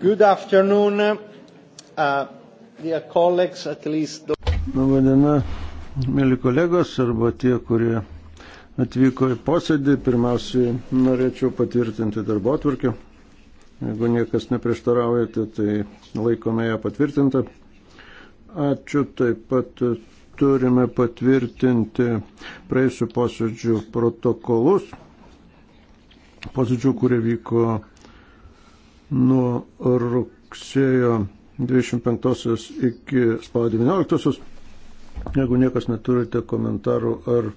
Good afternoon, uh, dear colleagues, at least. Labą dieną, mėly kolegos arba tie, kurie atvyko į posėdį. Pirmiausiai norėčiau patvirtinti darbo atvarkę. Jeigu niekas neprieštaraujate, tai laikome ją patvirtintą. Ačiū, taip pat turime patvirtinti praėjusių posėdžių protokolus, posėdžių, kurie vyko nuo rugsėjo 25 iki spalio 19. Jeigu niekas neturite komentarų ar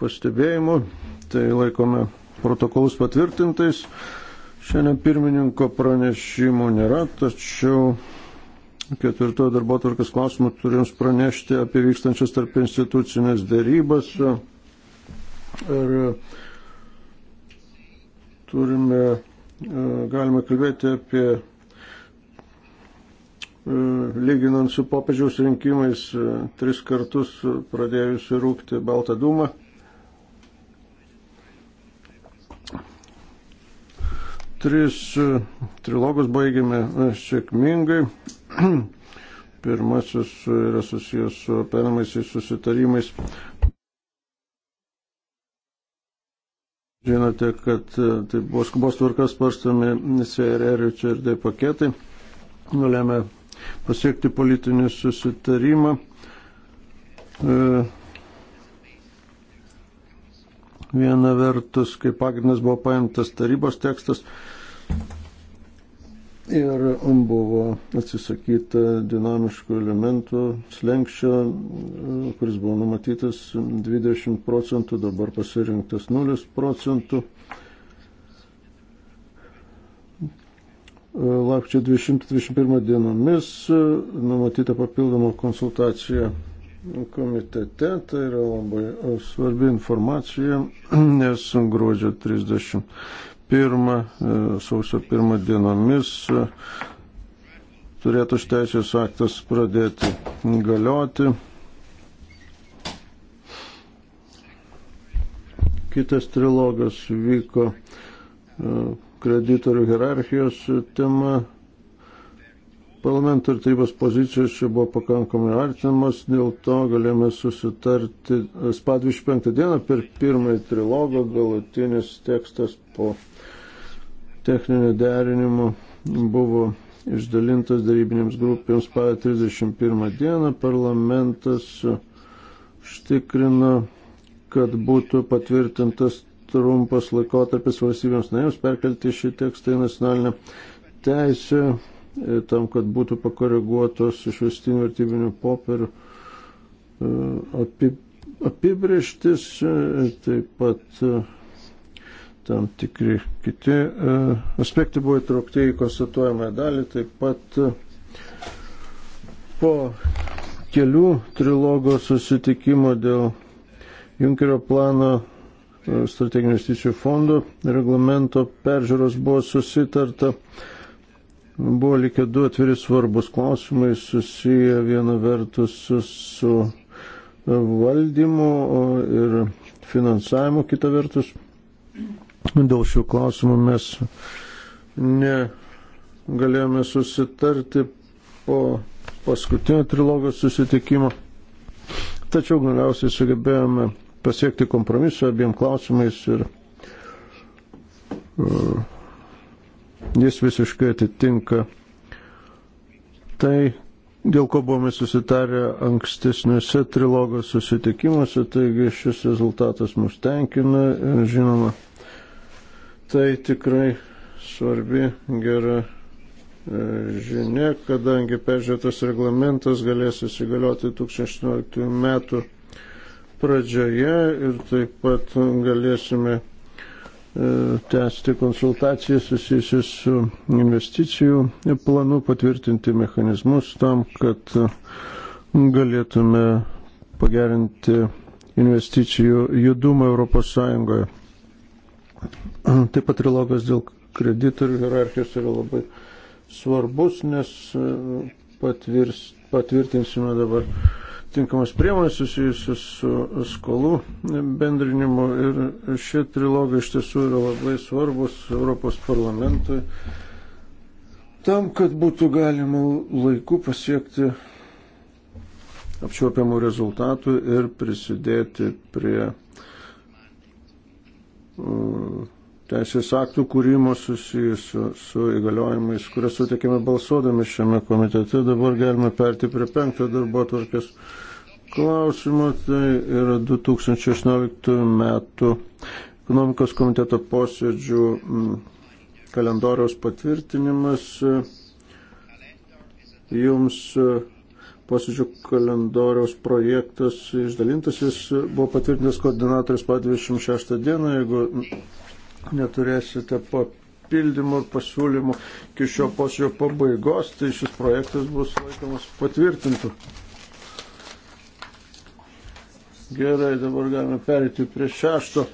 pastebėjimų, tai laikome protokolus patvirtintais. Šiandien pirmininko pranešimų nėra, tačiau ketvirtojo darbo tvarkės klausimų turiu Jums pranešti apie vykstančias tarp institucinės dėrybas. Ir turime E, galima kalbėti apie e, lyginant su popiežiaus rinkimais e, tris kartus pradėjusi rūkti baltą dūmą. Tris trilogus baigėme sėkmingai. Pirmasis yra susijęs su penamaisiais susitarimais Žinote, kad e, tai buvo skubos tvarkas parstami CRR ir CRD paketai, nulėmė pasiekti politinį susitarimą. E, viena vertus, kai pagrindas buvo paimtas tarybos tekstas, ir buvo atsisakyta dinamiškų elementų slengščio, kuris buvo numatytas 20 procentų, dabar pasirinktas 0 procentų. Lapkričio 20-21 dienomis numatyta papildoma konsultacija komitete, tai yra labai svarbi informacija, nes gruodžio 30 1, e, sausio 1 dienomis e, turėtų šteisės aktas pradėti galioti. Kitas trilogas vyko e, kreditorių hierarchijos tema. Parlamento ir tarybos pozicijos čia buvo pakankamai artimas, dėl to galėjome susitarti spalio 25 dieną per pirmąjį trilogą, galutinis tekstas po techninio derinimo buvo išdalintas darybinėms grupėms spalio 31 dieną. Parlamentas užtikrino, kad būtų patvirtintas trumpas laikotarpis valstybėms narėms perkelti šį tekstą į nacionalinę teisę, e, tam, kad būtų pakoreguotos išvestinių vertybinių popierių e, apibrieštis, e, taip pat tam tikri kiti e, aspektai buvo įtraukti į konstatuojamą dalį. Taip pat e, po kelių trilogo susitikimo dėl Junkerio plano e, strateginių investicijų fondo reglamento peržiūros buvo susitarta. Buvo likę du atviri svarbus klausimai susiję viena vertus su, su valdymu ir finansavimu, kita vertus Dėl šių klausimų mes negalėjome susitarti po paskutinio trilogijos susitikimo, tačiau galiausiai sugebėjome pasiekti kompromisu abiem klausimais ir e, jis visiškai atitinka tai, dėl ko buvome susitarę ankstesniuose trilogos susitikimuose, taigi šis rezultatas mus tenkina ir žinoma, Tai tikrai svarbi gera e, žinia, kadangi peržiūrėtas reglamentas galės įsigalioti 2018 metų pradžioje ir taip pat galėsime e, tęsti konsultacijas susijusius su investicijų planu, patvirtinti mechanizmus tam, kad galėtume pagerinti investicijų judumą Europos Sąjungoje. Taip pat trilogas dėl kreditorių hierarchijos yra labai svarbus, nes e, patvirs, patvirtinsime dabar tinkamas priemonės susijusius su skolų bendrinimu ir šie trilogai iš tiesų yra labai svarbus Europos parlamentui tam, kad būtų galima laiku pasiekti apčiuopiamų rezultatų ir prisidėti prie Mm, teisės aktų kūrimo susijusių su įgaliojimais, kurias sutikėme balsuodami šiame komitete. Dabar galime perti prie penkto darbo tvarkės klausimo. Tai yra 2018 metų ekonomikos komiteto posėdžių mm, kalendoriaus patvirtinimas. Jums posėdžių kalendoriaus projektas išdalintas, jis buvo patvirtintas koordinatorius po 26 dieną, jeigu neturėsite papildymų ir pasiūlymų iki šio posėdžio pabaigos, tai šis projektas bus laikomas patvirtintų. Gerai, dabar galime perėti prie šešto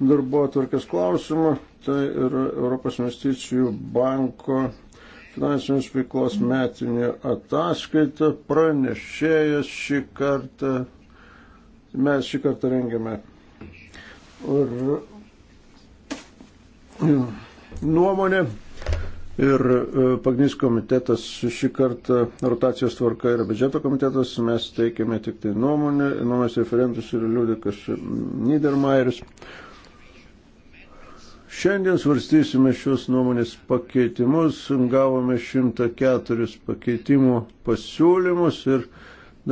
darbo atvarkės klausimą, tai yra Europos investicijų banko finansinės veiklos metinė ataskaita, pranešėjas šį kartą, mes šį kartą rengiame. Ir nuomonė e, ir pagrindinis komitetas šį kartą rotacijos tvarka yra biudžeto komitetas, mes teikiame tik tai nuomonę, nuomonės referentus yra Liudikas Niedermayeris. Šiandien svarstysime šios nuomonės pakeitimus, gavome 104 pakeitimų pasiūlymus ir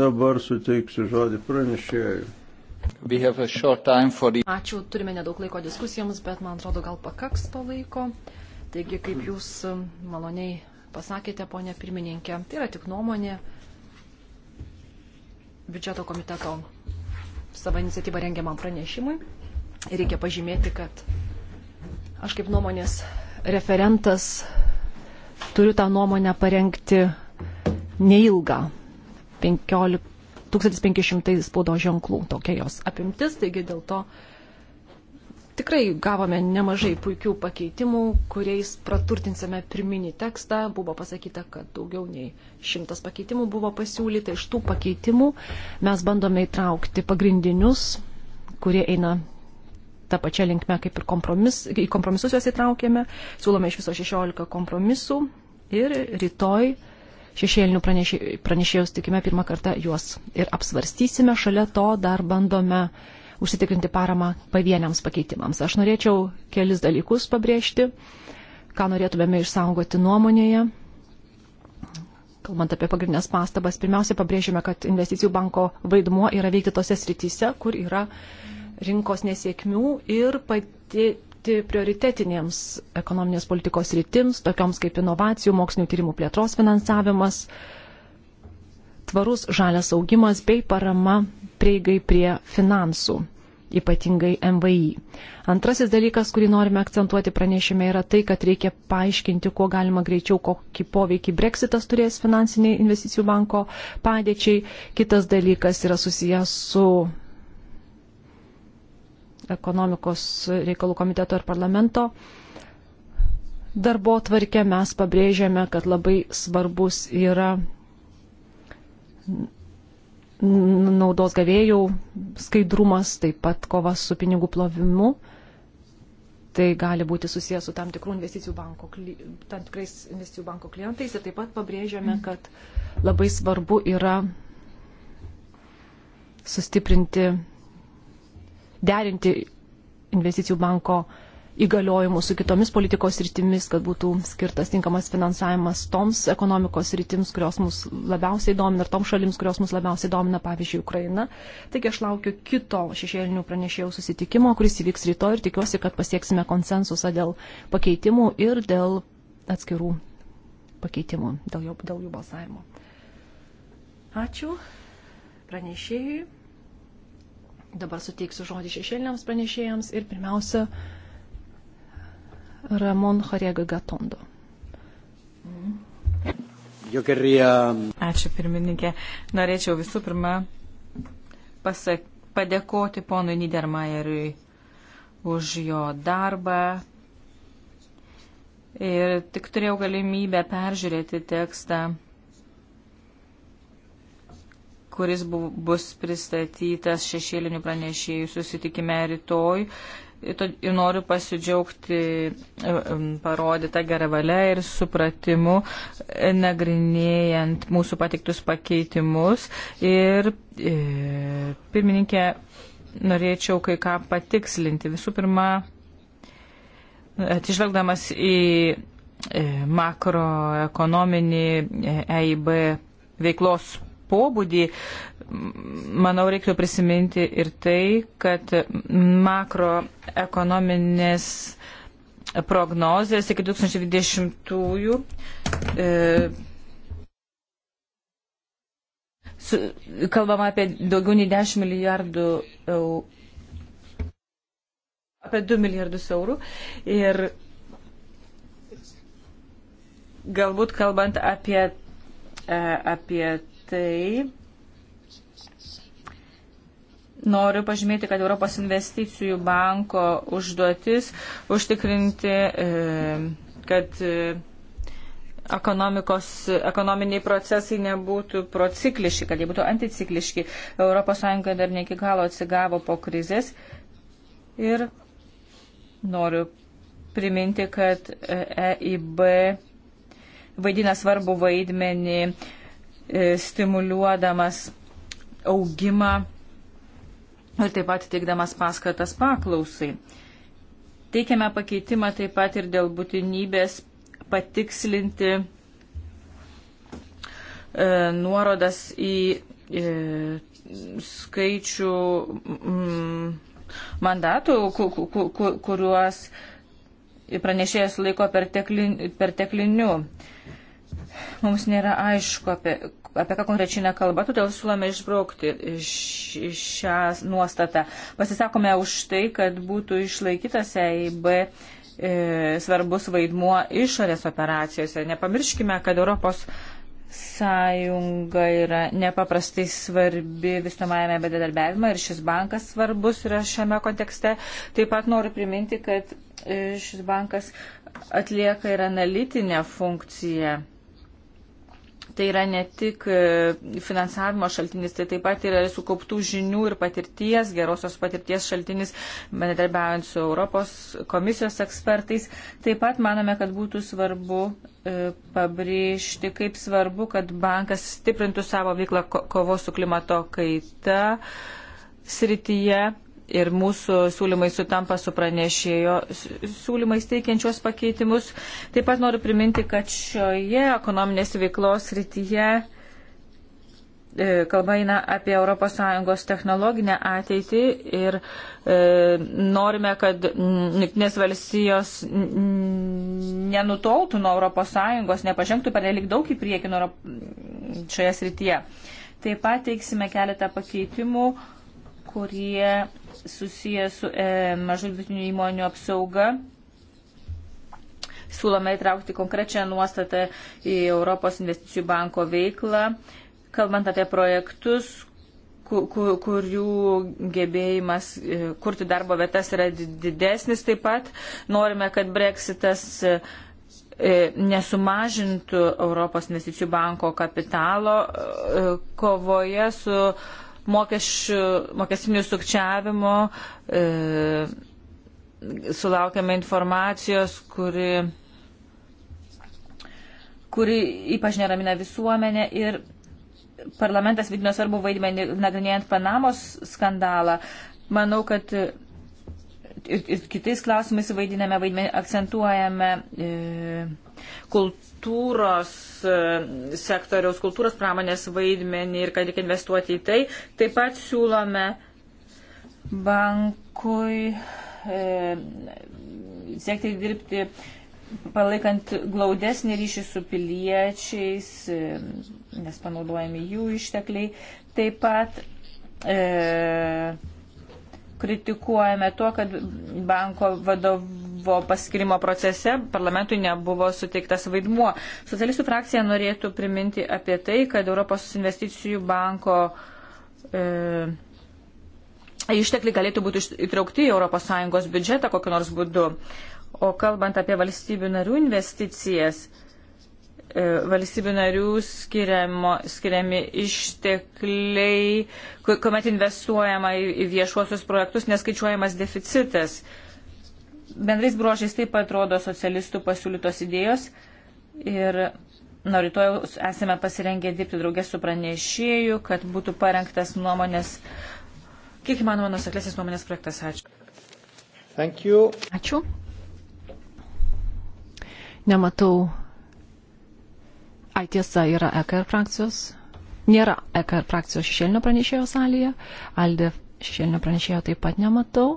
dabar suteiksiu žodį pranešėjui. The... Ačiū, turime nedaug laiko diskusijoms, bet man atrodo gal pakaks to laiko. Taigi, kaip jūs um, maloniai pasakėte, ponė pirmininkė, tai yra tik nuomonė biudžeto komiteto savo iniciatyvą rengiamam pranešimui. Ir reikia pažymėti, kad Aš kaip nuomonės referentas turiu tą nuomonę parengti neilgą. 15, 1500 spaudo ženklų tokia jos apimtis, taigi dėl to tikrai gavome nemažai puikių pakeitimų, kuriais praturtinsime pirminį tekstą. Buvo pasakyta, kad daugiau nei šimtas pakeitimų buvo pasiūlyta. Iš tų pakeitimų mes bandome įtraukti pagrindinius, kurie eina tą pačią linkmę kaip ir kompromis, į kompromisus juos įtraukėme. Siūlome iš viso 16 kompromisų ir rytoj šešėlinių pranešė, pranešėjus tikime pirmą kartą juos ir apsvarstysime. Šalia to dar bandome užsitikrinti paramą pavieniams pakeitimams. Aš norėčiau kelis dalykus pabrėžti, ką norėtumėme išsaugoti nuomonėje. Kalbant apie pagrindinės pastabas, pirmiausia, pabrėžime, kad investicijų banko vaidmuo yra veikti tose srityse, kur yra uh, rinkos nesėkmių ir padėti prioritetinėms ekonominės politikos rytims, tokioms kaip inovacijų, mokslinio tyrimų plėtros finansavimas, tvarus žalias augimas bei parama prieigai prie finansų, ypatingai MVI. Antrasis dalykas, kurį norime akcentuoti pranešime, yra tai, kad reikia paaiškinti, kuo galima greičiau, kokį poveikį Brexitas turės finansiniai investicijų banko padėčiai. Kitas dalykas yra susijęs su ekonomikos reikalų komiteto ir parlamento darbo tvarkę mes pabrėžiame, kad labai svarbus yra naudos gavėjų skaidrumas, taip pat kova su pinigų plovimu. Tai gali būti susijęs su tam, investicijų banko, tam tikrais investicijų banko klientais ir taip pat pabrėžiame, kad labai svarbu yra sustiprinti derinti investicijų banko įgaliojimų su kitomis politikos rytimis, kad būtų skirtas tinkamas finansavimas toms ekonomikos rytims, kurios mus labiausiai domina ir toms šalims, kurios mus labiausiai domina, pavyzdžiui, Ukraina. Taigi aš laukiu kito šešėlinių pranešėjų susitikimo, kuris įvyks rytoj ir tikiuosi, kad pasieksime konsensusą dėl pakeitimų ir dėl atskirų pakeitimų, dėl jų, dėl jų balsavimo. Ačiū pranešėjui. Dabar suteiksiu žodį šešėliniams pranešėjams ir pirmiausia Ramon Horega Gatondo. Ačiū pirmininkė. Norėčiau visų pirma pasak, padėkoti ponui Niedermayeriui už jo darbą. Ir tik turėjau galimybę peržiūrėti tekstą kuris bu, bus pristatytas šešėlinių pranešėjų susitikime rytoj. Ir noriu pasidžiaugti e, parodytą gerą valią ir supratimu, e, nagrinėjant mūsų patiktus pakeitimus. Ir e, pirmininkė, norėčiau kai ką patikslinti. Visų pirma, atižvelgdamas į e, makroekonominį EIB veiklos pobūdį, manau, reiktų prisiminti ir tai, kad makroekonominės prognozijas iki 2020-ųjų e, su, kalbama apie daugiau nei 10 milijardų eurų apie 2 milijardus eurų ir galbūt kalbant apie, e, apie tai noriu pažymėti, kad Europos investicijų banko užduotis užtikrinti, e, kad e, ekonominiai procesai nebūtų procikliški, kad jie būtų anticikliški. ES dar ne iki galo atsigavo po krizės ir noriu priminti, kad EIB e vaidina svarbu vaidmenį E, stimuliuodamas augimą ir taip pat teikdamas paskatas paklausai. Teikiame pakeitimą taip pat ir dėl būtinybės patikslinti e, nuorodas į e, skaičių mm, mandatų, ku, ku, ku, kuriuos pranešėjas laiko perteklin, pertekliniu. Per Mums nėra aišku, apie, apie ką konkrečiai nekalba, todėl siūlome išbraukti šią nuostatą. Pasisakome už tai, kad būtų išlaikytas EIB e, svarbus vaidmuo išorės operacijose. Nepamirškime, kad Europos sąjunga yra nepaprastai svarbi visomajame bedarbiavime ir šis bankas svarbus yra šiame kontekste. Taip pat noriu priminti, kad e, šis bankas atlieka ir analitinę funkciją Tai yra ne tik e, finansavimo šaltinis, tai taip pat yra sukauptų žinių ir patirties, gerosios patirties šaltinis, bendradarbiaujant su Europos komisijos ekspertais. Taip pat manome, kad būtų svarbu e, pabrėžti, kaip svarbu, kad bankas stiprintų savo veiklą kovos su klimato kaita srityje ir mūsų siūlymai sutampa su pranešėjo siūlymais teikiančios pakeitimus. Taip pat noriu priminti, kad šioje ekonominės veiklos rytyje e, kalba eina apie ES technologinę ateitį ir e, norime, kad Junktinės valstijos nenutoltų nuo ES, nepažengtų per nelik daug į priekį šioje srityje. Taip pat teiksime keletą pakeitimų, e, kurie susiję su e, mažų vidutinių įmonių apsauga. Siūlome įtraukti konkrečią nuostatą į Europos investicijų banko veiklą, kalbant apie projektus, kur, kurių gebėjimas e, kurti darbo vietas yra didesnis taip pat. Norime, kad breksitas e, nesumažintų Europos investicijų banko kapitalo e, kovoje su mokestinių sukčiavimo. E, Sulaukėme informacijos, kuri, kuri ypač neramina visuomenę ir parlamentas vidino svarbu vaidmenį nagrinėjant Panamos skandalą. Manau, kad ir, ir kitais klausimais vaidiname vaidmenį, akcentuojame e, kultūrą kultūros e, sektoriaus, kultūros pramonės vaidmenį ir kad reikia investuoti į tai. Taip pat siūlome bankui e, siekti dirbti palaikant glaudesnį ryšį su piliečiais, e, nes panaudojami jų ištekliai. Taip pat e, kritikuojame tuo, kad banko vadovo paskirimo procese parlamentui nebuvo suteiktas vaidmuo. Socialistų frakcija norėtų priminti apie tai, kad Europos investicijų banko e, ištekliai galėtų būti įtraukti į ES biudžetą kokiu nors būdu. O kalbant apie valstybių narių investicijas, E, valstybių narių skiriamo, skiriami ištekliai, kuomet investuojama į, į viešuosius projektus, neskaičiuojamas deficitas. Bendrais bruožais taip atrodo socialistų pasiūlytos idėjos ir nuo rytojaus esame pasirengę dirbti draugės su pranešėju, kad būtų parengtas nuomonės, kiek įmanoma, nusaklėsis nuomonės projektas. Ačiū. Ačiū. Nematau Ai tiesa, yra EKR frakcijos. Nėra EKR frakcijos šešėlinio pranešėjo salėje. Aldė šešėlinio pranešėjo taip pat nematau.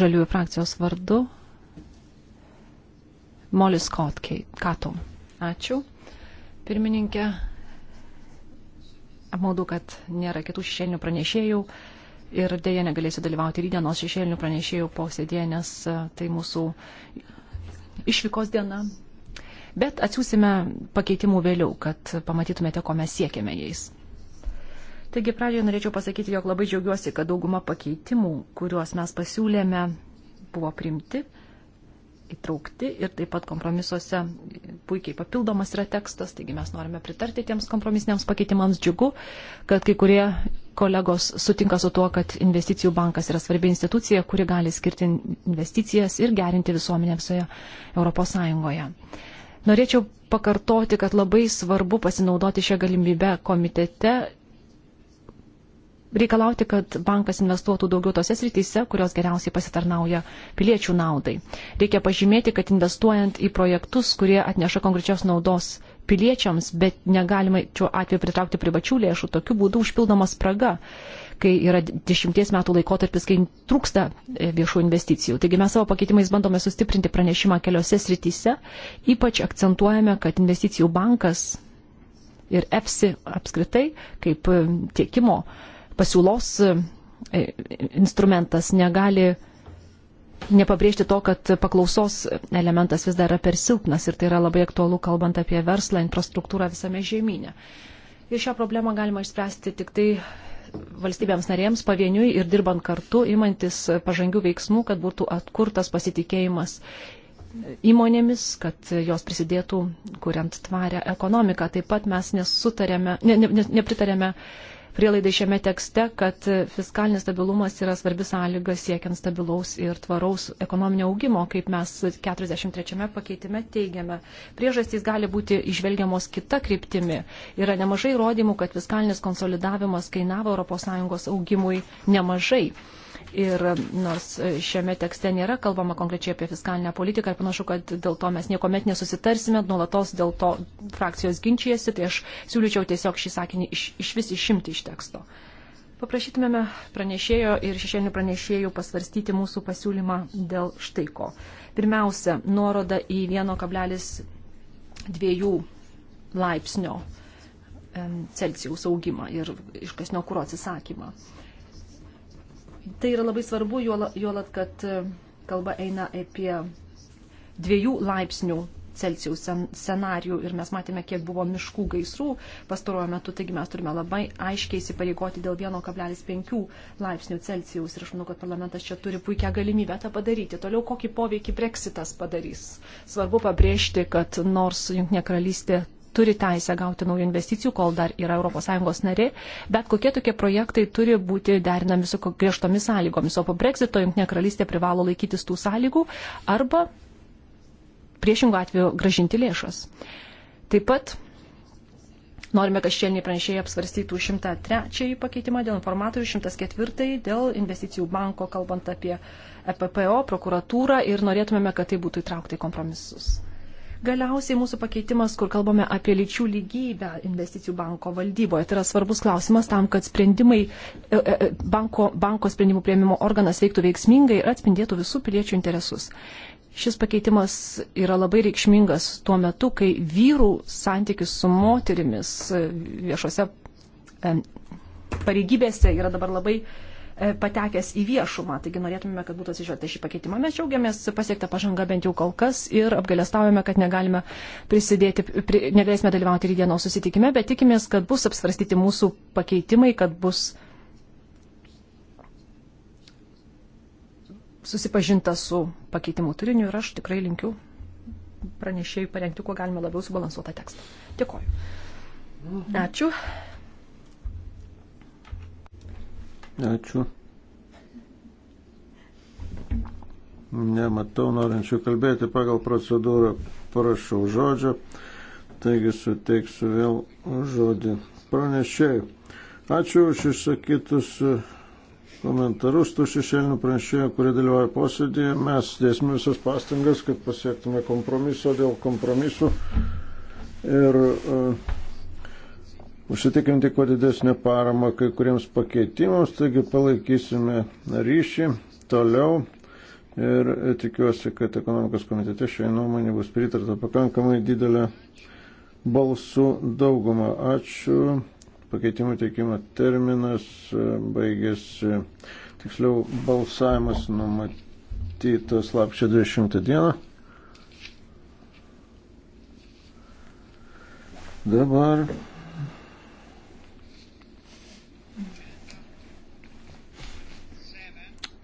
Žaliųjų frakcijos vardu. Molly Scott Kato. Ačiū. Pirmininkė, apmaudu, kad nėra kitų šešėlinių pranešėjų ir dėja negalėsiu dalyvauti rydienos šešėlinių pranešėjų posėdėje, nes e, tai mūsų išvykos diena bet atsiūsime pakeitimų vėliau, kad pamatytumėte, ko mes siekiame jais. Taigi pradžioje norėčiau pasakyti, jog labai džiaugiuosi, kad dauguma pakeitimų, kuriuos mes pasiūlėme, buvo primti, įtraukti ir taip pat kompromisuose puikiai papildomas yra tekstas, taigi mes norime pritarti tiems kompromisiniams pakeitimams džiugu, kad kai kurie kolegos sutinka su tuo, kad investicijų bankas yra svarbi institucija, kuri gali skirti investicijas ir gerinti visuomenę visoje Europos Sąjungoje. Norėčiau pakartoti, kad labai svarbu pasinaudoti šią galimybę komitete reikalauti, kad bankas investuotų daugiau tose srityse, kurios geriausiai pasitarnauja piliečių naudai. Reikia pažymėti, kad investuojant į projektus, kurie atneša konkrečios naudos piliečiams, bet negalima šiuo atveju pritraukti privačių lėšų, tokiu būdu užpildoma spraga kai yra dešimties metų laikotarpis, kai trūksta e, viešų investicijų. Taigi mes savo pakeitimais bandome sustiprinti pranešimą keliose srityse, ypač akcentuojame, kad investicijų bankas ir EFSI apskritai kaip e, tiekimo pasiūlos e, instrumentas negali nepabrėžti to, kad paklausos elementas vis dar yra per silpnas ir tai yra labai aktualu kalbant apie verslą, infrastruktūrą visame žemynė. Ir šią problemą galima išspręsti tik tai valstybėms narėms pavieniui ir dirbant kartu, imantis pažangių veiksmų, kad būtų atkurtas pasitikėjimas įmonėmis, kad jos prisidėtų kuriant tvarę ekonomiką. Taip pat mes nesutarėme, ne, ne, nepritarėme ne prielaidai šiame tekste, kad fiskalinis stabilumas yra svarbi sąlyga siekiant stabilaus ir tvaraus ekonominio augimo, kaip mes 43 pakeitime teigiame. Priežastys gali būti išvelgiamos kita kryptimi. Yra nemažai įrodymų, kad fiskalinis konsolidavimas kainavo ES augimui nemažai. Ir nors šiame tekste nėra kalbama konkrečiai apie fiskalinę politiką ir panašu, kad dėl to mes niekuomet nesusitarsime, nuolatos dėl to frakcijos ginčijasi, tai aš siūlyčiau tiesiog šį sakinį iš, iš vis išimti iš teksto. Paprašytumėme pranešėjo ir šešėlinių pranešėjų pasvarstyti mūsų pasiūlymą dėl štai ko. Pirmiausia, nuoroda į 1,2 laipsnio Celsijaus augimą ir iškasnio kūro atsisakymą. Tai yra labai svarbu, juolat, kad e, kalba eina apie dviejų laipsnių Celsijaus scenarių ir mes matėme, kiek buvo miškų gaisrų pastaruoju metu, taigi mes turime labai aiškiai įsipareigoti dėl 1,5 laipsnių Celsijaus ir aš manau, kad parlamentas čia turi puikią galimybę tą padaryti. Toliau kokį poveikį Brexitas padarys. Svarbu pabrėžti, kad nors Junktinė karalystė turi teisę gauti naujų investicijų, kol dar yra ES nari, bet kokie tokie projektai turi būti derinami su griežtomis sąlygomis. O po Brexito Junktinė karalystė privalo laikytis tų sąlygų arba priešingų atveju gražinti lėšas. Taip pat Norime, kad šiandien pranešėjai apsvarstytų 103 pakeitimą dėl informatorių, 104 dėl investicijų banko, kalbant apie EPPO, prokuratūrą ir norėtumėme, kad tai būtų įtraukta į kompromisus. Galiausiai mūsų pakeitimas, kur kalbame apie lyčių lygybę investicijų banko valdyboje, tai yra svarbus klausimas tam, kad sprendimai, e, e, e, banko, banko sprendimų prieimimo organas veiktų veiksmingai ir atspindėtų visų piliečių interesus. Šis pakeitimas yra labai reikšmingas tuo metu, kai vyrų santykis su moterimis viešose pareigybėse yra dabar labai uh, E, patekęs į viešumą. Taigi norėtume, kad būtų atsižvelgta šį pakeitimą. Mes džiaugiamės pasiektą pažangą bent jau kol kas ir apgalėstavome, kad negalime prisidėti, pri, negalėsime dalyvauti ir dienos susitikime, bet tikimės, kad bus apsvarstyti mūsų pakeitimai, kad bus susipažinta su pakeitimų turiniu ir aš tikrai linkiu pranešėjai parengti, kuo galima labiau subalansuotą tekstą. Dėkoju. Ačiū. Ačiū. Nematau norinčių kalbėti pagal procedūrą. Parašau žodžio. Taigi suteiksiu vėl žodį pranešėjai. Ačiū už išsakytus uh, komentarus tų šešėlinių pranešėjų, kurie dalyvauja posėdėje. Mes dėsime visas pastangas, kad pasiektume kompromiso dėl kompromisų. Ir uh, užsitikrinti kuo didesnę paramą kai kuriems pakeitimams, taigi palaikysime ryšį toliau ir tikiuosi, kad ekonomikos komitete šiai nuomonė bus pritarta pakankamai didelė balsų dauguma. Ačiū. Pakeitimų teikimo terminas e, baigėsi, tiksliau balsavimas numatytas lapčio 20 dieną. Dabar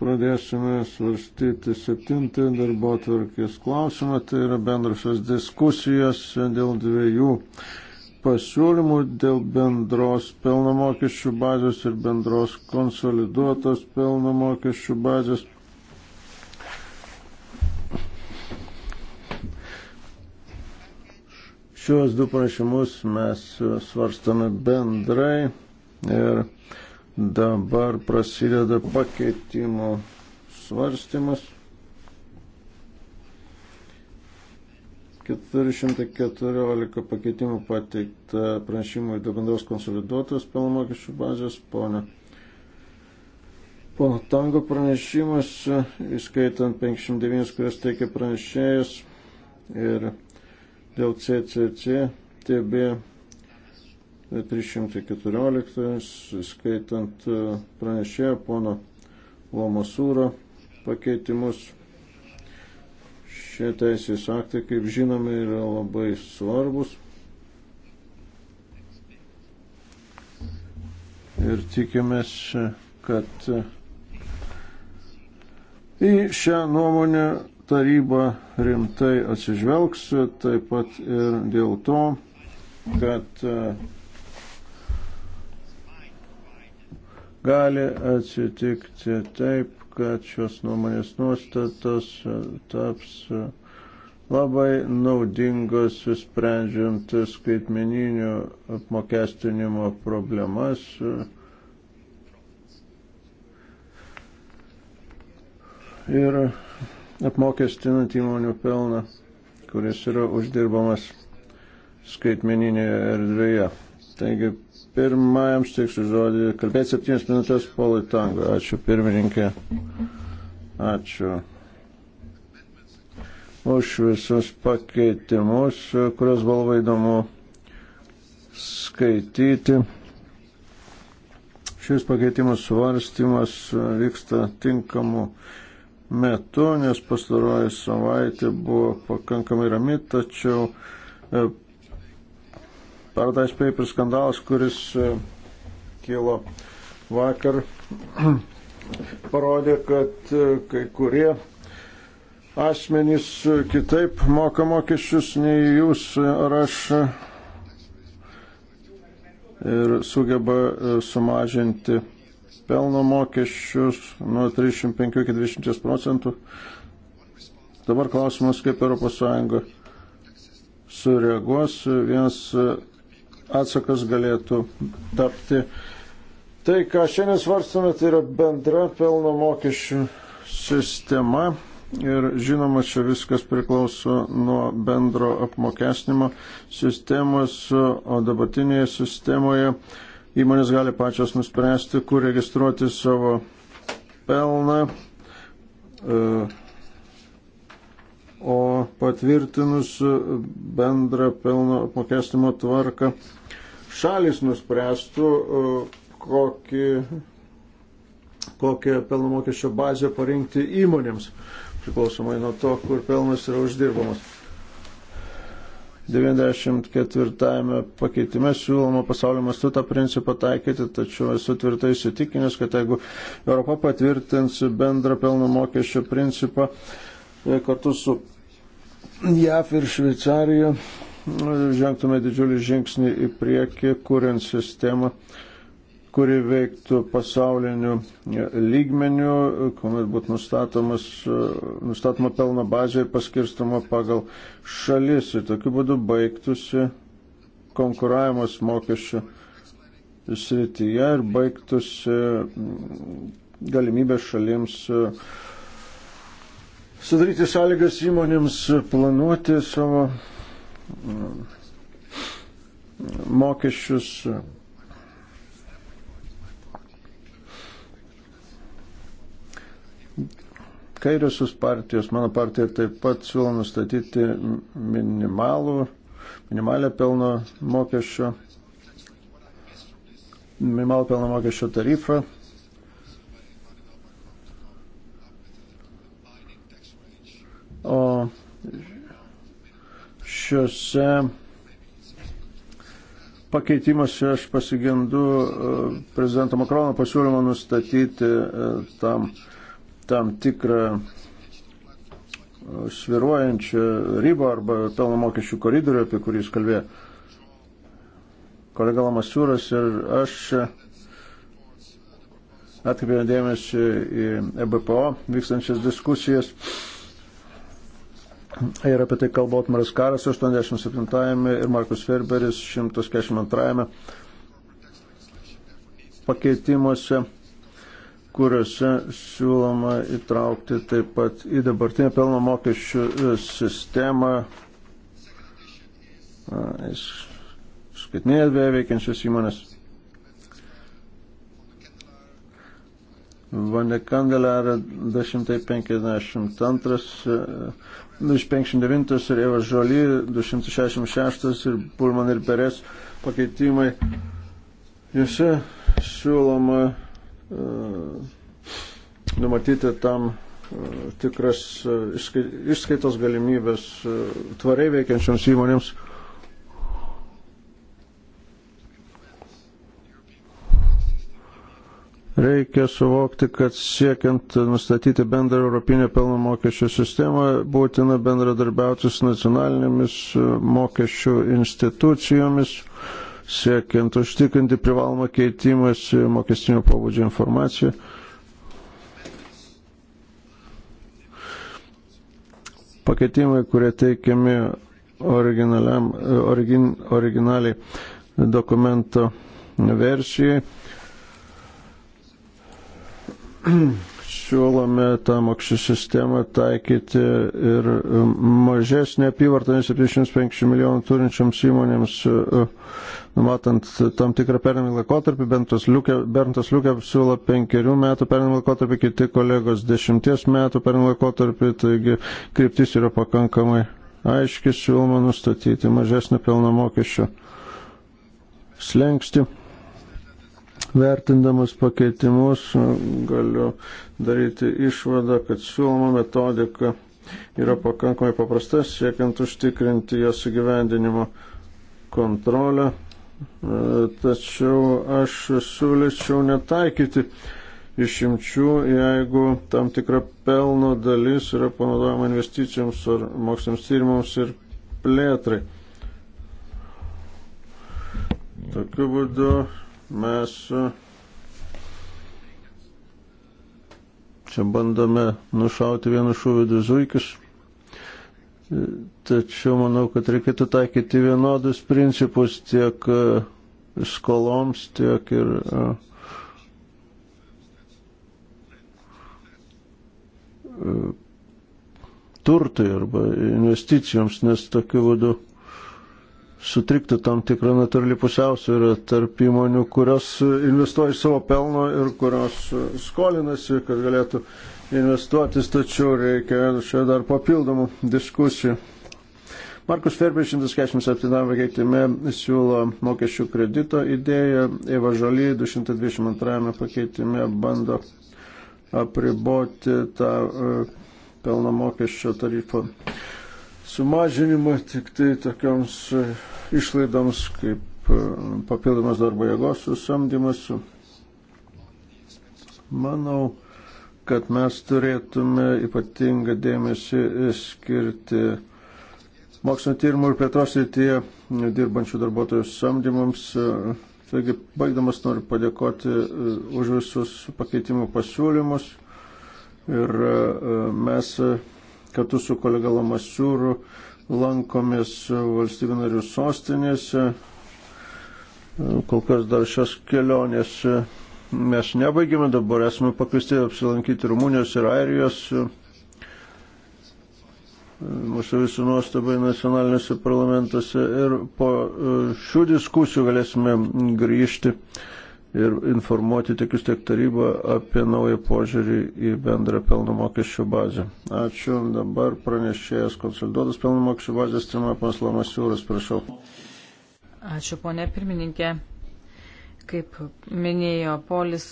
pradėsime svarstyti septintąjį darbo tvarkės klausimą, tai yra bendrasios diskusijos dėl dviejų pasiūlymų dėl bendros pelno mokesčių bazės ir bendros konsoliduotos pelno mokesčių bazės. Šiuos du pranešimus mes svarstame bendrai ir Dabar prasideda pakeitimo svarstymas. 414 pakeitimų pateikta pranešimui dėl bendros konsoliduotos pelno mokesčių bazės. Pone. Pono Tango pranešimas, įskaitant 59, kurias teikia pranešėjas ir dėl CCC, TB 314, skaitant e, pranešėją pono Lomasūro pakeitimus. Šie teisės aktai, kaip žinome, yra labai svarbus. Ir tikimės, kad e, į šią nuomonę taryba rimtai atsižvelgs, taip pat ir dėl to, kad uh, Gali atsitikti taip, kad šios nuomonės nuostatos e, taps e, labai naudingos sprendžiant skaitmeninių apmokestinimo problemas. E, ir apmokestinant įmonių pelną, kuris yra uždirbamas skaitmeninėje erdvėje. Taigi Pirmajam steiksiu žodį, kalbėti septynias minutės polai tango. Ačiū pirmininkė. Ačiū. Už visus pakeitimus, kuriuos buvo labai įdomu skaityti. Šis pakeitimo svarstymas vyksta tinkamu metu, nes pastaroji savaitė buvo pakankamai rami, tačiau e, Paradise Papers skandalas, kuris e, kilo vakar, parodė, kad e, kai kurie asmenys kitaip moka mokesčius nei jūs ar aš ir sugeba e, sumažinti pelno mokesčius nuo 35 iki 20 procentų. Dabar klausimas, kaip ES sureaguos. Vienas atsakas galėtų tapti. Tai, ką šiandien svarstame, tai yra bendra pelno mokesčių sistema ir žinoma, čia viskas priklauso nuo bendro apmokesnimo sistemos, o dabartinėje sistemoje įmonės gali pačios nuspręsti, kur registruoti savo pelną. Uh, o patvirtinus bendrą pelno apmokestimo tvarką šalis nuspręstų, kokį, kokią pelno mokesčio bazę parinkti įmonėms, priklausomai nuo to, kur pelnas yra uždirbamas. 94 pakeitime siūloma pasaulio mastu tą principą taikyti, tačiau esu tvirtai įsitikinęs, kad jeigu Europa patvirtins bendrą pelno mokesčio principą, E, kartu su JAF ir Šveicarija e, žengtume didžiulį žingsnį į priekį, kuriant sistemą, kuri veiktų pasauliniu e, lygmeniu, kuomet būtų nustatoma pelno bazė ir paskirstama pagal šalis. Ir tokiu būdu baigtųsi konkuravimas mokesčių srityje ir baigtųsi galimybė šalims uh, sudaryti sąlygas įmonėms planuoti savo mm, mokesčius. Kairiosios partijos, mano partija taip pat siūlo nustatyti minimalų, minimalę pelno mokesčio, minimalų pelno mokesčio tarifą O šiuose pakeitimuose aš pasigendu e, prezidento Makrono pasiūlymą nustatyti e, tam, tam tikrą e, sviruojančią ribą arba pelno mokesčių koridorių, apie kurį jis kalbėjo. Kolega Lamasiūras ir aš atkreipėme dėmesį į EBPO vykstančias diskusijas. Ir apie tai kalba Otmaras Karas 87 ir Markus Ferberis 142 pakeitimuose, kuriuose siūloma įtraukti taip pat į dabartinę pelno mokesčių e, sistemą, e, skaitinėje dvieje veikiančias įmonės. Vande Kandelarė 252 259 nu, ir Eva Žoly, 266 ir Pulman ir Perės pakeitimai. Juose siūloma uh, numatyti tam e, tikras e, išskaitos galimybės tvariai veikiančioms įmonėms Reikia suvokti, kad siekiant nustatyti bendrą Europinę pelno mokesčio sistemą, būtina bendradarbiauti su nacionalinėmis e, mokesčių institucijomis, siekiant užtikrinti privalomą keitimąsi mokestinio pobūdžio informaciją. Pakeitimai, kurie teikiami e, origin, originaliai dokumento versijai siūlome tą mokesčių sistemą taikyti ir e, mažesnį apyvartą, nei 750 milijonų turinčiams įmonėms, e, numatant tam tikrą pernamį laikotarpį, Bentas Liukė, Berntas Liukė siūlo penkerių metų pernamį laikotarpį, kiti kolegos dešimties metų pernamį laikotarpį, taigi kryptis yra pakankamai aiški, siūloma nustatyti mažesnį pelno mokesčio slengsti. Vertindamas pakeitimus galiu daryti išvadą, kad siūloma metodika yra pakankamai paprasta, siekiant užtikrinti jos įgyvendinimo kontrolę, e, tačiau aš siūlyčiau netaikyti išimčių, jeigu tam tikra pelno dalis yra panaudojama investicijoms ar moksliniams tyrimams ir plėtrai. Tokiu būdu Mes e, čia bandome nušauti vienu šūviu du zuikius. E, tačiau manau, kad reikėtų taikyti vienodus principus tiek e, skoloms, tiek ir turtui arba investicijoms, nes tokiu būdu sutriktų tam tikrą natūrali pusiausvyrą tarp įmonių, kurios investuoja iš savo pelno ir kurios skolinasi, kad galėtų investuotis, tačiau reikia čia dar papildomų diskusijų. Markus Ferbė 147 pakeitime siūlo mokesčių kredito idėją, Eva Žaly 222 pakeitime bando apriboti tą e, pelno mokesčio tarifą sumažinimą tik tai tokiams e, išlaidoms kaip e, papildomas darbo jėgos susamdymas. Manau, kad mes turėtume ypatingą dėmesį skirti mokslo tyrimų ir plėtros rytyje dirbančių darbuotojų samdymams. E, Taigi, baigdamas noriu padėkoti už visus pakeitimų pasiūlymus ir mes kartu su kolega Lamasiūru lankomės valstybių narių sostinėse. Kol kas dar šios kelionės mes nebaigėme, dabar esame pakviesti apsilankyti Rumunijos ir Airijos. Mūsų visų nuostabai nacionaliniuose parlamentuose ir po šių diskusijų galėsime grįžti ir informuoti tikius tiek tarybą apie naują požiūrį į bendrą pelno mokesčių bazę. Ačiū. Dabar pranešėjas konsoliduotas pelno mokesčių bazės tema, pas Lamas Jūras, prašau. Ačiū, ponė pirmininkė. Kaip minėjo Polis,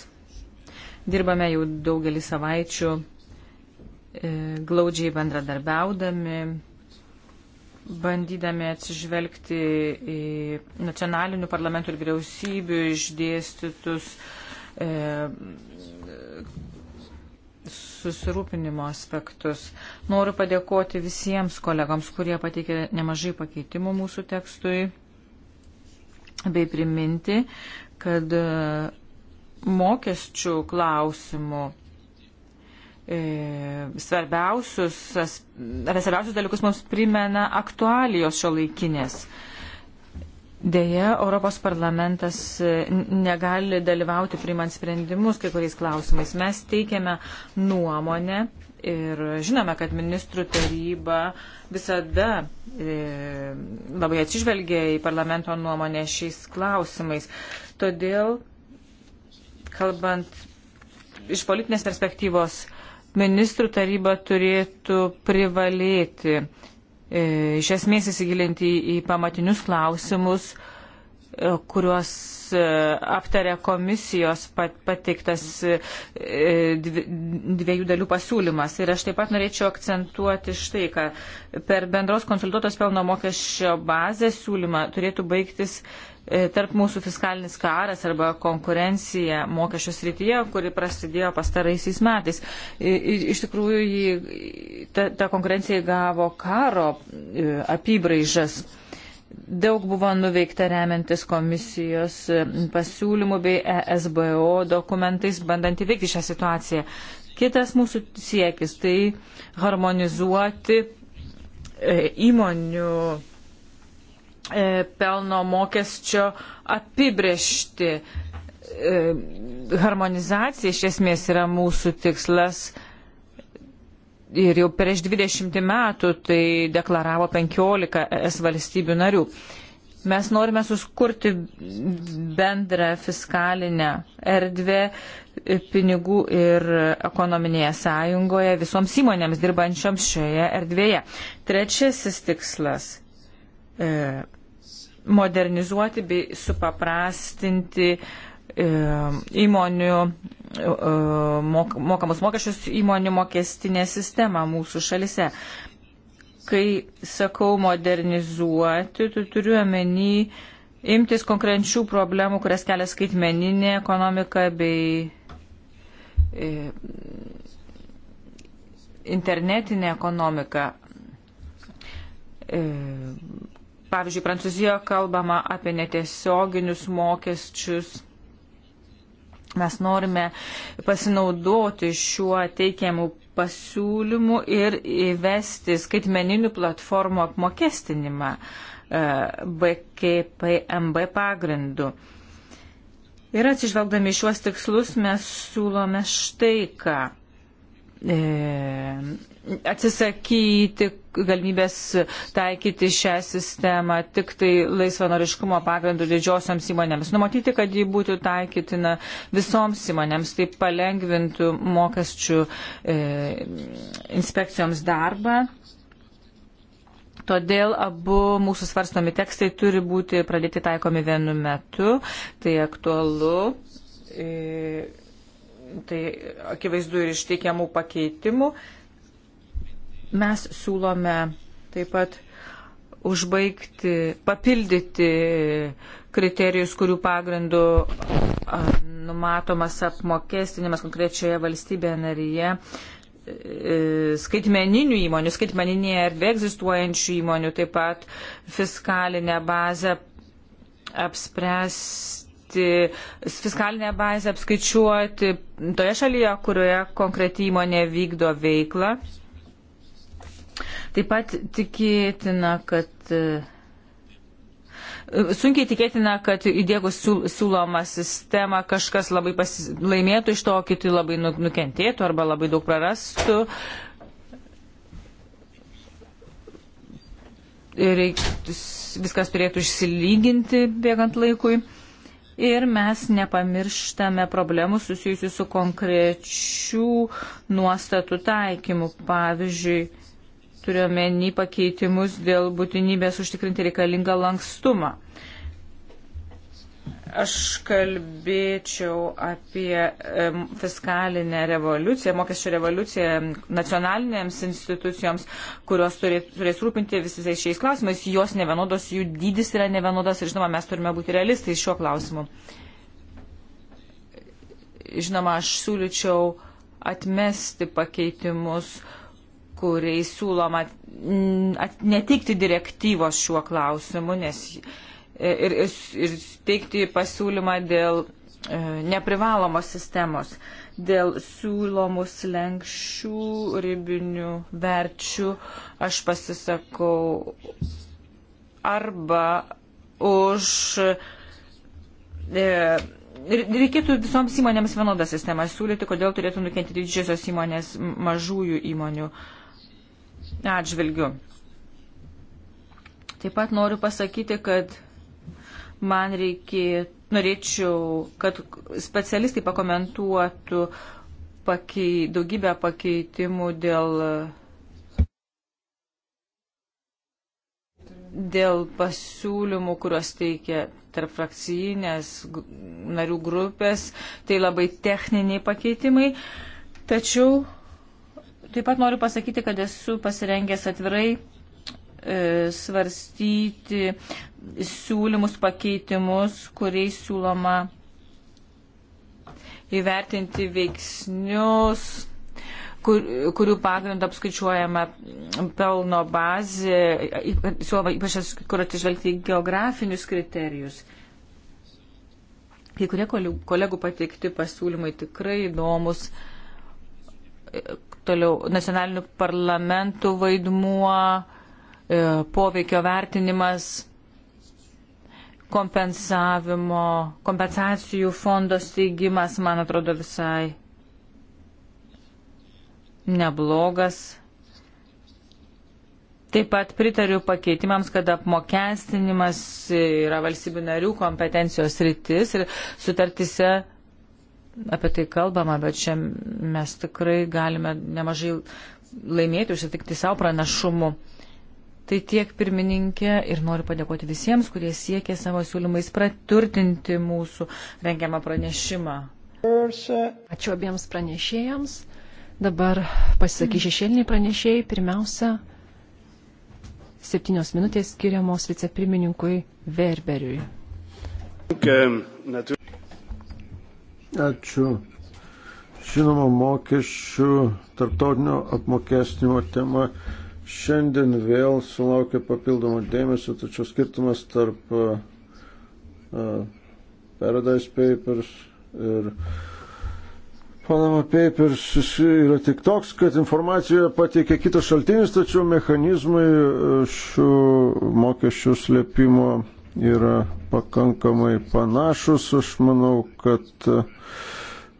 dirbame jau daugelį savaičių e, glaudžiai bendradarbiaudami bandydami atsižvelgti į nacionalinių parlamentų ir vyriausybių išdėstytus e, susirūpinimo aspektus. Noriu padėkoti visiems kolegams, kurie pateikė nemažai pakeitimų mūsų tekstui, bei priminti, kad e, mokesčių klausimų E, svarbiausius, apie svarbiausius dalykus mums primena aktualijos šio laikinės. Deja, Europos parlamentas e, negali dalyvauti priimant sprendimus kai kuriais klausimais. Mes teikiame nuomonę ir žinome, kad ministrų taryba visada e, labai atsižvelgia į parlamento nuomonę šiais klausimais. Todėl, kalbant iš politinės perspektyvos, e, ministrų taryba turėtų privalėti e, iš esmės įsigilinti į, į pamatinius klausimus, e, kuriuos e, aptarė komisijos pat, pateiktas e, dviejų dalių pasiūlymas. Ir aš taip pat norėčiau akcentuoti štai, kad per bendros konsultuotos pelno mokesčio bazę siūlymą turėtų baigtis E, tarp mūsų fiskalinis karas arba konkurencija mokesčių srityje, kuri prasidėjo pastaraisiais metais. Iš tikrųjų, jį, ta, ta konkurencija gavo karo e, apibraižas. Daug buvo nuveikta remiantis komisijos e, pasiūlymų bei ESBO dokumentais, bandant įveikti šią situaciją. Kitas mūsų siekis tai harmonizuoti įmonių E, pelno mokesčio apibriešti. E, harmonizacija iš esmės yra mūsų tikslas ir jau prieš 20 metų tai deklaravo 15 es valstybių narių. Mes norime suskurti bendrą fiskalinę erdvę e, pinigų ir ekonominėje sąjungoje visoms įmonėms dirbančioms šioje erdvėje. Trečiasis tikslas e, modernizuoti bei supaprastinti e, įmonių e, e, mok, mokamus mokesčius įmonių mokestinę sistemą mūsų šalise. Kai sakau modernizuoti, tu turiu omeny imtis konkrečių problemų, kurias kelia skaitmeninė ekonomika bei internetinė ekonomika Pavyzdžiui, Prancūzijoje kalbama apie netiesioginius mokesčius. Mes norime pasinaudoti šiuo teikiamu pasiūlymu ir įvesti skaitmeninių platformų apmokestinimą BKPMB e, pagrindu. Ir atsižvelgdami šiuos tikslus mes siūlome štai ką E, atsisakyti galimybės taikyti šią sistemą tik tai laisvanoriškumo pagrindų didžiosioms įmonėms. Numatyti, kad ji būtų taikytina visoms įmonėms, tai palengvintų mokesčių e, inspekcijoms darbą. Todėl abu mūsų svarstomi tekstai turi būti pradėti taikomi vienu metu. Tai aktualu. E, tai akivaizdu ir iš teikiamų pakeitimų. Mes siūlome taip pat užbaigti, papildyti kriterijus, kurių pagrindų numatomas apmokestinimas konkrečioje valstybėje narėje e, skaitmeninių įmonių, skaitmeninėje erdvė egzistuojančių įmonių, taip pat fiskalinę bazę apspręsti pateikti fiskalinę bazę, apskaičiuoti toje šalyje, kurioje konkreti įmonė vykdo veiklą. Taip pat tikėtina, kad. E, sunkiai tikėtina, kad įdėgus siūlomą sistemą kažkas labai pasis, laimėtų iš to, kiti labai nu, nukentėtų arba labai daug prarastų. Ir viskas turėtų išsilyginti bėgant laikui ir mes nepamirštame problemų susijusių su konkrečių nuostatų taikymu. Pavyzdžiui, turiuomenį pakeitimus dėl būtinybės užtikrinti reikalingą lankstumą. Uh, Aš kalbėčiau apie fiskalinę revoliuciją, mokesčio revoliuciją nacionalinėms institucijoms, kurios turės, turės rūpinti visais šiais klausimais. Jos nevienodos, jų dydis yra nevienodas ir žinoma, mes turime būti realistai šiuo klausimu. Žinoma, aš siūlyčiau atmesti pakeitimus, kuriais siūloma netikti direktyvos šiuo klausimu, nes E, ir, ir, ir teikti pasiūlymą dėl e, neprivalomos sistemos, dėl siūlomų slengščių, ribinių verčių. Aš pasisakau arba už. E, Reikėtų visoms įmonėms vienodą sistemą siūlyti, kodėl turėtų nukentėti didžiosios įmonės mažųjų įmonių atžvilgių. Taip pat noriu pasakyti, kad man reikėtų, norėčiau, kad specialistai pakomentuotų pakei, daugybę pakeitimų dėl, dėl pasiūlymų, kuriuos teikia tarp frakcijinės narių grupės. Tai labai techniniai pakeitimai. Tačiau taip pat noriu pasakyti, kad esu pasirengęs atvirai E, svarstyti siūlymus pakeitimus, kuriais siūloma įvertinti veiksnius, kur, kurių pagrindą apskaičiuojama pelno bazė, siūloma ypač kur atsižvelgti geografinius kriterijus. Kai kurie kolegų pateikti pasiūlymai tikrai įdomus. E, toliau nacionalinių parlamentų vaidmuo, E, poveikio vertinimas, kompensavimo, kompensacijų fondo steigimas, man atrodo, visai neblogas. Taip pat pritariu pakeitimams, kad apmokestinimas yra valstybių narių kompetencijos rytis ir sutartise apie tai kalbama, bet čia mes tikrai galime nemažai laimėti, užsitikti savo pranašumų. Tai tiek pirmininkė ir noriu padėkoti visiems, kurie siekė savo siūlymais praturtinti mūsų rengiamą pranešimą. Ačiū abiems pranešėjams. Dabar pasisakys šešėliniai pranešėjai. Pirmiausia, septynios minutės skiriamos vicepirmininkui Verberiui. Ačiū. Žinoma, mokesčių tarptautinio apmokestinimo tema šiandien vėl sulaukia papildomų dėmesio, tačiau skirtumas tarp uh, Paradise Papers ir Panama Papers yra tik toks, kad informaciją pateikia kitas šaltinis, tačiau mechanizmai e, šių mokesčių slėpimo yra pakankamai panašus. Aš manau, kad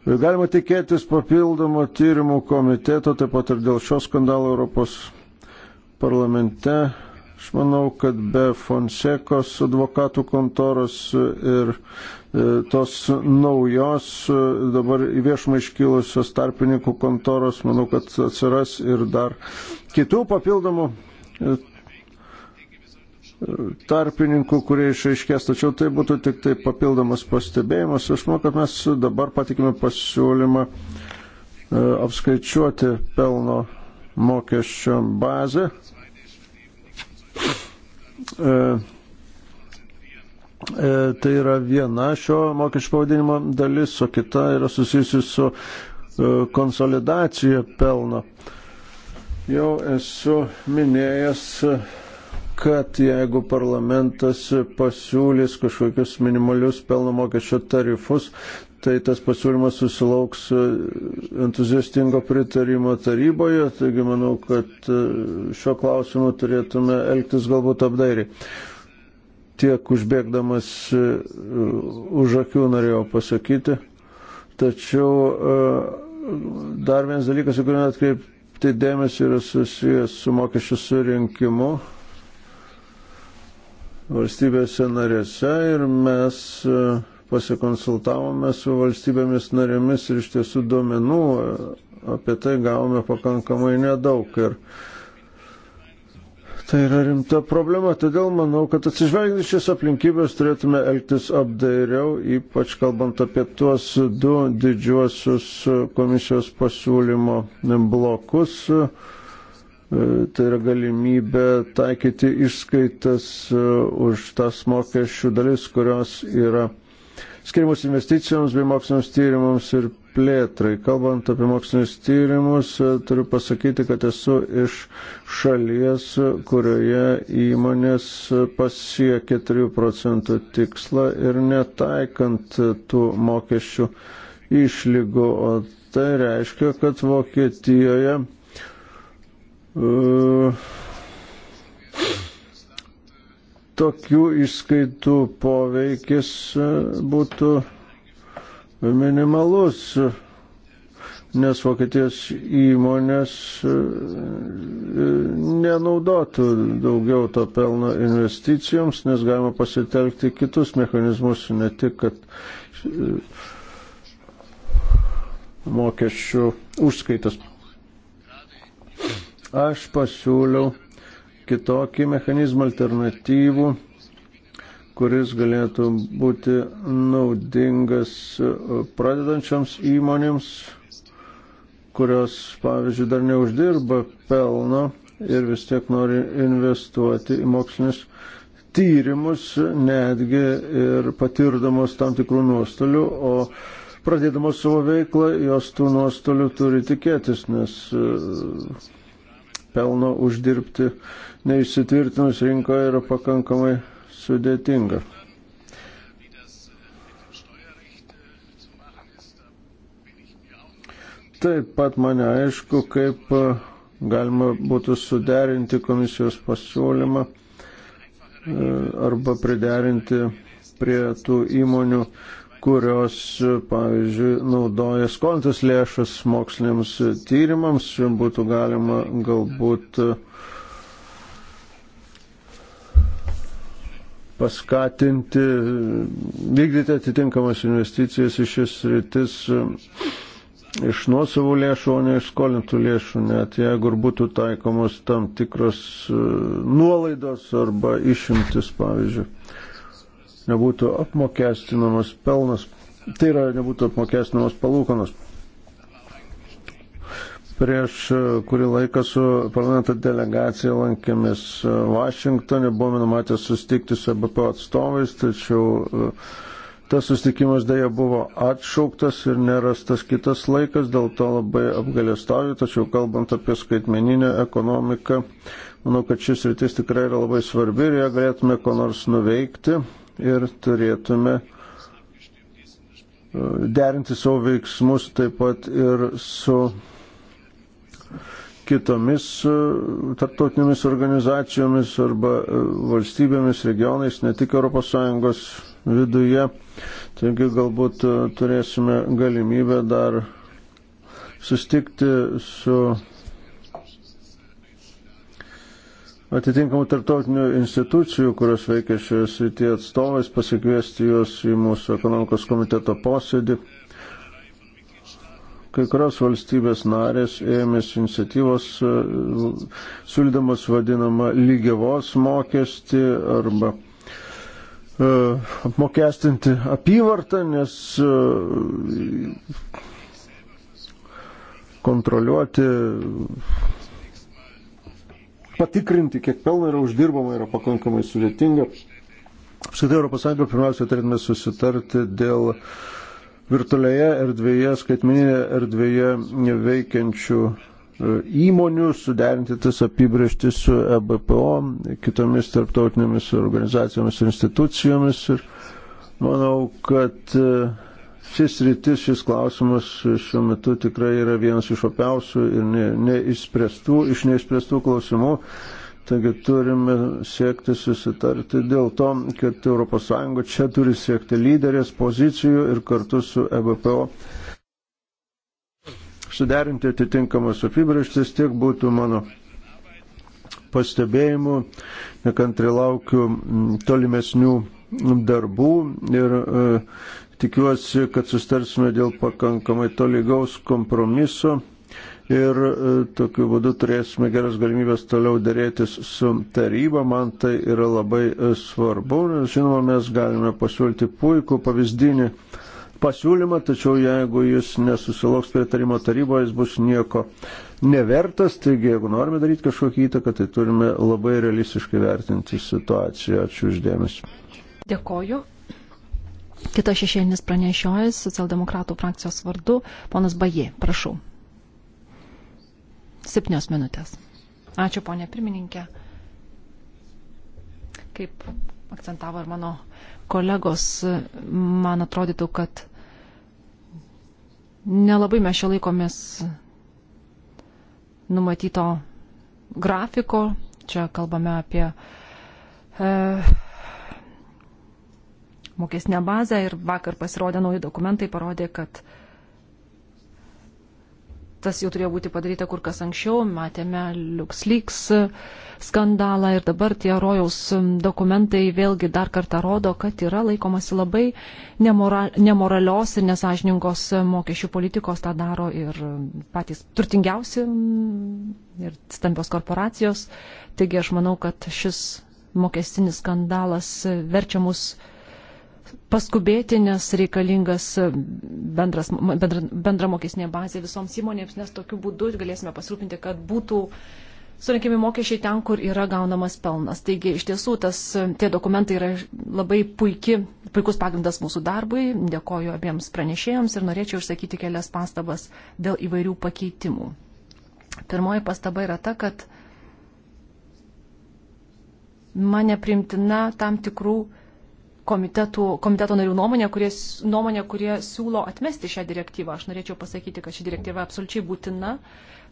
galima tikėtis papildomo tyrimų komiteto, taip pat ir dėl šio skandalo Europos parlamente. Aš manau, kad be Fonsekos advokatų kontoros ir e, tos naujos e, dabar į viešumą iškilusios tarpininkų kontoros, manau, kad atsiras ir dar kitų papildomų e, tarpininkų, kurie išaiškės, tačiau tai būtų tik tai papildomas pastebėjimas. Aš manau, kad mes dabar patikime pasiūlymą apskaičiuoti pelno mokesčio bazę. E, e, tai yra viena šio mokesčio pavadinimo dalis, o kita yra susijusi su e, konsolidacija pelno. Jau esu minėjęs kad jeigu parlamentas pasiūlys kažkokius minimalius pelno mokesčio tarifus, tai tas pasiūlymas susilauks e, entuziastingo pritarimo taryboje, taigi manau, kad e, šiuo klausimu turėtume elgtis galbūt apdairiai. Tiek užbėgdamas e, už akių norėjau pasakyti, tačiau dar vienas dalykas, į kurį atkreipti dėmesį, yra susijęs su mokesčių surinkimu valstybėse narėse ir mes uh, pasikonsultavome su valstybėmis narėmis ir iš tiesų duomenų apie tai gavome pakankamai nedaug. Ir tai yra rimta problema, todėl manau, kad atsižvelgiant šias aplinkybės turėtume elgtis apdairiau, ypač kalbant apie tuos du didžiuosius komisijos pasiūlymo blokus. Tai yra galimybė taikyti išskaitas už tas mokesčių dalis, kurios yra skirimus investicijoms bei moksliniams tyrimams ir plėtrai. Kalbant apie mokslinius tyrimus, e, turiu pasakyti, kad esu iš šalies, kurioje įmonės pasiekė 3 procentų tikslą ir netaikant tų mokesčių išlygų. O tai reiškia, kad Vokietijoje uh, tokių įskaitų poveikis e, būtų minimalus, nes Vokietijos įmonės e, e, nenaudotų daugiau to pelno investicijoms, nes galima pasitelkti kitus mechanizmus, ne tik, kad mokesčių užskaitas. Aš pasiūliau kitokį mechanizmą alternatyvų, kuris galėtų būti naudingas e, pradedančioms įmonėms, kurios, pavyzdžiui, dar neuždirba pelno ir vis tiek nori investuoti į mokslinius tyrimus, netgi ir patirdamos tam tikrų nuostolių, o pradėdamos savo veiklą, jos tų nuostolių turi tikėtis, nes e, pelno uždirbti neįsitvirtinus rinkoje yra pakankamai sudėtinga. Taip pat mane aišku, kaip galima būtų suderinti komisijos pasiūlymą e, arba priderinti prie tų įmonių, kurios, pavyzdžiui, naudoja skontas lėšas moksliniams tyrimams, būtų galima galbūt uh, paskatinti, vykdyti atitinkamas investicijas į šis rytis e, iš nuosavų lėšų, o ne iš skolintų lėšų, net jeigu ir būtų taikomos tam tikros e, nuolaidos arba išimtis, pavyzdžiui, nebūtų apmokestinamas pelnas, tai yra nebūtų apmokestinamas palūkanas. Prieš e, kurį laiką su parlamento delegacija lankėmės e, Vašingtonė, buvome numatę susitikti su ABPO e atstovais, tačiau tas susitikimas dėja buvo atšauktas ir nerastas kitas laikas, dėl to labai apgalėstauju, tačiau kalbant apie skaitmeninę ekonomiką, manau, kad šis rytis tikrai yra labai svarbi ir ją galėtume ko nors nuveikti ir turėtume derinti savo veiksmus taip pat ir su kitomis e, tarptautinėmis organizacijomis arba e, valstybėmis, regionais, ne tik ES viduje. Taigi galbūt e, turėsime galimybę dar sustikti su atitinkamų tarptautinių institucijų, kurios veikia šioje srityje atstovais, pasikviesti juos į mūsų ekonomikos komiteto posėdį Kai kurios valstybės narės ėmėsi iniciatyvos e, siūlydamas vadinamą lygiavos mokestį arba e, apmokestinti apyvartą, nes e, kontroliuoti, patikrinti, kiek pelno yra uždirbama, yra pakankamai sudėtinga. Apskritai, ES pirmiausia turėtume susitarti dėl uh, virtualioje erdvėje, skaitmeninėje erdvėje veikiančių e, įmonių, suderinti tas apibrieštis su EBPO, kitomis tarptautinėmis organizacijomis ir institucijomis. Ir manau, kad e, šis rytis, šis klausimas šiuo metu tikrai yra vienas iš opiausių ir neišspręstų, iš neišspręstų klausimų. Taigi turime siekti susitarti dėl to, kad ES čia turi siekti lyderės pozicijų ir kartu su EBPO suderinti atitinkamas apibrieštis, tiek būtų mano pastebėjimų, nekantri laukiu mm, tolimesnių darbų ir e, tikiuosi, kad sustarsime dėl pakankamai tolygaus kompromiso ir e, tokiu būdu turėsime geras galimybės toliau dėrėtis su taryba. Man tai yra labai e, svarbu. Žinoma, mes galime pasiūlyti puikų pavyzdinį pasiūlymą, tačiau jeigu jis nesusilauks pritarimo taryboje, jis bus nieko nevertas. Taigi, jeigu norime daryti kažkokį įtaką, tai turime labai realistiškai vertinti situaciją. Ačiū uždėmesi. Dėkoju. Kitas šešėlinis pranešiojas socialdemokratų frakcijos vardu, ponas Baji, prašau. Septynios minutės. Ačiū, ponė pirmininkė. Kaip akcentavo ir mano kolegos, man atrodytų, kad nelabai mes čia laikomės numatyto grafiko. Čia kalbame apie e, mokesnę bazę ir vakar pasirodė nauji dokumentai, parodė, kad e, tas jau turėjo būti padaryta kur kas anksčiau, matėme LuxLeaks skandalą ir dabar tie rojaus dokumentai vėlgi dar kartą rodo, kad yra laikomasi labai nemoral, nemoralios ir nesažininkos mokesčių politikos, tą daro ir patys turtingiausi ir stambios korporacijos. Taigi aš manau, kad šis mokestinis skandalas verčia mus paskubėti, nes reikalingas bendras, bendra, bendra mokesnė bazė visoms įmonėms, nes tokiu būdu galėsime pasirūpinti, kad būtų surinkimi mokesčiai ten, kur yra gaunamas pelnas. Taigi iš tiesų tas, tie dokumentai yra labai puiki, puikus pagrindas mūsų darbui. Dėkoju abiems pranešėjams ir norėčiau išsakyti kelias pastabas dėl įvairių pakeitimų. Pirmoji pastaba yra ta, kad mane primtina tam tikrų komitetų, komiteto narių nuomonė, kurie, nuomonė, kurie siūlo atmesti šią direktyvą. Aš norėčiau pasakyti, kad ši direktyva absoliučiai būtina.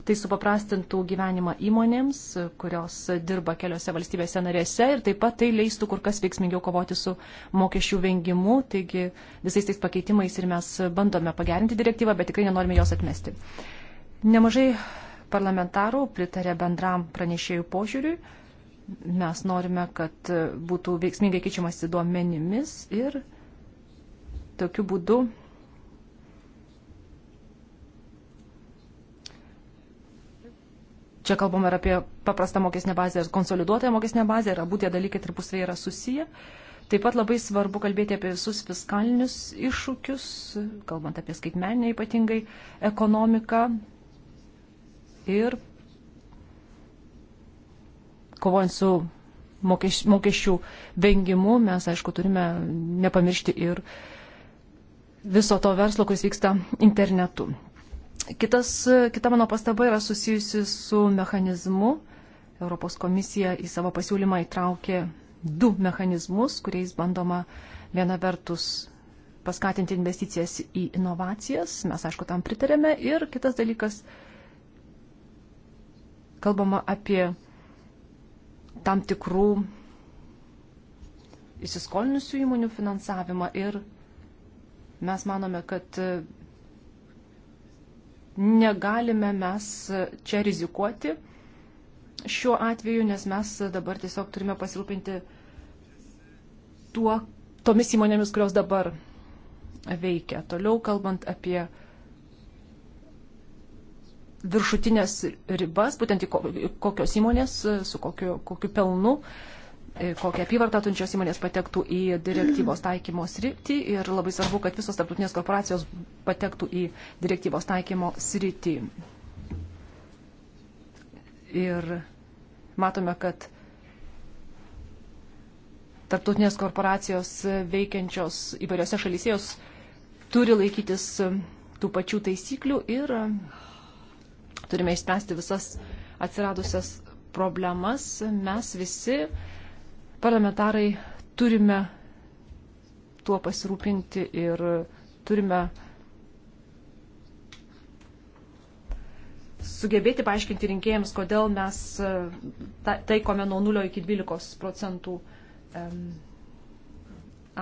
Tai supaprastintų gyvenimą įmonėms, kurios dirba keliose valstybėse narėse ir taip pat tai leistų kur kas veiksmingiau kovoti su mokesčių vengimu. Taigi visais tais pakeitimais ir mes bandome pagerinti direktyvą, bet tikrai nenorime jos atmesti. Nemažai parlamentarų pritarė bendram pranešėjų požiūriui Mes norime, kad būtų veiksmingai keičiamasi duomenimis ir tokiu būdu Čia kalbam ir apie paprastą mokesnę bazę ir konsoliduotąją mokesnę bazę, ir abu tie dalykai tarpusvėje yra susiję. Taip pat labai svarbu kalbėti apie visus fiskalinius iššūkius, kalbant apie skaitmeninę ypatingai ekonomiką ir kovojant su mokeš, mokesčių vengimu, mes, aišku, turime nepamiršti ir viso to verslo, kuris vyksta internetu. Kitas, kita mano pastaba yra susijusi su mechanizmu. Europos komisija į savo pasiūlymą įtraukė du mechanizmus, kuriais bandoma viena vertus paskatinti investicijas į inovacijas. Mes, aišku, tam pritarėme. Ir kitas dalykas, kalbama apie tam tikrų įsiskolinusių įmonių finansavimą ir mes manome, kad e, negalime mes e, čia rizikuoti šiuo atveju, nes mes e, dabar tiesiog turime pasirūpinti tuo, tomis įmonėmis, kurios dabar veikia. Toliau kalbant apie viršutinės ribas, būtent kokios įmonės, su kokiu, kokiu pelnu, kokią apyvartą turinčios įmonės patektų į direktyvos taikymo sritį ir labai svarbu, kad visos tarptautinės korporacijos patektų į direktyvos taikymo sritį. Ir matome, kad tarptautinės korporacijos veikiančios įvairiose šalyse jos turi laikytis tų pačių taisyklių ir turime išspręsti visas atsiradusias problemas. Mes visi, parlamentarai, turime tuo pasirūpinti ir turime sugebėti paaiškinti rinkėjams, kodėl mes e, taikome nuo 0 iki 12 procentų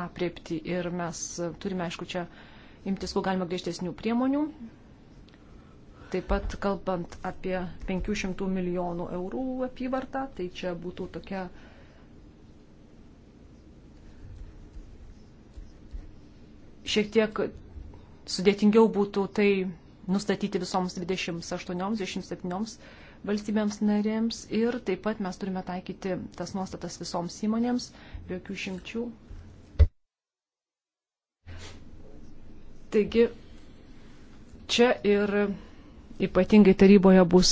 apriepti ir mes turime, aišku, čia imtis, kuo galima griežtesnių priemonių. Taip pat kalbant apie 500 milijonų eurų apyvartą, tai čia būtų tokia šiek tiek sudėtingiau būtų tai nustatyti visoms 28-27 valstybėms narėms ir taip pat mes turime taikyti tas nuostatas visoms įmonėms, be jokių šimčių. Taigi čia ir ypatingai taryboje bus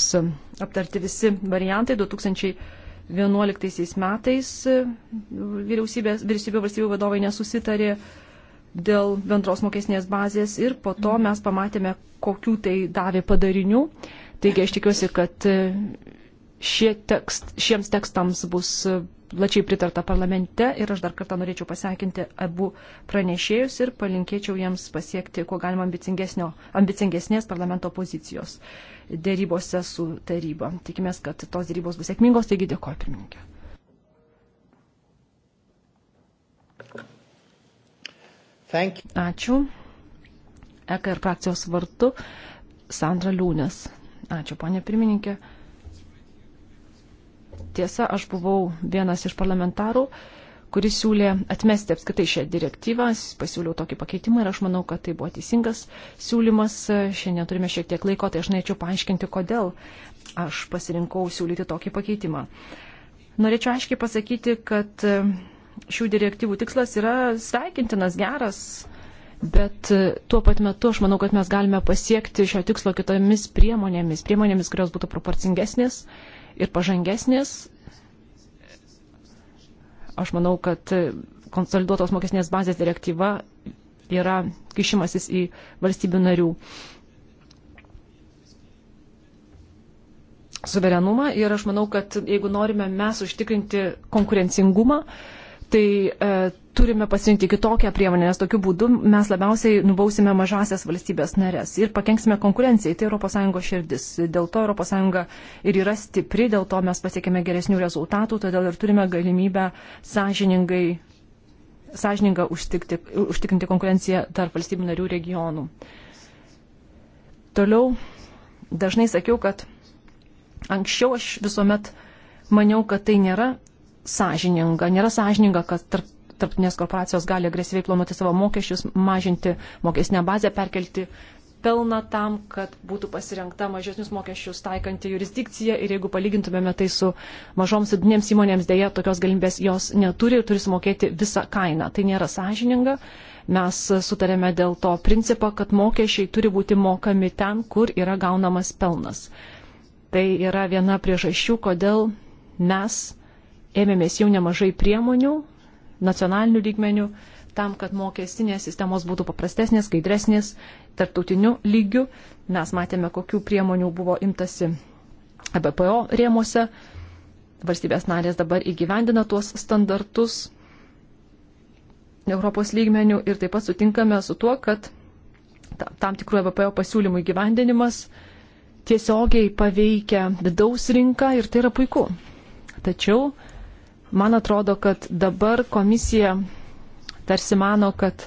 aptarti visi variantai 2011 metais e, vyriausybės, vyriausybių valstybių vadovai nesusitarė dėl bendros mokesnės bazės ir po to mhm. mes pamatėme, kokių tai davė padarinių. Taigi aš tikiuosi, kad e, Šie tekst, šiems tekstams bus e, plačiai pritarta parlamente ir aš dar kartą norėčiau pasveikinti abu pranešėjus ir palinkėčiau jiems pasiekti kuo galima ambicingesnės parlamento pozicijos dėrybose su taryba. Tikimės, kad tos dėrybos bus sėkmingos, taigi dėkoju pirmininkė. Ačiū. EKR frakcijos vartu Sandra Liūnės. Ačiū, ponė pirmininkė. Tiesa, aš buvau vienas iš parlamentarų, kuris siūlė atmesti apskaitai šią direktyvą, pasiūliau tokį pakeitimą ir aš manau, kad tai buvo teisingas siūlymas. Šiandien turime šiek tiek laiko, tai aš norėčiau paaiškinti, kodėl aš pasirinkau siūlyti tokį pakeitimą. Norėčiau aiškiai pasakyti, kad šių direktyvų tikslas yra sveikintinas, geras, bet tuo pat metu aš manau, kad mes galime pasiekti šio tikslo kitomis priemonėmis, priemonėmis, kurios būtų proporcingesnės ir pažangesnės. Aš manau, kad konsoliduotos mokesnės bazės direktyva yra kišimasis į valstybių narių suverenumą ir aš manau, kad jeigu norime mes užtikrinti konkurencingumą, tai e, turime pasirinkti kitokią priemonę, nes tokiu būdu mes labiausiai nubausime mažasias valstybės narės ir pakenksime konkurencijai. Tai ES širdis. Dėl to ES ir yra stipri, dėl to mes pasiekime geresnių rezultatų, todėl ir turime galimybę sąžiningai sąžininga užtikti, užtikrinti konkurenciją tarp valstybių narių regionų. Toliau dažnai sakiau, kad anksčiau aš visuomet maniau, kad tai nėra sąžininga. Nėra sąžininga, kad tarp, tarptinės korporacijos gali agresyviai planuoti savo mokesčius, mažinti mokesnę bazę, perkelti pelną tam, kad būtų pasirinkta mažesnius mokesčius taikanti jurisdikcija ir jeigu palygintumėme tai su mažoms vidinėms įmonėms, dėja tokios galimybės jos neturi ir turi sumokėti visą kainą. Tai nėra sąžininga. Mes sutarėme dėl to principą, kad mokesčiai turi būti mokami ten, kur yra gaunamas pelnas. Tai yra viena priežasčių, kodėl mes ėmėmės jau nemažai priemonių nacionalinių lygmenių tam, kad mokestinės sistemos būtų paprastesnės, skaidresnės, tarptautiniu lygiu. Mes matėme, kokių priemonių buvo imtasi ABPO e rėmose. Valstybės narės dabar įgyvendina tuos standartus Europos lygmenių ir taip pat sutinkame su tuo, kad tam tikrų ABPO e pasiūlymų įgyvendinimas tiesiogiai paveikia vidaus rinką ir tai yra puiku. Tačiau Man atrodo, kad dabar komisija tarsi mano, kad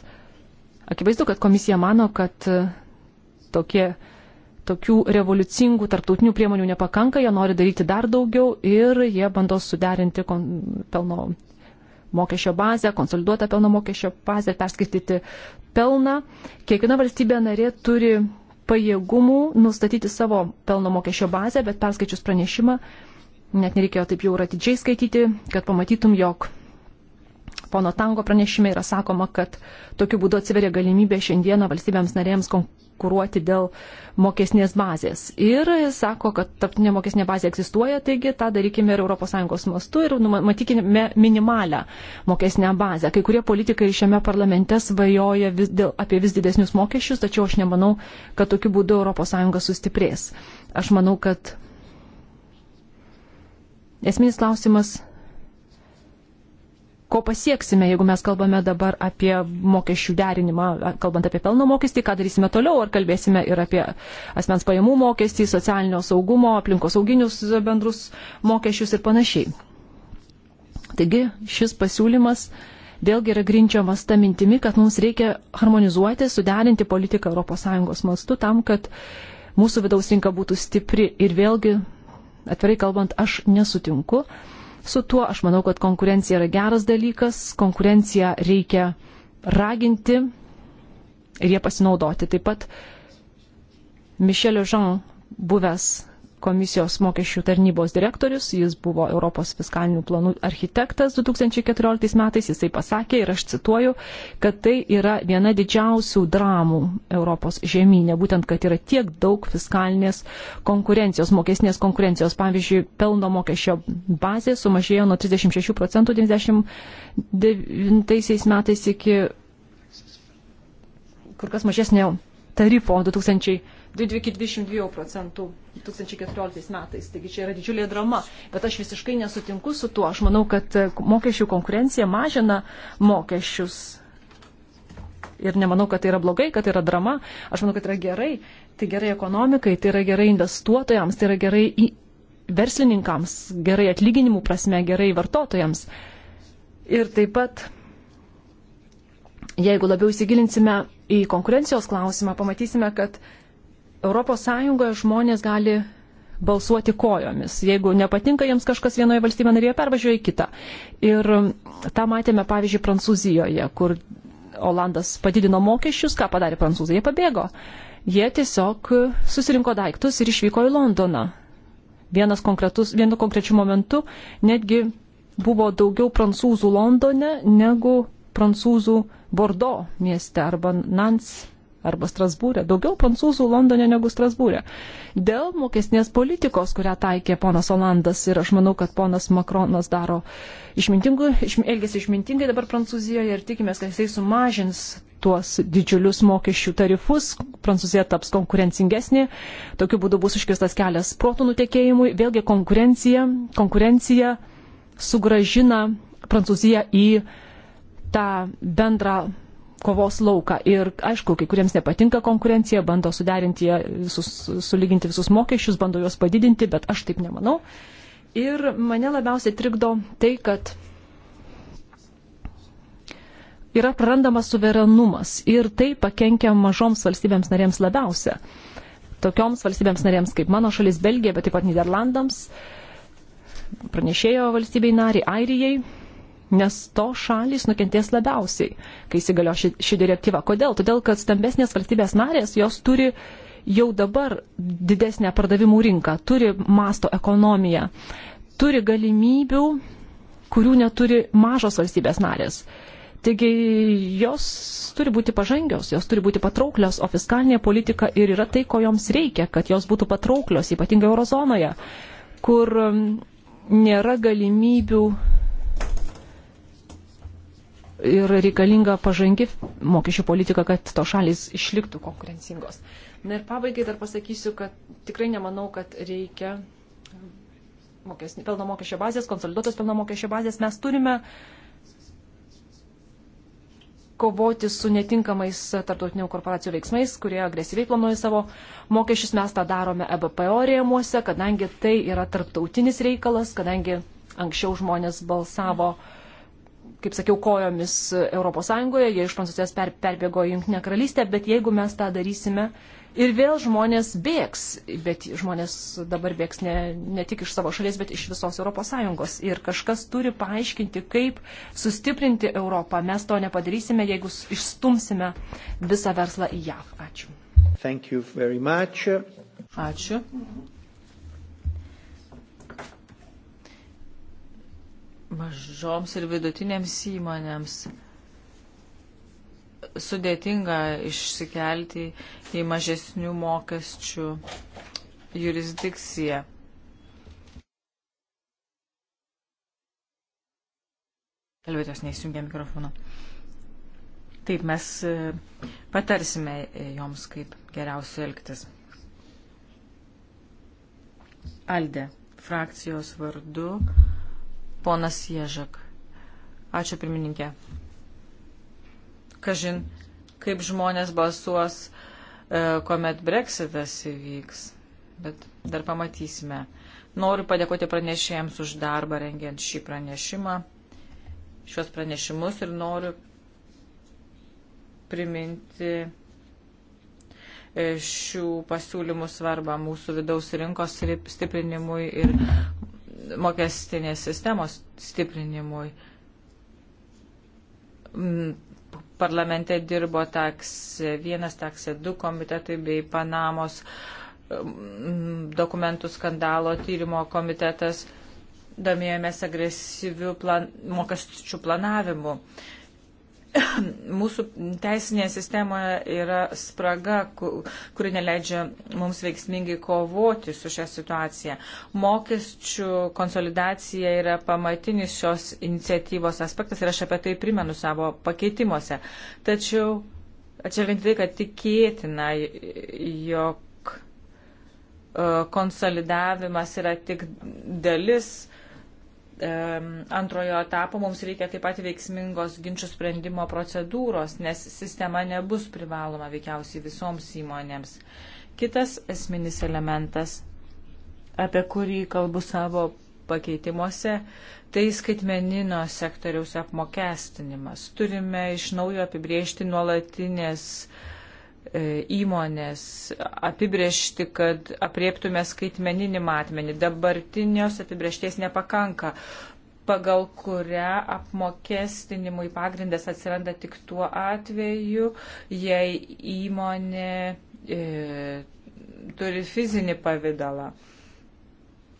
akivaizdu, kad komisija mano, kad e, tokie, tokių revoliucingų tarptautinių priemonių nepakanka, jie nori daryti dar daugiau ir jie bando suderinti kon, pelno mokesčio bazę, konsoliduotą pelno mokesčio bazę, perskaityti pelną. Kiekviena valstybė narė turi pajėgumų nustatyti savo pelno mokesčio bazę, bet perskaičius pranešimą, uh, net nereikėjo taip jau ir atidžiai skaityti, kad pamatytum, jog pono Tango pranešime yra sakoma, kad tokiu būdu atsiveria galimybė šiandieną valstybėms narėms konkuruoti dėl mokesnės bazės. Ir sako, kad tarptinė mokesnė bazė egzistuoja, taigi tą darykime ir ES mastu ir numatykime minimalę mokesnę bazę. Kai kurie politikai šiame parlamente svajoja vis dėl, apie vis didesnius mokesčius, tačiau aš nemanau, kad tokiu būdu ES sustiprės. Aš manau, kad Esminis klausimas, ko pasieksime, jeigu mes kalbame dabar apie mokesčių derinimą, kalbant apie pelno mokestį, ką darysime toliau, ar kalbėsime ir apie asmens pajamų mokestį, socialinio saugumo, aplinkos sauginius bendrus mokesčius ir panašiai. Taigi šis pasiūlymas vėlgi yra grindžiamas ta mintimi, kad mums reikia harmonizuoti, suderinti politiką ES mastu tam, kad mūsų vidaus rinka būtų stipri ir vėlgi atvirai kalbant, aš nesutinku su tuo. Aš manau, kad konkurencija yra geras dalykas, konkurenciją reikia raginti ir jie pasinaudoti. Taip pat Mišelio Žan, buvęs komisijos mokesčių tarnybos direktorius, jis buvo Europos fiskalinių planų architektas 2014 metais, jisai pasakė ir aš cituoju, kad tai yra viena didžiausių dramų Europos žemynė, būtent, kad yra tiek daug fiskalinės konkurencijos, mokesnės konkurencijos, pavyzdžiui, pelno mokesčio bazė sumažėjo nuo 36 procentų 99 metais iki kur kas mažesnio tarifo 2000 iki 22 procentų 2014 metais. Taigi čia yra didžiulė drama. Bet aš visiškai nesutinku su tuo. Aš manau, kad e, mokesčių konkurencija mažina mokesčius. Ir nemanau, kad tai yra blogai, kad tai yra drama. Aš manau, kad tai yra gerai. Tai gerai ekonomikai, tai yra gerai investuotojams, tai yra gerai verslininkams, gerai atlyginimų prasme, gerai vartotojams. Ir taip pat, jeigu labiau įsigilinsime į konkurencijos klausimą, pamatysime, kad ES žmonės gali balsuoti kojomis. Jeigu nepatinka jiems kažkas vienoje valstybėje narėje, pervažiuoja į kitą. Ir um, tą matėme, pavyzdžiui, Prancūzijoje, kur Olandas padidino mokesčius, ką padarė prancūzai, jie pabėgo. Jie tiesiog susirinko daiktus ir išvyko į Londoną. Vienas konkretus, vienu konkrečiu momentu netgi buvo daugiau prancūzų Londone negu prancūzų Bordeaux mieste arba Nans arba Strasbūrė. Daugiau prancūzų Londone negu Strasbūrė. Dėl mokesnės politikos, kurią taikė ponas Olandas ir aš manau, kad ponas Makronas daro išmintingų, išm, elgesi išmintingai dabar Prancūzijoje ir tikimės, kad jisai sumažins tuos didžiulius mokesčių tarifus, Prancūzija taps konkurencingesnė, tokiu būdu bus užkirstas kelias protų nutekėjimui, vėlgi konkurencija, konkurencija sugražina Prancūziją į tą bendrą kovos lauką. Ir aišku, kai kuriems nepatinka konkurencija, bando suderinti, visus, sulyginti visus mokesčius, bando juos padidinti, bet aš taip nemanau. Ir mane labiausiai trikdo tai, kad yra prarandamas suverenumas ir tai pakenkia mažoms valstybėms narėms labiausia. Tokioms valstybėms narėms kaip mano šalis Belgija, bet taip pat Niderlandams, pranešėjo valstybei nariai, Airijai, nes to šalis nukentės labiausiai, kai įsigalio ši, ši direktyva. Kodėl? Todėl, kad stambesnės valstybės narės jos turi jau dabar didesnę pardavimų rinką, turi masto ekonomiją, turi galimybių, kurių neturi mažos valstybės narės. Taigi jos turi būti pažangios, jos turi būti patrauklios, o fiskalinė politika ir yra tai, ko joms reikia, kad jos būtų patrauklios, ypatingai eurozonoje, kur mm, nėra galimybių ir reikalinga pažangi mokesčių politika, kad to šalis išliktų konkurencingos. Na ir pabaigai dar pasakysiu, kad tikrai nemanau, kad reikia mokesnį, pelno mokesčio bazės, konsoliduotos pelno mokesčio bazės. Mes turime kovoti su netinkamais tarptautinių korporacijų veiksmais, kurie agresyviai planuoja savo mokesčius. Mes tą darome EBPO rėmuose, kadangi tai yra tarptautinis reikalas, kadangi anksčiau žmonės balsavo. Mm kaip sakiau, kojomis ES, jie iš Prancūzijos per, perbėgo į Junktinę karalystę, bet jeigu mes tą darysime ir vėl žmonės bėgs, bet žmonės dabar bėgs ne, ne tik iš savo šalies, bet iš visos ES ir kažkas turi paaiškinti, kaip sustiprinti Europą. Mes to nepadarysime, jeigu išstumsime visą verslą į JAV. Ačiū. Ačiū. mažoms ir vidutinėms įmonėms sudėtinga išsikelti į mažesnių mokesčių jurisdikciją. Kalbėtos neįsijungia mikrofono. Taip, mes e, patarsime joms, kaip geriausiai elgtis. Alde, frakcijos vardu ponas Ježak. Ačiū pirmininkė. Kažin, kaip žmonės balsuos, e, kuomet breksitas įvyks. Bet dar pamatysime. Noriu padėkoti pranešėjams už darbą rengiant šį pranešimą, šios pranešimus ir noriu priminti e, šių pasiūlymų svarbą mūsų vidaus rinkos stiprinimui ir mokestinės sistemos stiprinimui. Parlamente dirbo taksė vienas, taksė du komitetai bei Panamos dokumentų skandalo tyrimo komitetas. Domėjomės agresyvių plan, mokesčių planavimu. Uh, mūsų teisinėje sistemoje yra spraga, kuri neleidžia mums veiksmingai kovoti su šią situaciją. Mokesčių konsolidacija yra pamatinis šios iniciatyvos aspektas ir aš apie tai primenu savo pakeitimuose. Tačiau atšvelgiant tai, kad tikėtina, jog e, konsolidavimas yra tik dalis antrojo etapo mums reikia taip pat veiksmingos ginčių sprendimo procedūros, nes sistema nebus privaloma veikiausiai visoms įmonėms. Kitas esminis elementas, apie kurį kalbu savo pakeitimuose, tai skaitmenino sektoriaus apmokestinimas. Turime iš naujo apibriežti nuolatinės uh, E, įmonės apibriešti, kad apriektume skaitmeninį matmenį. Dabartinios apibriešties nepakanka, pagal kurią apmokestinimui pagrindas atsiranda tik tuo atveju, jei įmonė e, turi fizinį pavydalą.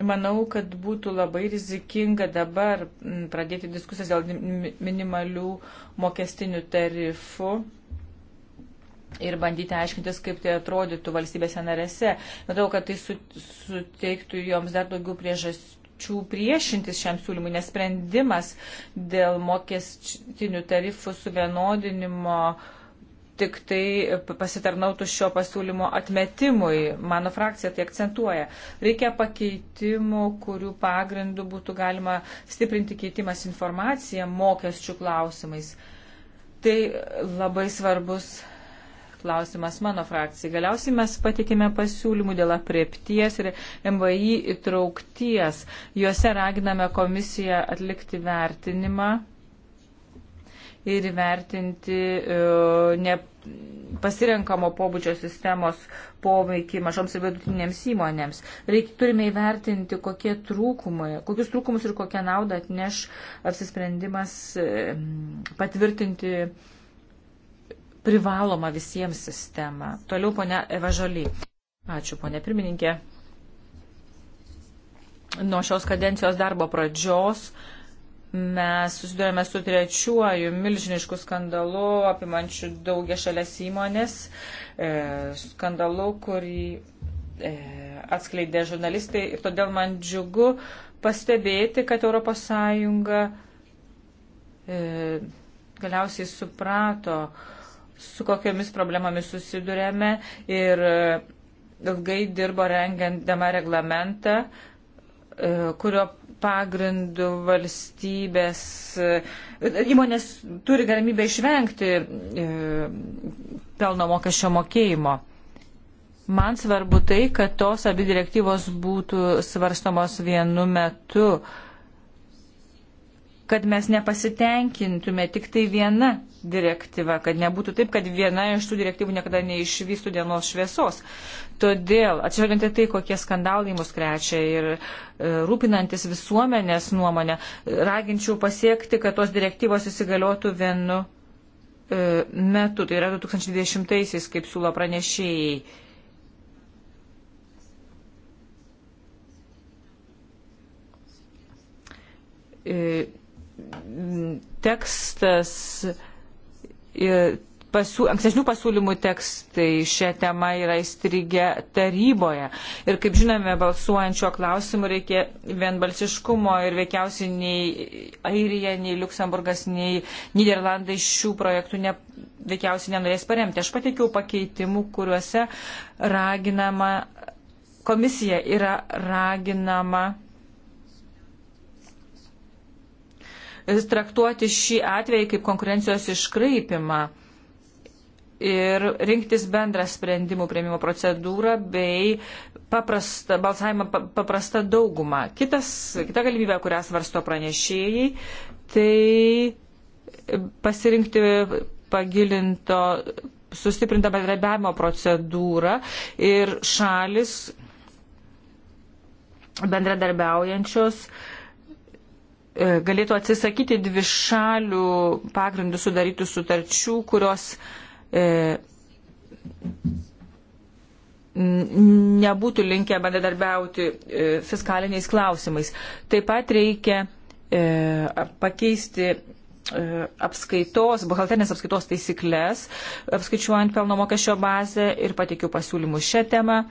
Manau, kad būtų labai rizikinga dabar pradėti diskusijas dėl minimalių mokestinių tarifų ir bandyti aiškintis, kaip tai atrodytų valstybėse narėse. Matau, kad tai suteiktų joms dar daugiau priežasčių priešintis šiam siūlymui, nes sprendimas dėl mokestinių tarifų suvienodinimo tik tai pasitarnautų šio pasiūlymo atmetimui. Mano frakcija tai akcentuoja. Reikia pakeitimų, kurių pagrindų būtų galima stiprinti keitimas informaciją mokesčių klausimais. Tai labai svarbus klausimas mano frakcijai. Galiausiai mes patikime pasiūlymų dėl apriepties ir MVI įtraukties. Juose raginame komisiją atlikti vertinimą ir įvertinti e, ne pasirenkamo pobūdžio sistemos poveikį mažoms ir vidutinėms įmonėms. Reik, turime įvertinti, kokie trūkumai, kokius trūkumus ir kokią naudą atneš apsisprendimas e, patvirtinti privaloma visiems sistema. Toliau ponia Eva Žaly. Ačiū ponia pirmininkė. Nuo šios kadencijos darbo pradžios mes susidurėme su trečiuoju milžinišku skandalu, apimančiu daugia šalias įmonės, e, skandalu, kurį e, atskleidė žurnalistai. Ir todėl man džiugu pastebėti, kad ES e, galiausiai suprato, e, su kokiamis problemomis susidurėme ir e, ilgai dirbo rengiantama reglamentą, e, kurio pagrindu valstybės e, įmonės turi galimybę išvengti pelno mokesčio mokėjimo. Man svarbu tai, kad tos abi direktyvos būtų svarstamos vienu metu. Uh, kad mes nepasitenkintume tik tai viena direktyva, kad nebūtų taip, kad viena iš tų direktyvų niekada neišvystų dienos šviesos. Todėl, atsižvelgiant į tai, kokie skandalai mus krečia ir e, rūpinantis visuomenės nuomonę, raginčiau pasiekti, kad tos direktyvos įsigaliotų vienu e, metu, tai yra 2020-aisiais, kaip siūlo pranešėjai. E, tekstas, pasiū, ankstesnių pasiūlymų tekstai šią temą yra įstrigę taryboje. Ir kaip žinome, balsuojančio klausimu reikia vienbalsiškumo ir veikiausiai nei Airija, nei Luksemburgas, nei Niderlandai šių projektų ne, veikiausiai nenorės paremti. Aš pateikiau pakeitimų, kuriuose raginama, komisija yra raginama traktuoti šį atvejį kaip konkurencijos iškraipimą ir rinktis bendrą sprendimų prieimimo procedūrą bei paprasta, balsavimą paprasta dauguma. Kitas, kita galimybė, kurią svarsto pranešėjai, tai pasirinkti pagilinto, sustiprintą bendradarbiavimo procedūrą ir šalis bendradarbiaujančios uh, E, galėtų atsisakyti dvišalių pagrindų sudarytų sutarčių, kurios e, nebūtų linkę bendradarbiauti e, fiskaliniais klausimais. Taip pat reikia e, pakeisti e, apskaitos, buhalterinės apskaitos taisyklės, apskaičiuojant pelno mokesčio bazę ir pateikiu pasiūlymus šią temą.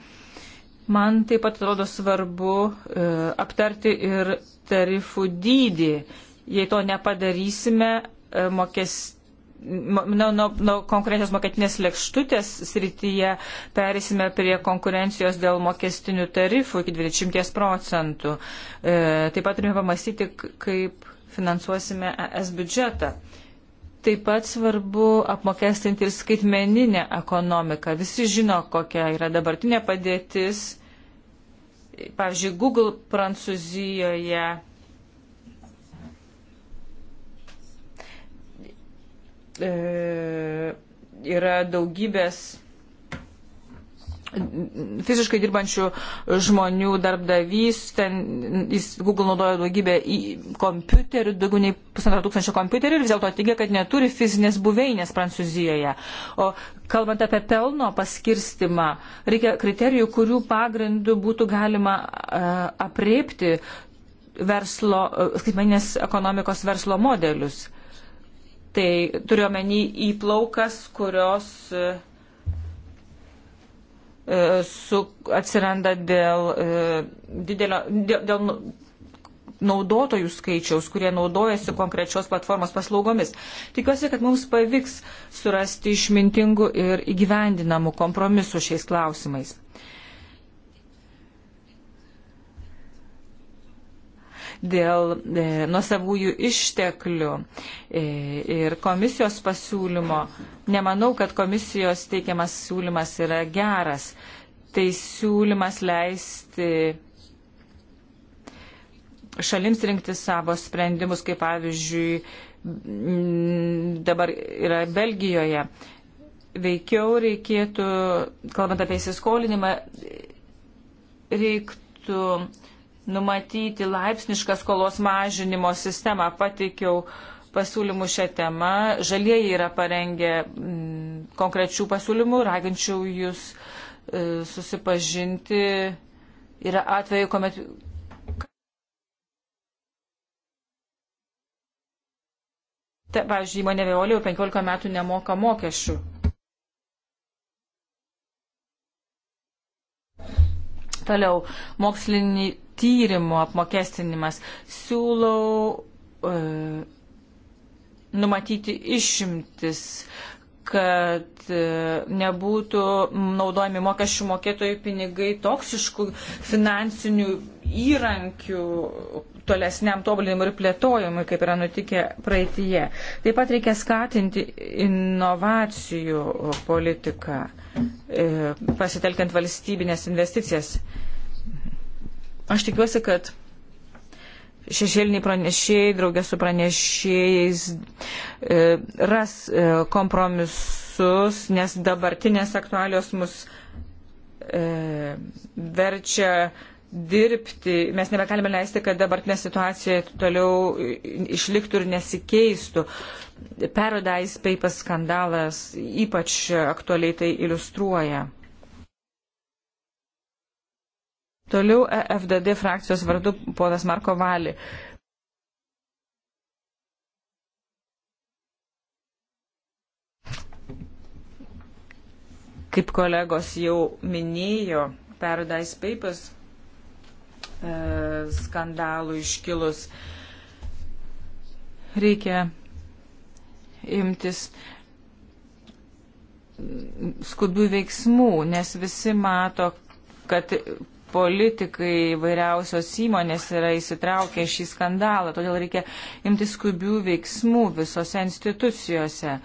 Man taip pat atrodo svarbu e, aptarti ir tarifų dydį. Jei to nepadarysime, e, mokės, nuo nu, nu, konkurencijos mokestinės lėkštutės srityje perėsime prie konkurencijos dėl mokestinių tarifų iki 20 procentų. E, taip pat turime pamastyti, kaip finansuosime ES biudžetą. Taip pat svarbu apmokestinti ir skaitmeninę ekonomiką. Visi žino, kokia yra dabartinė padėtis Pavyzdžiui, Google Prancūzijoje e, yra daugybės fiziškai dirbančių žmonių darbdavys, ten jis Google naudoja daugybę kompiuterių, daugiau nei pusantro tūkstančio kompiuterių ir vis dėlto teigia, kad neturi fizinės buveinės Prancūzijoje. O kalbant apie pelno paskirstimą, reikia kriterijų, kurių pagrindų būtų galima uh, apriepti verslo, uh, skaitmeninės ekonomikos verslo modelius. Tai turiuomenį įplaukas, kurios uh, E, su, atsiranda dėl, e, didelio, dėl, dėl nu, naudotojų skaičiaus, kurie naudojasi konkrečios platformos paslaugomis. Tikiuosi, kad mums pavyks surasti išmintingų ir įgyvendinamų kompromisų šiais klausimais. dėl e, nuosavųjų išteklių e, ir komisijos pasiūlymo. Nemanau, kad komisijos teikiamas siūlymas yra geras. Tai siūlymas leisti šalims rinkti savo sprendimus, kaip pavyzdžiui dabar yra Belgijoje. Veikiau reikėtų, kalbant apie įsiskolinimą, reiktų numatyti laipsnišką skolos mažinimo sistemą. Pateikiau pasiūlymų šią temą. Žalieji yra parengę m, mm, konkrečių pasiūlymų, raginčiau jūs e, susipažinti. Yra atveju, kuomet. Ta, pavyzdžiui, įmonė Veolė jau 15 metų nemoka mokesčių. Toliau, mokslinį tyrimo apmokestinimas. Siūlau e, numatyti išimtis, kad e, nebūtų naudojami mokesčių mokėtojų pinigai toksiškų finansinių įrankių tolesniam tobulinimui ir plėtojimui, kaip yra nutikę praeitie. Taip pat reikia skatinti inovacijų politiką, e, pasitelkiant valstybinės investicijas. Aš tikiuosi, kad šešėliniai pranešėjai, draugė su pranešėjais, e, ras e, kompromisus, nes dabartinės aktualios mus e, verčia dirbti, mes nebegalime leisti, kad dabartinė situacija toliau išliktų ir nesikeistų. Paradise Papers skandalas ypač aktualiai tai iliustruoja. Toliau EFDD frakcijos vardu ponas Marko Valį. Kaip kolegos jau minėjo, Paradise Papers e, skandalų iškilus reikia imtis skubių veiksmų, nes visi mato, kad politikai, vairiausios įmonės yra įsitraukę šį skandalą, todėl reikia imti skubių veiksmų visose institucijose.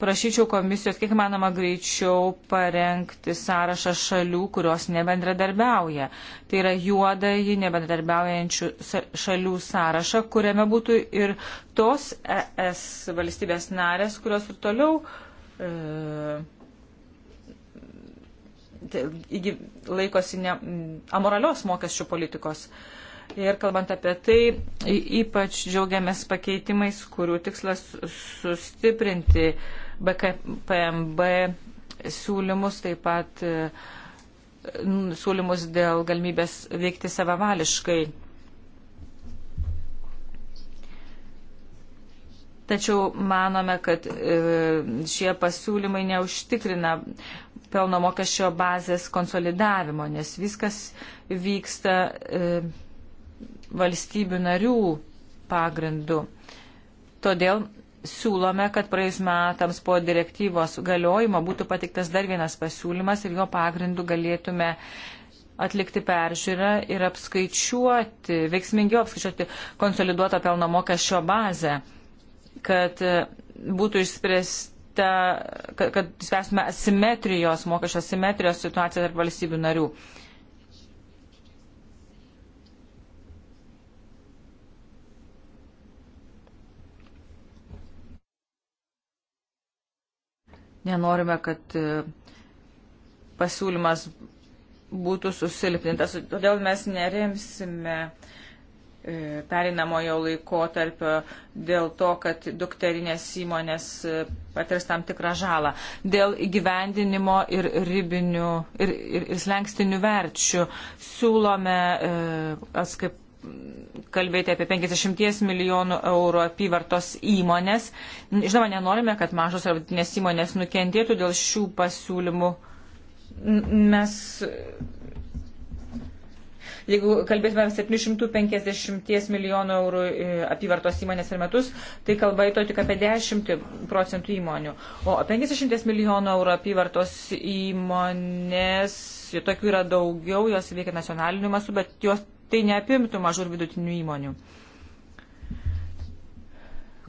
Prašyčiau komisijos, kiek manoma, greičiau parengti sąrašą šalių, kurios nebendradarbiauja. Tai yra juodąjį nebendradarbiaujančių šalių sąrašą, kuriame būtų ir tos ES valstybės narės, kurios ir toliau. E, Tai laikosi ne, amoralios mokesčių politikos. Ir kalbant apie tai, ypač džiaugiamės pakeitimais, kurių tikslas sustiprinti BKPMB siūlymus, taip pat e, siūlymus dėl galimybės veikti savavališkai. Tačiau manome, kad e, šie pasiūlymai neužtikrina pelno mokesčio bazės konsolidavimo, nes viskas vyksta e, valstybių narių pagrindu. Todėl siūlome, kad praėjus metams po direktyvos galiojimo būtų patiktas dar vienas pasiūlymas ir jo pagrindu galėtume atlikti peržiūrą ir apskaičiuoti, veiksmingiau apskaičiuoti konsoliduotą pelno mokesčio bazę, kad e, būtų išspręsti skirta, kad, kad spręstume asimetrijos, mokesčio asimetrijos situaciją tarp valstybių narių. Nenorime, kad e, pasiūlymas būtų susilpnintas, todėl mes neremsime uh, E, perinamojo laiko tarpio dėl to, kad dukterinės įmonės e, patirs tam tikrą žalą. Dėl įgyvendinimo ir ribinių ir, ir, ir slengstinių verčių siūlome e, atskaiп kalbėti apie 50 milijonų eurų apyvartos įmonės. Žinoma, nenorime, kad mažos ar vidutinės įmonės nukentėtų dėl šių pasiūlymų. Mes Jeigu kalbėtume 750 milijonų eurų e, apyvartos įmonės per metus, tai kalba įto tik apie 10 procentų įmonių. O 50 milijonų eurų apyvartos įmonės, jų tokių yra daugiau, jos veikia nacionaliniu masu, bet jos tai neapimtų mažų ir vidutinių įmonių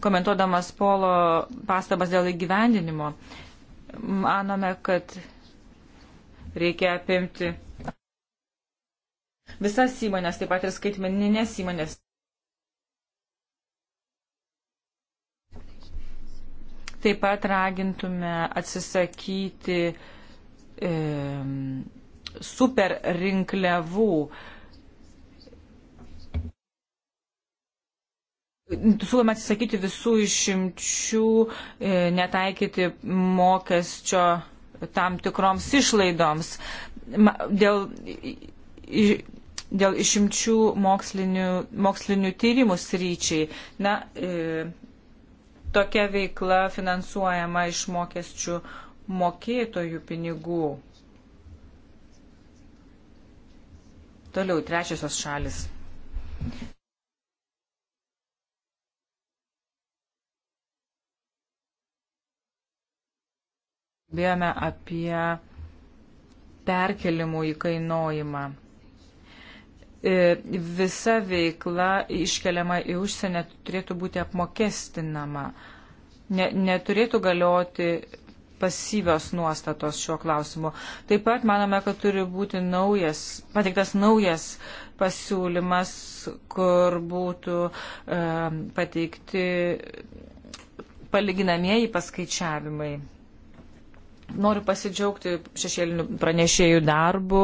komentuodamas Polo pastabas dėl įgyvendinimo, manome, kad reikia apimti visas įmonės, taip pat ir skaitmeninės įmonės. Taip pat ragintume atsisakyti e, super rinkliavų. Siūlome atsisakyti visų išimčių, e, netaikyti mokesčio tam tikroms išlaidoms. Ma, dėl, i, dėl išimčių mokslinių, mokslinių tyrimų sryčiai. Na, e, tokia veikla finansuojama iš mokesčių mokėtojų pinigų. Toliau trečiosios šalis. Kalbėjome apie perkelimų įkainojimą. E, visa veikla iškeliama į užsienį turėtų būti apmokestinama. Ne, neturėtų galioti pasyvios nuostatos šiuo klausimu. Taip pat manome, kad turi būti naujas, pateiktas naujas pasiūlymas, kur būtų e, pateikti palyginamieji paskaičiavimai. Noriu pasidžiaugti šešėlinių pranešėjų darbu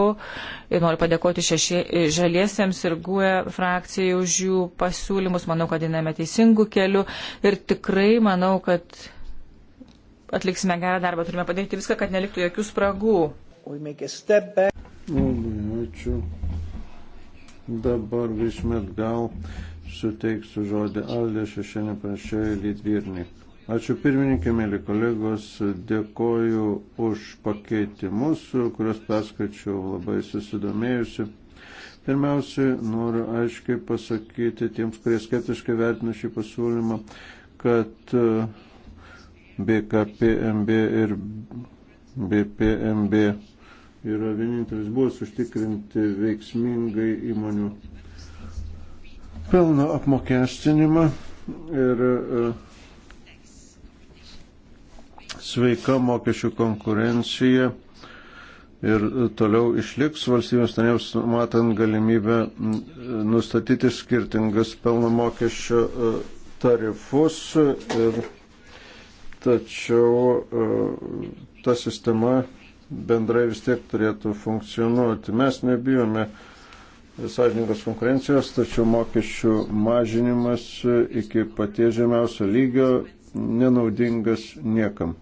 ir noriu padėkoti šešė, žaliesiems ir GUE frakcijai už jų pasiūlymus. Manau, kad einame teisingų kelių ir tikrai manau, kad atliksime gerą darbą. Turime padaryti viską, kad neliktų jokių spragų. Labai ačiū. Dabar grįžtume atgal. Suteiksiu žodį Aldė šešėlinį pranešėjų Litvirnik. Ačiū pirmininkė, mėly kolegos, dėkoju už pakeitimus, kuriuos perskaičiau labai susidomėjusi. Pirmiausiai noriu aiškiai pasakyti tiems, kurie skeptiškai vertina šį pasiūlymą, kad BKPMB e, ir BPMB yra vienintelis būdas užtikrinti veiksmingai įmonių pelno apmokestinimą ir uh, sveika mokesčių konkurencija ir toliau išliks valstybės narėms, matant galimybę nustatyti skirtingas pelno mokesčio e, tarifus. Ir, tačiau e, ta sistema bendrai vis tiek turėtų funkcionuoti. Mes nebijome sąžiningos konkurencijos, tačiau mokesčių mažinimas iki paties žemiausio lygio nenaudingas niekam.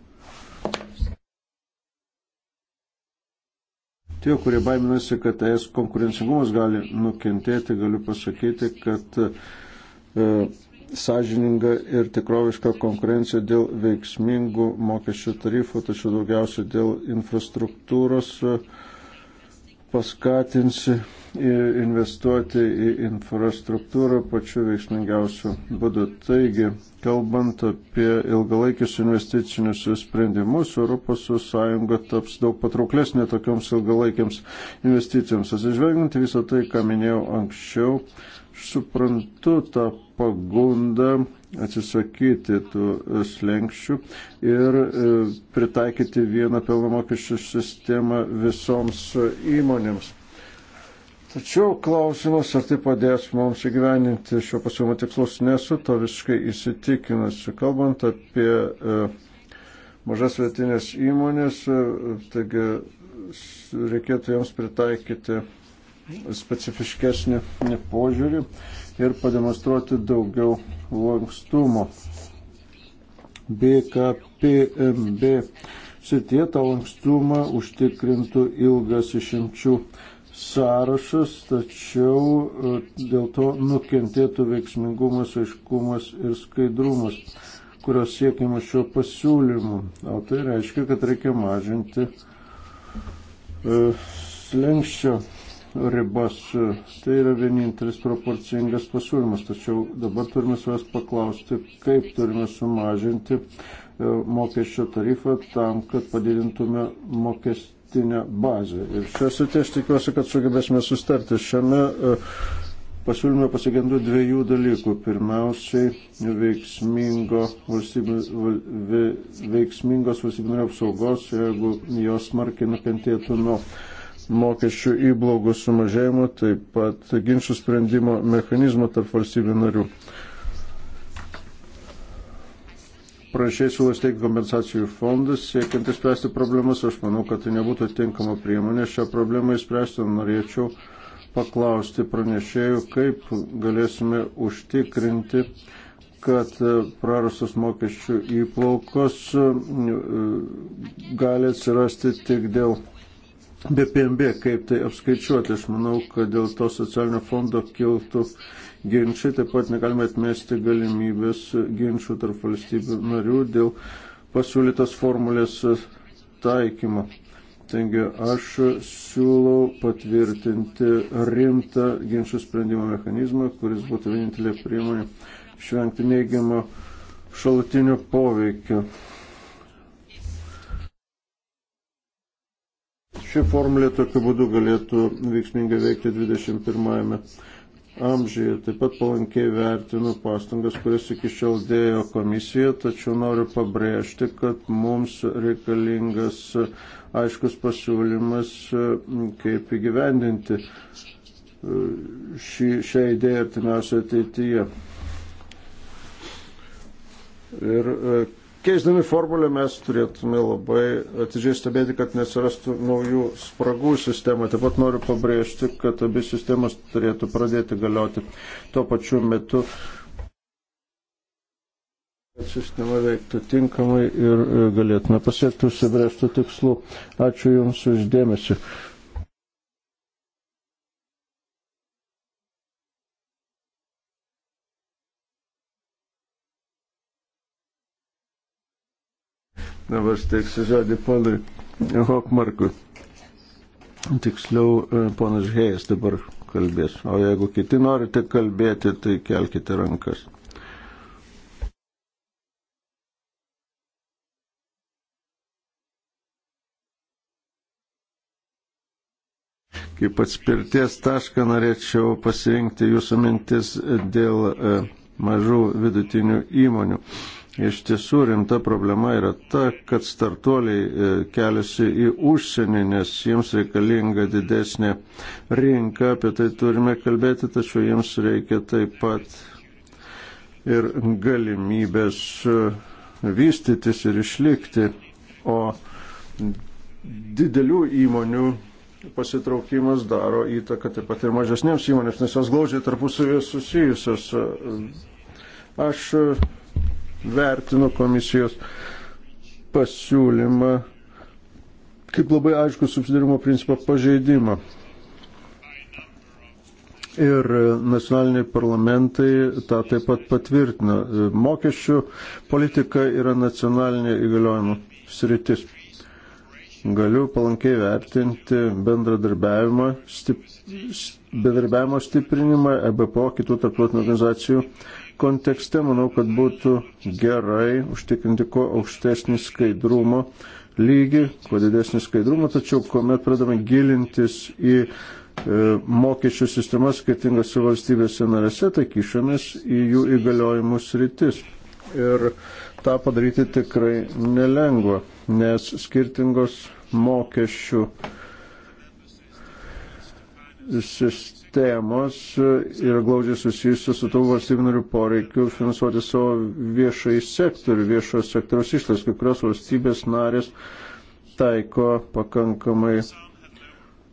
Tie, kurie baiminasi, kad es konkurencingumas gali nukentėti, galiu pasakyti, kad e, sąžininga ir tikroviška konkurencija dėl veiksmingų mokesčių tarifų, tačiau daugiausia dėl infrastruktūros. E, paskatins investuoti į infrastruktūrą pačiu veiksmingiausiu būdu. Taigi, kalbant apie ilgalaikius investicinius sprendimus, ES taps daug patrauklesnė tokioms ilgalaikiams investicijoms. Atsižvelgiant visą tai, ką minėjau anksčiau, suprantu tą pagundą atsisakyti tų slengščių ir e, pritaikyti vieną pelno mokesčių sistemą visoms įmonėms. Tačiau klausimas, ar tai padės mums įgyveninti šio pasiūlymo tikslus, nesu to visiškai įsitikinusi. Kalbant apie e, mažas vietinės įmonės, e, taigi reikėtų joms pritaikyti specifiškesnį požiūrį ir pademonstruoti daugiau lankstumo. BKPMB sitie tą lankstumą užtikrintų ilgas išimčių sąrašas, tačiau e, dėl to nukentėtų veiksmingumas, aiškumas ir skaidrumas, kurios siekiama šio pasiūlymu. O tai reiškia, kad reikia mažinti e, slengščio ribas. Tai yra vienintelis proporcingas pasiūlymas, tačiau dabar turime savęs paklausti, kaip turime sumažinti e, mokesčio tarifą tam, kad padidintume mokestinę bazę. Ir šią sritį aš tikiuosi, kad sugebėsime sustarti. Šiame e, pasiūlyme pasigendu dviejų dalykų. Pirmiausiai, veiksmingo valstybių, veiksmingos valstybinio apsaugos, jeigu jos smarkiai nukentėtų nuo mokesčių įblogų sumažėjimo, taip pat ginčių sprendimo mechanizmo tarp valstybių narių. Prašiai siūlo steigti kompensacijų fondus, siekiant išspręsti problemas, aš manau, kad tai nebūtų tinkama priemonė. Šią problemą išspręsti norėčiau paklausti pranešėjų, kaip galėsime užtikrinti, kad prarastos mokesčių įplaukos e, gali atsirasti tik dėl BPMB, kaip tai apskaičiuoti. Aš manau, kad dėl to socialinio fondo kiltų ginčiai, taip pat negalime atmesti galimybės ginčių tarp valstybių narių dėl pasiūlytos formulės taikymo. Taigi aš siūlau patvirtinti rimtą ginčių sprendimo mechanizmą, kuris būtų vienintelė priemonė išvengti neigiamo šalutinio poveikio. Ši formulė tokiu būdu galėtų veiksmingai veikti 21-ame amžiuje. Taip pat palankiai vertinu pastangas, kurias iki šiol dėjo komisija, tačiau noriu pabrėžti, kad mums reikalingas aiškus pasiūlymas, kaip įgyvendinti e, šį, šią idėją artimiausioje ateityje. Ir e, Keisdami formulę mes turėtume labai atidžiai stebėti, kad nesirastų naujų spragų sistemoje. Taip pat noriu pabrėžti, kad abi sistemos turėtų pradėti galioti tuo pačiu metu, kad sistema veiktų tinkamai ir galėtume pasiekti užsibrėžtų tikslų. Ačiū Jums uždėmesi. dabar steiksiu žodį palui Hokmarkui. Tiksliau, e, ponas Žėjas dabar kalbės. O jeigu kiti norite kalbėti, tai kelkite rankas. Kaip atspirties tašką norėčiau pasirinkti jūsų mintis dėl e, mažų vidutinių įmonių. E, Iš tiesų rimta problema yra ta, kad startuoliai e, keliasi į užsienį, nes jiems reikalinga didesnė rinka, apie tai turime kalbėti, tačiau jiems reikia taip pat ir galimybės e, vystytis ir išlikti, o didelių įmonių pasitraukimas daro įtaką taip pat ir mažesniems įmonėms, nes jos glaudžiai tarpusavėje susijusios. Aš vertinu komisijos pasiūlymą kaip labai aišku subsidirimo principą pažeidimą. Ir nacionaliniai parlamentai tą taip pat patvirtina. Mokesčių politika yra nacionalinė įgaliojimų sritis. Galiu palankiai vertinti bendradarbiavimo, stip, bendradarbiavimo stiprinimą, EBPO, kitų tarptautinių organizacijų kontekste manau, kad būtų gerai užtikrinti kuo aukštesnį skaidrumo lygį, kuo didesnį skaidrumą, tačiau kuomet pradame gilintis į e, mokesčių sistemas skirtingose valstybėse narėse, tai kišamės į jų įgaliojimus rytis. Ir tą padaryti tikrai nelengva, nes skirtingos mokesčių sistemos temos yra glaudžiai susijusios su tų valstybių narių poreikiu finansuoti savo viešai sektorių, viešojo sektoriaus išlaidas. Kai kurios valstybės narės taiko pakankamai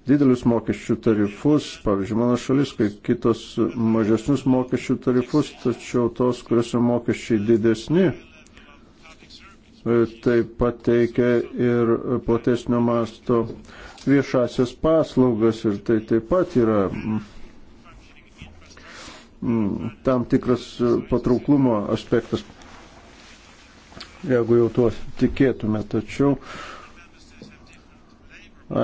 didelius mokesčių tarifus, pavyzdžiui, mano šalis, kai kitos mažesnius mokesčių tarifus, tačiau tos, kuriuose mokesčiai didesni, taip pat teikia ir platesnio masto viešasias paslaugas ir tai taip pat yra mm, mm, tam tikras e, patrauklumo aspektas, jeigu jau tuo tikėtume. Tačiau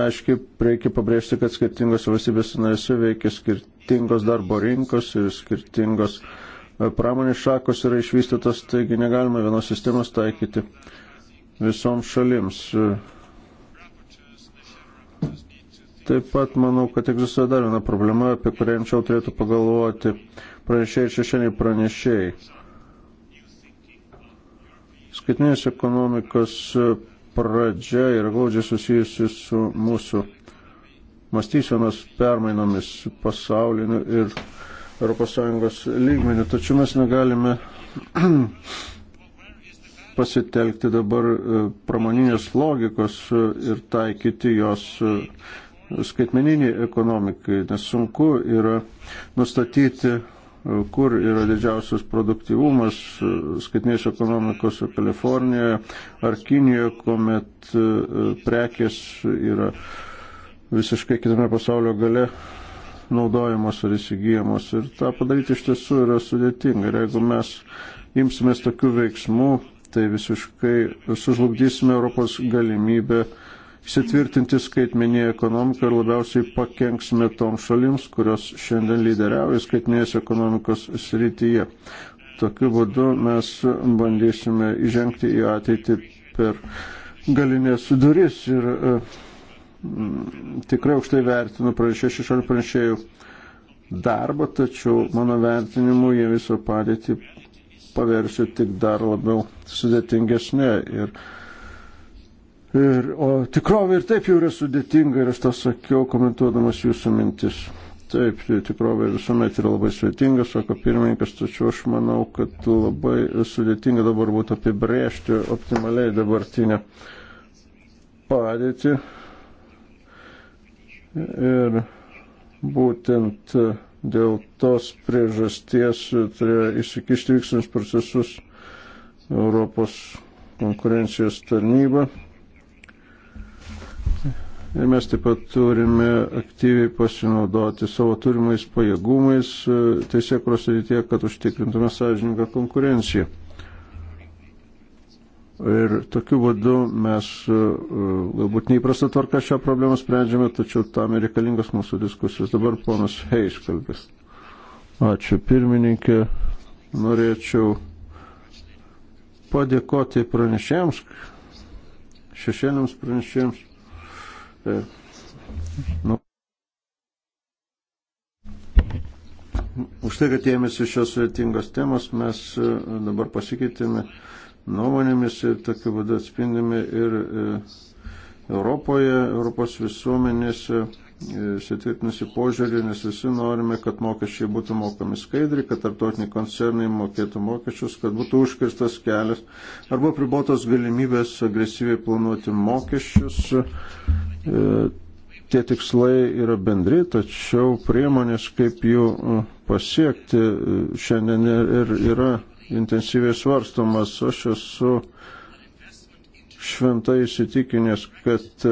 aiškiai reikia pabrėžti, kad skirtingos valstybės narėse veikia skirtingos darbo rinkos ir skirtingos e, pramonės šakos yra išvystytos, taigi negalima vienos sistemos taikyti visoms šalims. E, Taip pat manau, kad egzistuoja dar viena problema, apie kurią anksčiau turėtų pagalvoti pranešėjai ir šešėliai pranešėjai. Skaitinės ekonomikos pradžia yra glaudžiai susijusi su mūsų mąstysenos permainomis pasauliniu ir ES lygmeniu. Tačiau mes negalime pasitelkti dabar e, pramoninės logikos e, ir taikyti jos e, skaitmeniniai ekonomikai, nes sunku yra nustatyti, kur yra didžiausias produktyvumas e, skaitinės ekonomikos Kalifornijoje ar Kinijoje, kuomet e, prekės yra visiškai kitame pasaulio gale naudojamos ar įsigijamos. Ir tą padaryti iš tiesų yra sudėtinga. Ir jeigu mes imsimės tokių veiksmų, tai visiškai sužlugdysime Europos galimybę uh, įsitvirtinti skaitmeninėje ekonomikoje ir labiausiai pakenksime toms šalims, kurios šiandien lyderiauja skaitmeninės ekonomikos srityje. Tokiu būdu mes bandysime įžengti į ateitį per galinės duris ir e, tikrai aukštai vertinu pranešėjų šešiolių pranešėjų darbą, tačiau mano vertinimu jie visą padėtį paversiu tik dar labiau sudėtingesnė. Ir Ir, o tikrovė ir taip jau yra sudėtinga ir aš tą sakiau, komentuodamas jūsų mintis. Taip, tai tikrovė visuomet yra labai svetinga, sako pirmininkas, tačiau aš manau, kad labai sudėtinga dabar būtų apibrėžti optimaliai dabartinę padėtį. Ir būtent dėl tos priežasties turėjo įsikišti vyksnius procesus Europos konkurencijos tarnyba. Ir mes taip pat turime aktyviai pasinaudoti savo turimais pajėgumais e, teisėkros rytie, kad užtikrintume sąžininką konkurenciją. Ir tokiu būdu mes e, galbūt neįprasta tvarka šią problemą sprendžiame, tačiau tam ir reikalingos mūsų diskusijos. Dabar ponas Heis kalbės. Ačiū pirmininkė. Norėčiau padėkoti pranešėjams, šešėliams pranešėjams nu, už tai, kad ėmėsi šios sudėtingos temos, mes e, dabar pasikeitėme nuomonėmis ir tokiu būdu atspindime ir e, Europoje, Europos visuomenėse įsitvirtinusi požiūrį, nes visi norime, kad mokesčiai būtų mokami skaidriai, kad tarptautiniai koncernai mokėtų mokesčius, kad būtų užkirstas kelias arba pribotos galimybės agresyviai planuoti mokesčius. E, tie tikslai yra bendri, tačiau priemonės, kaip jų e, pasiekti, e, šiandien ir yra intensyviai svarstomas. Aš esu šventai įsitikinęs, kad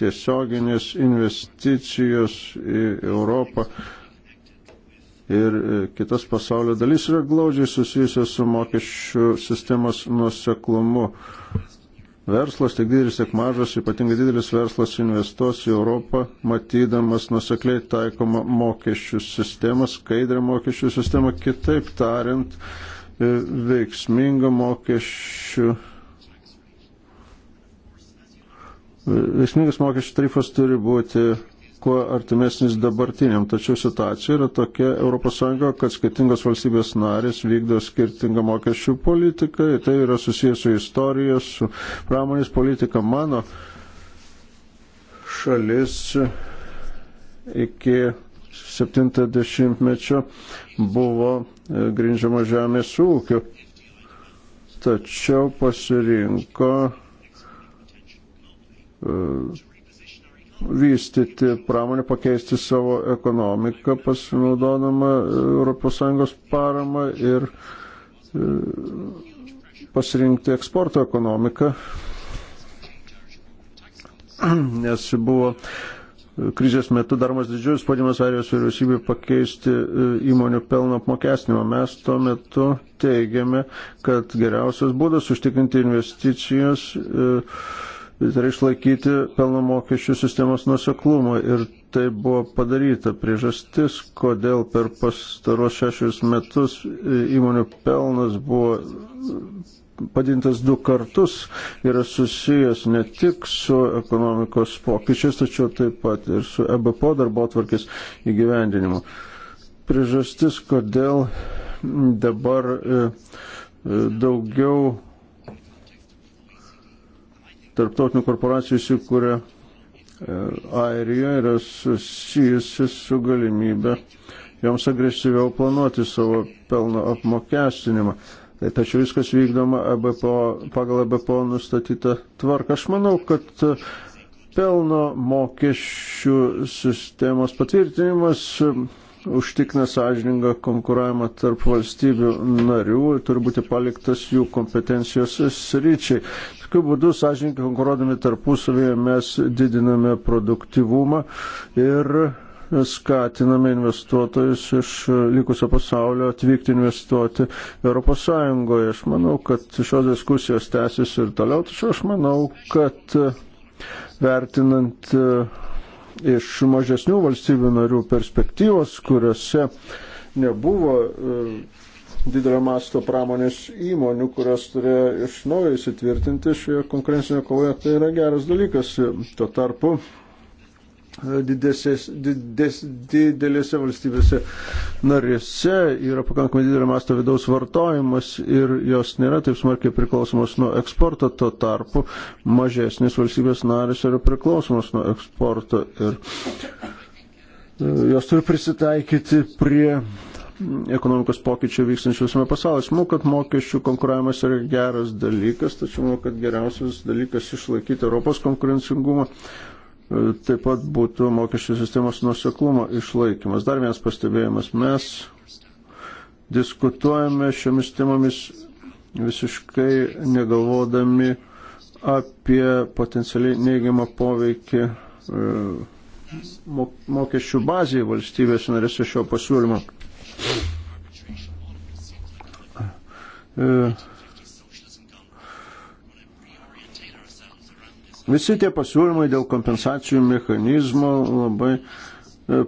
tiesioginės investicijos į Europą ir e, kitas pasaulio dalis yra glaudžiai susijusios su mokesčių sistemos nuseklumu. Verslas, tiek didelis, tiek mažas, ypatingai didelis verslas investuos į Europą, matydamas nusekliai taikomą mokesčių sistemą, skaidrę mokesčių sistemą, kitaip tariant, e, veiksmingą mokesčių veiksmingas mokesčių tarifas turi būti kuo artimesnis dabartiniam, tačiau situacija yra tokia ES, kad skirtingos valstybės narės vykdo skirtingą mokesčių politiką, tai yra susijęs su istorijos, su pramonės politika. Mano šalis iki 70-mečio buvo e, grindžiama žemės ūkiu, tačiau pasirinko vystyti pramonę, pakeisti savo ekonomiką, pasinaudodama e, ES paramą ir e, pasirinkti eksporto ekonomiką, nes buvo e, krizės metu daromas didžiulis spaudimas Airijos vyriausybė pakeisti įmonių pelno apmokestinimą. Mes tuo metu teigiame, kad geriausias būdas užtikrinti investicijas e, tai yra išlaikyti pelno mokesčių sistemos nuseklumą. Ir tai buvo padaryta priežastis, kodėl per pastaros šešius metus e, įmonių pelnas buvo padintas du kartus, yra susijęs ne tik su ekonomikos pokyčiais, tačiau taip pat ir su EBPO darbo atvarkės įgyvendinimu. Priežastis, kodėl dabar e, e, daugiau tarptautinių korporacijų įsikūrė e, Airija yra susijusi su galimybė joms agresyviau planuoti savo pelno apmokestinimą. Tai tačiau viskas vykdoma ABPO, pagal ABPO nustatytą tvarką. Aš manau, kad e, pelno mokesčių sistemos patvirtinimas užtikrina sąžiningą konkuravimą tarp valstybių narių ir turi būti paliktas jų kompetencijos sryčiai. Tokiu būdu sąžininkai konkuruodami tarpusavėje mes didiname produktivumą ir skatiname investuotojus iš likusio pasaulio atvykti investuoti ES. Aš manau, kad šios diskusijos tęsis ir toliau, tačiau aš manau, kad vertinant iš mažesnių valstybių narių perspektyvos, kuriuose nebuvo e, didelio masto pramonės įmonių, kurios turėjo iš naujo įsitvirtinti šioje konkurencinėje kovoje, tai yra geras dalykas. Tuo tarpu didesės, dides, didelėse valstybėse narėse yra pakankamai didelio masto vidaus vartojimas ir jos nėra taip smarkiai priklausomos nuo eksporto, tuo tarpu mažesnės valstybės narės yra priklausomos nuo eksporto ir e, jos turi prisitaikyti prie ekonomikos pokyčių vykstančių visame pasaulyje. Manau, kad mokesčių konkuravimas yra geras dalykas, tačiau manau, kad geriausias dalykas išlaikyti Europos konkurencingumą taip pat būtų mokesčių sistemos nuseklumo išlaikymas. Dar vienas pastebėjimas. Mes diskutuojame šiomis temomis visiškai negalvodami apie potencialiai neigiamą poveikį e, mokesčių bazėje valstybės narėse šio pasiūlymo. E, Visi tie pasiūlymai dėl kompensacijų mechanizmo labai e,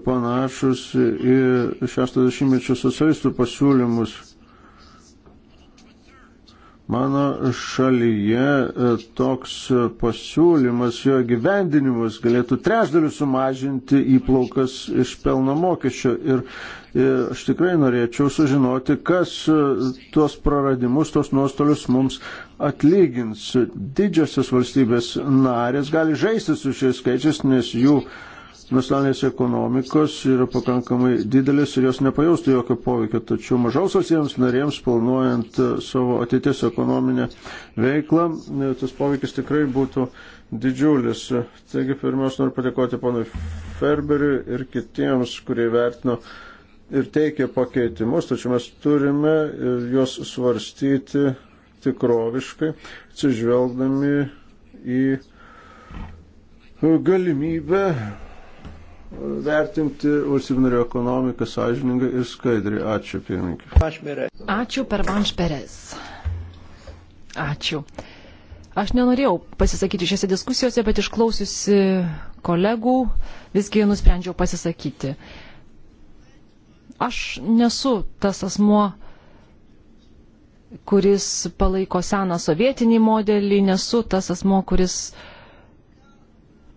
panašus į 60-mečio socialistų pasiūlymus. Mano šalyje e, toks pasiūlymas, jo gyvendinimas galėtų trešdaliu sumažinti įplaukas iš pelno mokesčio ir Ir aš tikrai norėčiau sužinoti, kas e, tuos praradimus, tuos nuostolius mums atlygins. Didžiosios valstybės narės gali žaisti su šiais skaičiais, nes jų nacionalinės ekonomikos yra pakankamai didelis ir jos nepajaustų jokio poveikio. Tačiau mažausios jiems narėms planuojant e, savo ateities ekonominę veiklą, e, tas poveikis tikrai būtų didžiulis. Taigi pirmiausia noriu padėkoti panui Ferberiui ir kitiems, kurie vertino ir teikia pakeitimus, tačiau mes turime juos svarstyti tikroviškai, atsižvelgdami į galimybę vertinti valstybinario ekonomiką sąžiningai ir skaidriai. Ačiū, pirmininkė. Ačiū per Vanšperes. Ačiū. Aš nenorėjau pasisakyti šiose diskusijose, bet išklausiusi kolegų visgi nusprendžiau pasisakyti. Uh, Aš nesu tas asmuo, kuris palaiko seną sovietinį modelį, nesu tas asmo, kuris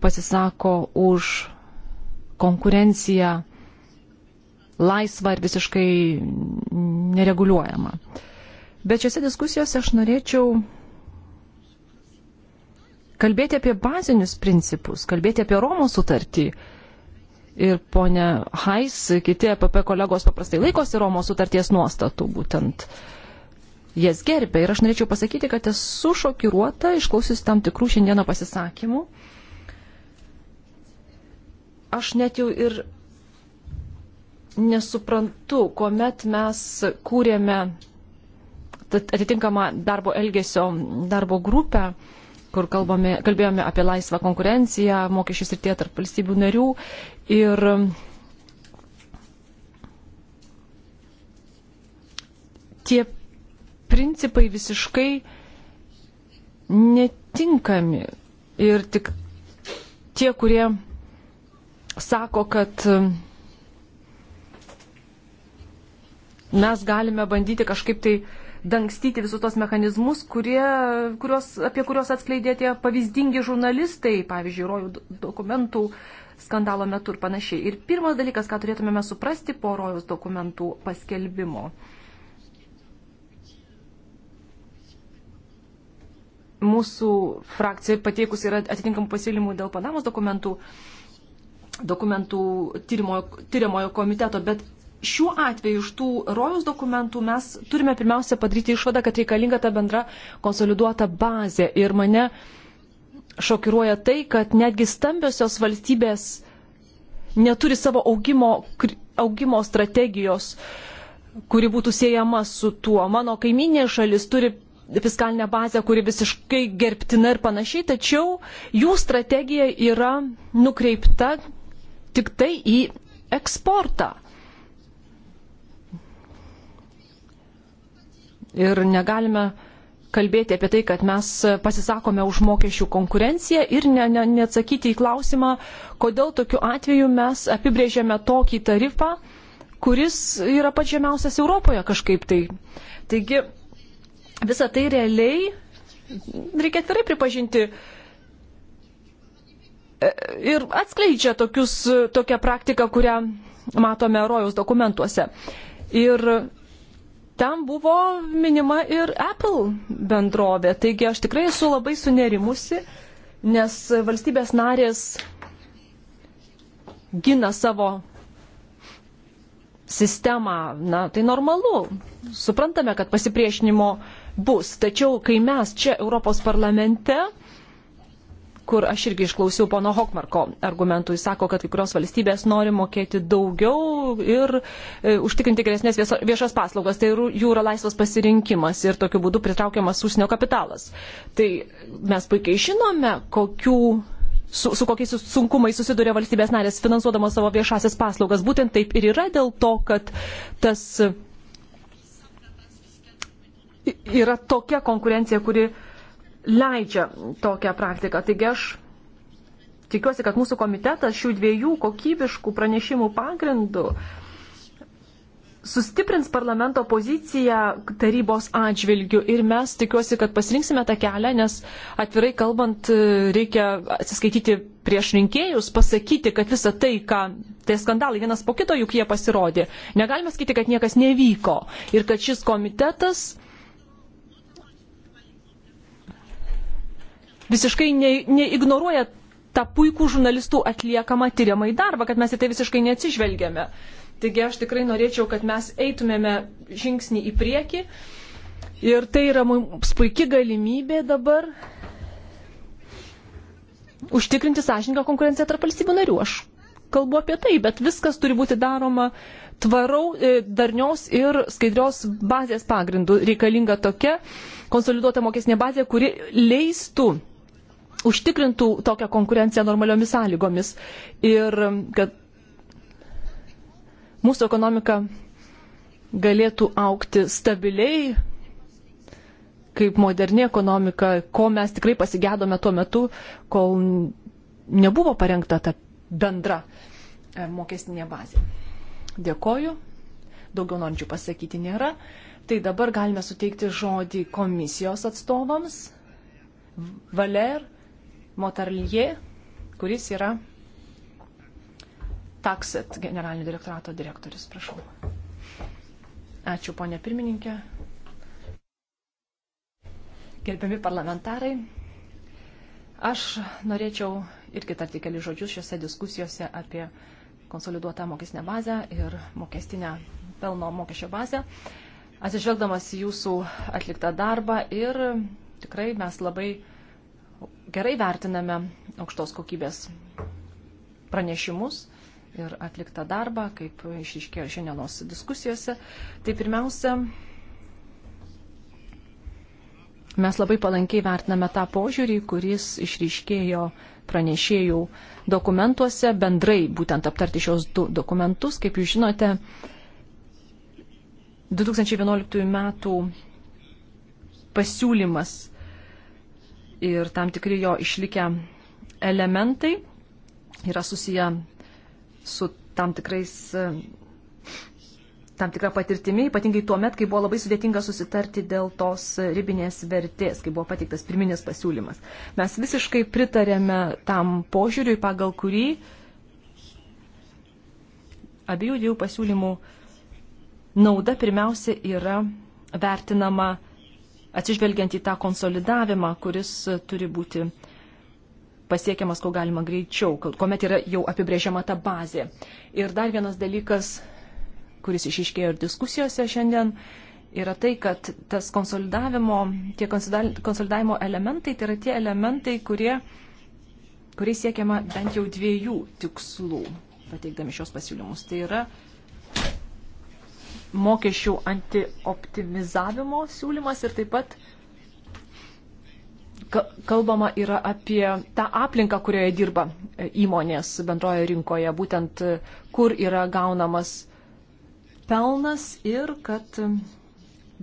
pasisako už konkurenciją laisvą ir visiškai nereguliuojamą. Bet šiuose diskusijose aš norėčiau kalbėti apie bazinius principus, kalbėti apie Romos sutartį, ir ponia Hais, kiti EPP kolegos paprastai laikosi Romos sutarties nuostatų būtent. Jas gerbė ir aš norėčiau pasakyti, kad esu šokiruota išklausiusi tam tikrų šiandieno pasisakymų. Aš net jau ir nesuprantu, kuomet mes kūrėme atitinkamą darbo elgesio darbo grupę, kur kalbame, kalbėjome apie laisvą konkurenciją, mokesčius ir tie tarp valstybių narių. Ir tie principai visiškai netinkami. Ir tik tie, kurie sako, kad mes galime bandyti kažkaip tai uh, dangstyti visus tos mechanizmus, kurie, kurios, apie kuriuos atskleidė tie pavyzdingi žurnalistai, pavyzdžiui, rojų dokumentų skandalo metu ir panašiai. Ir pirmas dalykas, ką turėtumėme suprasti po rojus dokumentų paskelbimo. Mūsų frakcija pateikus yra atitinkamų pasiūlymų dėl Panamos dokumentų dokumentų tyrimojo, tyrimojo komiteto, bet šiuo atveju iš tų rojaus dokumentų mes turime pirmiausia padaryti išvadą, kad reikalinga ta bendra konsoliduota bazė. Ir mane šokiruoja tai, kad netgi stambiosios valstybės neturi savo augimo, augimo strategijos, kuri būtų siejama su tuo. Mano kaiminė šalis turi fiskalinę bazę, kuri visiškai gerbtina ir panašiai, tačiau jų strategija yra nukreipta tik tai į eksportą. Ir negalime kalbėti apie tai, kad mes pasisakome už mokesčių konkurenciją ir ne, ne, neatsakyti į klausimą, kodėl tokiu atveju mes apibrėžėme tokį tarifą, kuris yra pats žemiausias Europoje kažkaip tai. Taigi visą tai realiai, reikia atvirai pripažinti, e, ir atskleidžia tokius, tokią praktiką, kurią matome rojaus dokumentuose. Ir ten buvo minima ir Apple bendrovė. Taigi aš tikrai esu labai sunerimusi, nes valstybės narės gina savo sistemą. Na, tai normalu. Suprantame, kad pasipriešinimo bus. Tačiau, kai mes čia Europos parlamente kur aš irgi išklausiau pono Hokmarko argumentų. Jis sako, kad kai kurios valstybės nori mokėti daugiau ir e, užtikrinti geresnės viešas paslaugas. Tai jų yra laisvas pasirinkimas ir tokiu būdu pritraukiamas užsienio kapitalas. Tai mes puikiai žinome, kokių su, su kokiais sunkumais susiduria valstybės narės finansuodamos savo viešasias paslaugas. Būtent taip ir yra dėl to, kad tas yra tokia konkurencija, kuri leidžia tokią praktiką. Taigi aš tikiuosi, kad mūsų komitetas šių dviejų kokybiškų pranešimų pagrindų sustiprins parlamento poziciją tarybos atžvilgių ir mes tikiuosi, kad pasirinksime tą kelią, nes atvirai kalbant reikia atsiskaityti prieš rinkėjus, pasakyti, kad visa tai, ką tie skandalai vienas po kito juk jie pasirodė, negalime sakyti, kad niekas nevyko ir kad šis komitetas visiškai ne, neignoruoja tą puikų žurnalistų atliekamą tyriamą į darbą, kad mes į tai visiškai neatsižvelgiame. Taigi aš tikrai norėčiau, kad mes eitumėme žingsnį į priekį ir tai yra mums puikia galimybė dabar užtikrinti sąžininką konkurenciją tarp valstybių narių. Aš kalbu apie tai, bet viskas turi būti daroma tvarau, e, darnios ir skaidrios bazės pagrindų. Reikalinga tokia konsoliduota mokesnė bazė, kuri leistų užtikrintų tokią konkurenciją normaliomis sąlygomis ir um, kad mūsų ekonomika galėtų aukti stabiliai kaip moderni ekonomika, ko mes tikrai pasigėdome tuo metu, kol nebuvo parengta ta bendra e, mokestinė bazė. Dėkoju. Daugiau norinčių pasakyti nėra. Tai dabar galime suteikti žodį komisijos atstovams. Valer Motarlie, kuris yra Taksit generalinio direktorato direktorius. Prašau. Ačiū, ponė pirmininkė. Gerbiami parlamentarai, aš norėčiau irgi tarti keli žodžius šiuose diskusijose apie konsoliduotą mokestinę bazę ir mokestinę pelno mokesčio bazę. Atsižvelgdamas į jūsų atliktą darbą ir tikrai mes labai uh, gerai vertiname aukštos kokybės pranešimus ir atliktą darbą, kaip išiškėjo šiandienos diskusijose. Tai pirmiausia, mes labai palankiai vertiname tą požiūrį, kuris išryškėjo pranešėjų dokumentuose, bendrai būtent aptarti šios du dokumentus. Kaip jūs žinote, 2011 m. pasiūlymas ir tam tikri jo išlikę elementai yra susiję su tam tikrais tam tikrą patirtimį, ypatingai tuo met, kai buvo labai sudėtinga susitarti dėl tos ribinės vertės, kai buvo pateiktas pirminis pasiūlymas. Mes visiškai pritarėme tam požiūriui, pagal kurį abiejų dviejų pasiūlymų nauda pirmiausia yra vertinama atsižvelgiant į tą konsolidavimą, kuris e, turi būti pasiekiamas, ko galima greičiau, kuomet yra jau apibrėžiama ta bazė. Ir dar vienas dalykas, kuris išiškėjo ir diskusijose šiandien, yra tai, kad tas konsolidavimo, tie konsolidavimo elementai, tai yra tie elementai, kurie, kuriais siekiama bent jau dviejų tikslų, pateikdami šios pasiūlymus. Tai yra mokesčių antioptimizavimo siūlymas ir taip pat kalbama yra apie tą aplinką, kurioje dirba e, įmonės bendroje rinkoje, būtent e, kur yra gaunamas pelnas ir kad e,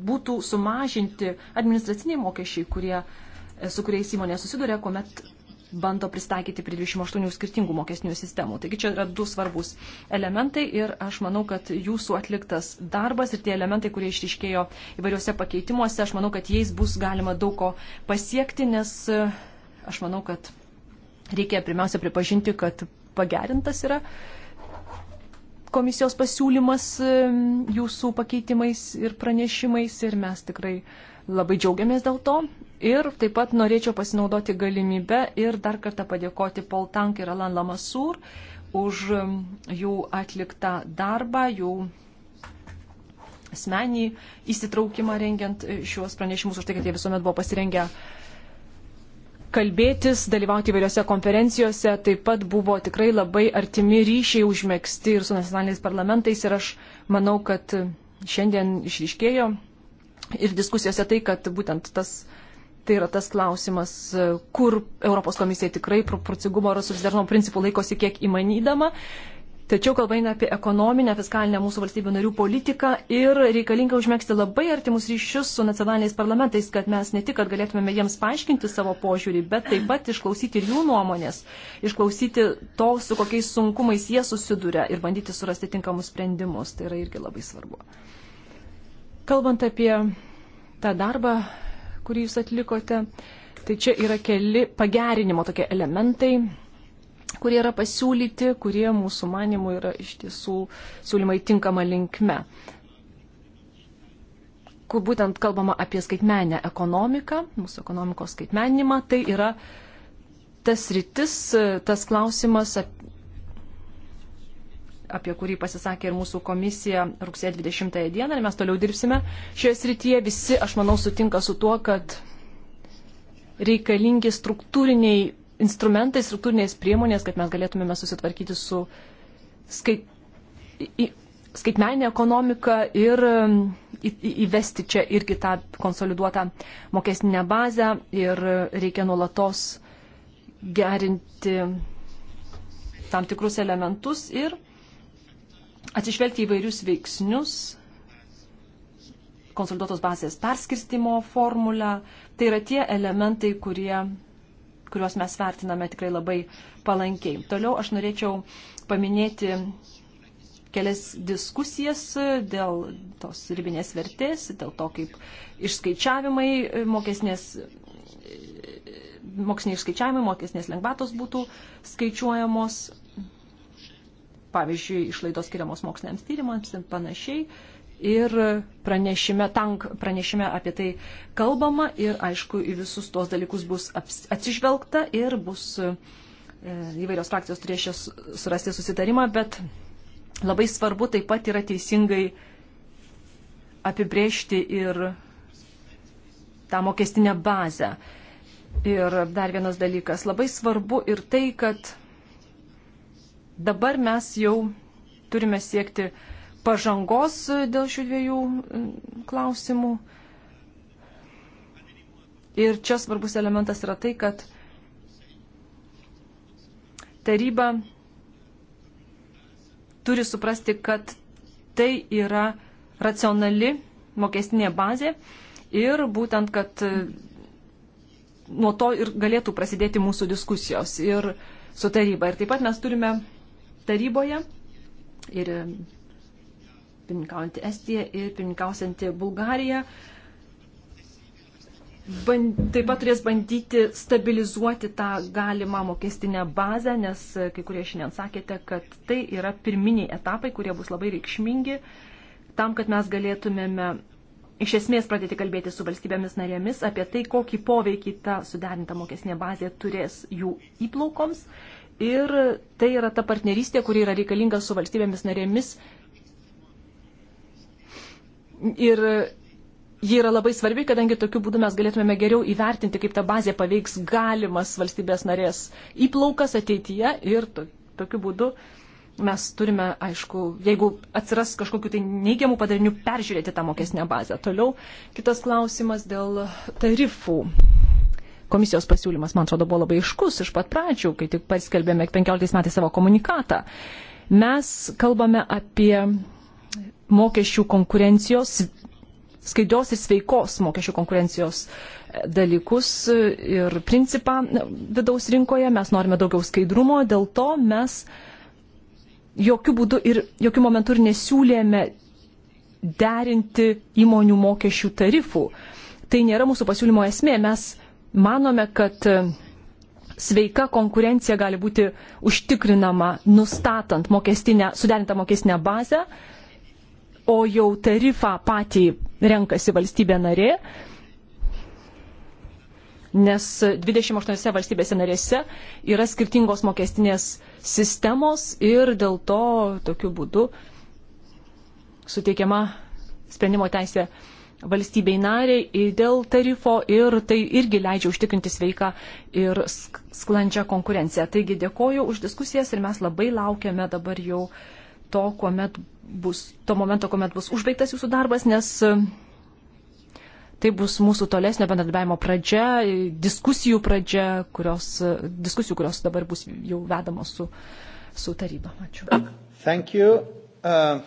būtų sumažinti administraciniai mokesčiai, kurie, su kuriais įmonė susiduria, kuomet bando pristaikyti prie 28 skirtingų mokesnių sistemų. Taigi čia yra du svarbus elementai ir aš manau, kad jūsų atliktas darbas ir tie elementai, kurie išriškėjo įvairiuose pakeitimuose, aš manau, kad jais bus galima daug ko pasiekti, nes e, aš manau, kad reikia pirmiausia pripažinti, kad pagerintas yra komisijos pasiūlymas e, jūsų pakeitimais ir pranešimais ir mes tikrai labai džiaugiamės dėl to. Ir taip pat norėčiau pasinaudoti galimybę ir dar kartą padėkoti Paul Tank ir Alan Lamasur už um, jų atliktą darbą, jų asmenį įsitraukimą rengiant e, šiuos pranešimus, už tai, kad jie visuomet buvo pasirengę kalbėtis, dalyvauti įvairiose konferencijose, taip pat buvo tikrai labai artimi ryšiai užmėgsti ir su nacionaliniais parlamentais ir aš manau, kad e, šiandien išryškėjo ir diskusijose tai, kad būtent tas uh, Tai yra tas klausimas, kur Europos komisija tikrai proporcingumo ir susidarumo principų laikosi kiek įmanydama. Tačiau kalba eina apie ekonominę, fiskalinę mūsų valstybių narių politiką ir reikalinga užmėgsti labai artimus ryšius su nacionaliniais parlamentais, kad mes ne tik, kad galėtumėme jiems paaiškinti savo požiūrį, bet taip pat išklausyti ir jų nuomonės, išklausyti to, su kokiais sunkumais jie susiduria ir bandyti surasti tinkamus sprendimus. Tai yra irgi labai svarbu. Kalbant apie tą darbą kurį jūs atlikote. Tai čia yra keli pagerinimo tokie elementai, kurie yra pasiūlyti, kurie mūsų manimų yra iš tiesų siūlymai tinkama linkme. Kur būtent kalbama apie skaitmenę ekonomiką, mūsų ekonomikos skaitmenimą, tai yra tas rytis, tas klausimas, apie kurį pasisakė ir mūsų komisija rugsėjo 20 dieną, ir mes toliau dirbsime. Šioje srityje visi, aš manau, sutinka su tuo, kad reikalingi struktūriniai instrumentai, struktūrinės priemonės, kad mes galėtumėme susitvarkyti su skait... skaitmeninė ekonomika ir um, įvesti čia irgi tą konsoliduotą mokestinę bazę ir reikia nuolatos gerinti tam tikrus elementus ir atsižvelgti įvairius veiksnius, konsoliduotos bazės perskirstimo formulę. Tai yra tie elementai, kurie, kuriuos mes vertiname tikrai labai palankiai. Toliau aš norėčiau paminėti kelias diskusijas dėl tos ribinės vertės, dėl to, kaip išskaičiavimai mokesnės moksliniai išskaičiavimai, mokesnės lengvatos būtų skaičiuojamos pavyzdžiui, išlaidos skiriamos moksliniams tyrimams ir panašiai. Ir pranešime, tank, pranešime apie tai kalbama ir, aišku, į visus tuos dalykus bus atsižvelgta ir bus e, įvairios frakcijos turės surasti susitarimą, bet labai svarbu taip pat yra teisingai apibrėžti ir tą mokestinę bazę. Ir dar vienas dalykas. Labai svarbu ir tai, kad Dabar mes jau turime siekti pažangos dėl šių dviejų klausimų. Ir čia svarbus elementas yra tai, kad taryba turi suprasti, kad tai yra racionali mokestinė bazė ir būtent, kad e, nuo to ir galėtų prasidėti mūsų diskusijos ir su taryba. Ir taip pat mes turime taryboje ir e, pirmininkaujantį Estiją ir pirmininkausiantį Bulgariją. Band, taip pat turės bandyti stabilizuoti tą galimą mokestinę bazę, nes e, kai kurie šiandien sakėte, kad tai yra pirminiai etapai, kurie bus labai reikšmingi tam, kad mes galėtumėme iš esmės pradėti kalbėti su valstybėmis narėmis apie tai, kokį poveikį ta suderinta mokestinė bazė turės jų įplaukoms Ir tai yra ta partnerystė, kuri yra reikalinga su valstybėmis narėmis. Ir ji yra labai svarbi, kadangi tokiu būdu mes galėtumėme geriau įvertinti, kaip ta bazė paveiks galimas valstybės narės įplaukas ateityje. Ir to, tokiu būdu mes turime, aišku, jeigu atsiras kažkokiu tai neigiamų padarinių, peržiūrėti tą mokesnę bazę. Toliau kitas klausimas dėl tarifų komisijos pasiūlymas, man atrodo, buvo labai iškus iš pat pradžių, kai tik paskelbėme 15 metais savo komunikatą. Mes kalbame apie mokesčių konkurencijos, skaidrios ir sveikos mokesčių konkurencijos e, dalykus e, ir principą e, vidaus rinkoje. Mes norime daugiau skaidrumo, dėl to mes jokių būdų ir jokių momentų ir nesiūlėme derinti įmonių mokesčių tarifų. Tai nėra mūsų pasiūlymo esmė. Mes manome, kad e, sveika konkurencija gali būti užtikrinama nustatant mokestinę, suderintą mokestinę bazę, o jau tarifą patį renkasi valstybė narė, nes 28 valstybėse narėse yra skirtingos mokestinės sistemos ir dėl to tokiu būdu suteikiama sprendimo teisė valstybei nariai dėl tarifo ir tai irgi leidžia užtikrinti sveiką ir sklandžią konkurenciją. Taigi dėkoju už diskusijas ir mes labai laukiame dabar jau to, kuomet bus, to momento, kuomet bus užbaigtas jūsų darbas, nes e, tai bus mūsų tolesnio bendradarbiavimo pradžia, e, diskusijų pradžia, kurios, e, diskusijų, kurios dabar bus jau vedamos su, su taryba. Ačiū. Thank you. Uh,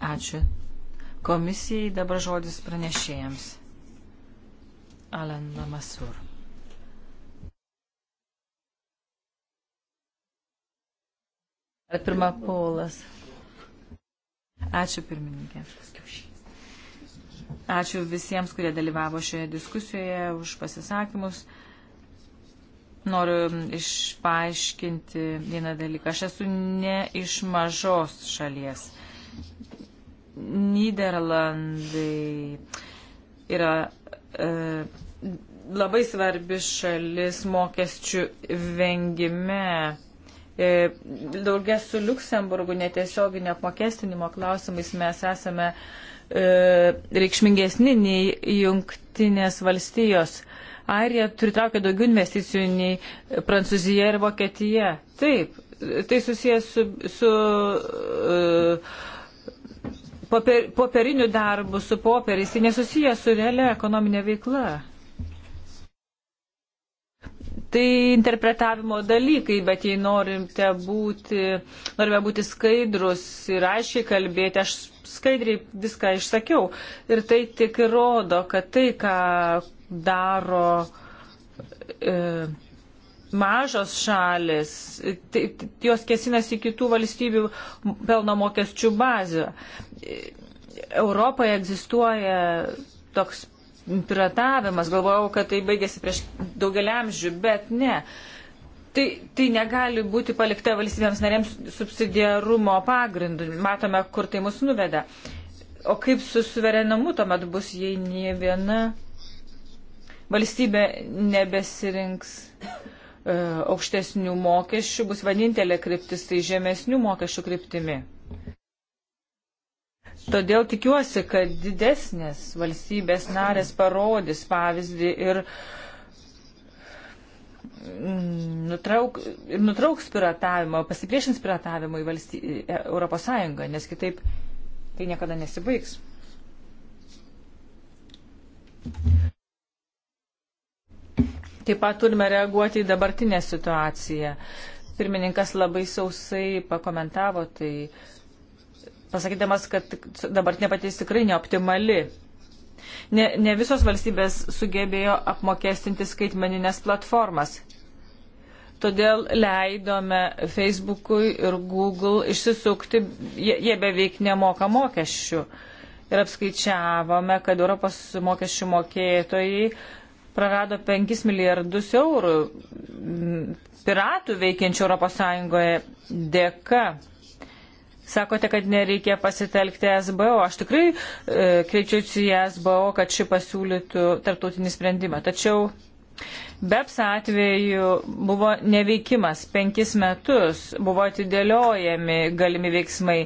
Ačiū. Komisijai dabar žodis pranešėjams. Alan Lamasur. Pirma Paulas. Ačiū pirmininkė. Ačiū visiems, kurie dalyvavo šioje diskusijoje už pasisakymus. Noriu išpaaiškinti vieną dalyką. Aš esu ne iš mažos šalies. Niderlandai yra e, labai svarbi šalis mokesčių vengime. E, daugia su Luksemburgu netiesioginio apmokestinimo klausimais mes esame e, reikšmingesni nei jungtinės valstijos. Airija turi traukia daugiau investicijų nei Prancūzija ir Vokietija. Taip, tai susijęs su, su uh, poper, poperiniu darbu, su popieriais, tai nesusijęs su realia ekonominė veikla. Tai interpretavimo dalykai, bet jei norimte būti, norime būti skaidrus ir aiškiai kalbėti, aš skaidriai viską išsakiau. Ir tai tik įrodo, kad tai, ką daro e, mažos šalis, tai, tai jos kėsinasi kitų valstybių pelno mokesčių bazę. Europoje egzistuoja toks piratavimas, galvojau, kad tai baigėsi prieš daugelį amžių, bet ne. Tai, tai negali būti palikta valstybėms narėms subsidiarumo pagrindu. Matome, kur tai mus nuveda. O kaip su suverenumu tuomet bus, jei nie viena valstybė nebesirinks e, aukštesnių mokesčių, bus vienintelė kryptis tai žemesnių mokesčių kryptimi. Todėl tikiuosi, kad didesnės valstybės narės parodys pavyzdį ir mm, nutrauk, nutrauks piratavimą, pasipriešins piratavimui e, Europos Sąjungą, nes kitaip tai niekada nesibaigs. Taip pat turime reaguoti į dabartinę situaciją. Pirmininkas labai sausai pakomentavo tai pasakydamas, kad dabartinė patys tikrai neoptimali. Ne, ne visos valstybės sugebėjo apmokestinti skaitmeninės platformas. Todėl leidome Facebookui ir Google išsisukti, jie, jie beveik nemoka mokesčių. Ir apskaičiavome, kad Europos mokesčių mokėtojai prarado 5 milijardus eurų piratų veikiančių ES dėka Sakote, kad nereikia pasitelkti SBO. Aš tikrai e, kreičiuosi į SBO, kad ši pasiūlytų tarptautinį sprendimą. Tačiau BEPS atveju buvo neveikimas penkis metus, buvo atidėliojami galimi veiksmai,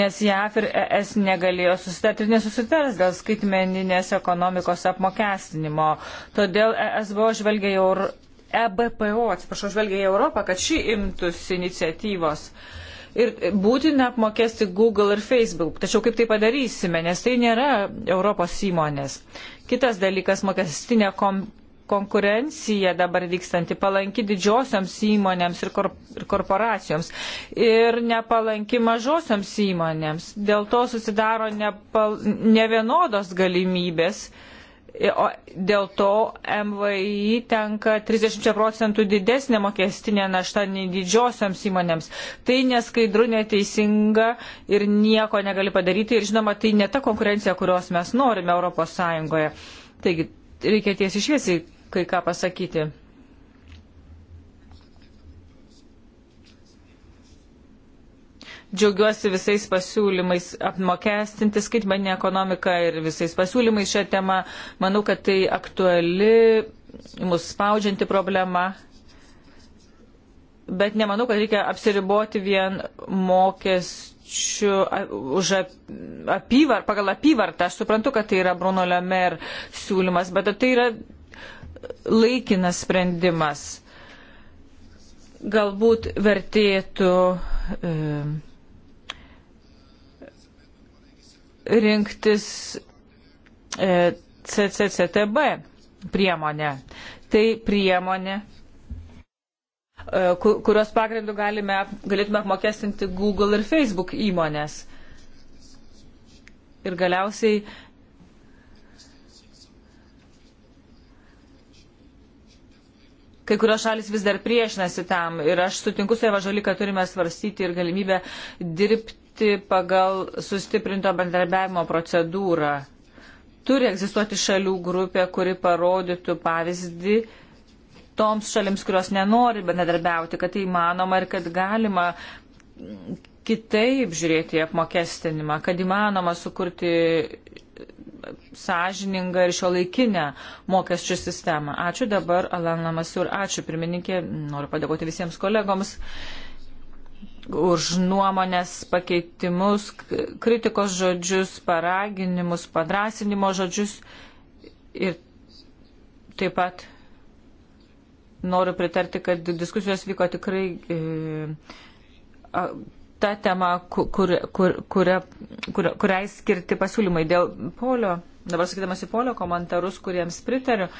nes JAF ir ES negalėjo susitarti ir nesusitars dėl skaitmeninės ekonomikos apmokestinimo. Todėl ESBO žvelgia jau EBPO, e atsiprašau, žvelgia į Europą, kad ši imtųsi iniciatyvos. Uh, ir būtina apmokesti Google ir Facebook. Tačiau kaip tai padarysime, nes tai nėra Europos įmonės. Kitas dalykas - mokestinė kom konkurencija dabar vykstanti palanki didžiosioms įmonėms ir, kor ir korporacijoms ir nepalanki mažosioms įmonėms. Dėl to susidaro nepal nevienodos galimybės uh, o dėl to MVI tenka 30 procentų didesnė mokestinė našta nei didžiosioms įmonėms. Tai neskaidru, neteisinga ir nieko negali padaryti ir žinoma, tai ne ta konkurencija, kurios mes norime ES. Taigi reikia tiesiai šviesiai kai ką pasakyti. Džiaugiuosi visais pasiūlymais apmokestinti skaitmenį ekonomiką ir visais pasiūlymais šią temą. Manau, kad tai aktuali, mus spaudžianti problema. Bet nemanau, kad reikia apsiriboti vien mokesčių mokesčių už apyvar, pagal apyvartą. Aš suprantu, kad tai yra Bruno Lemer siūlymas, bet tai yra laikinas sprendimas. Galbūt vertėtų e, rinktis e, CCCTB priemonę. Tai priemonė, e, kurios pagrindų galime, galėtume apmokestinti Google ir Facebook įmonės. Ir galiausiai kai kurios šalis vis dar priešinasi tam ir aš sutinku su Eva Žali, kad turime svarstyti ir galimybę dirbti dirbti pagal sustiprinto bendradarbiavimo procedūrą. Turi egzistuoti šalių grupė, kuri parodytų pavyzdį toms šalims, kurios nenori bendradarbiauti, kad tai įmanoma ir kad galima kitaip žiūrėti į apmokestinimą, kad įmanoma sukurti sąžiningą ir šio laikinę mokesčių sistemą. Ačiū dabar, Alana Masur, ačiū pirmininkė, noriu padėkoti visiems kolegoms. Uh, už nuomonės pakeitimus, kritikos žodžius, paraginimus, padrasinimo žodžius ir taip pat noriu pritarti, kad diskusijos vyko tikrai e, a, ta tema, kur, kur, kur, kur, kuriai skirti pasiūlymai dėl polio. Dabar sakydamas į polio komentarus, kuriems pritariu,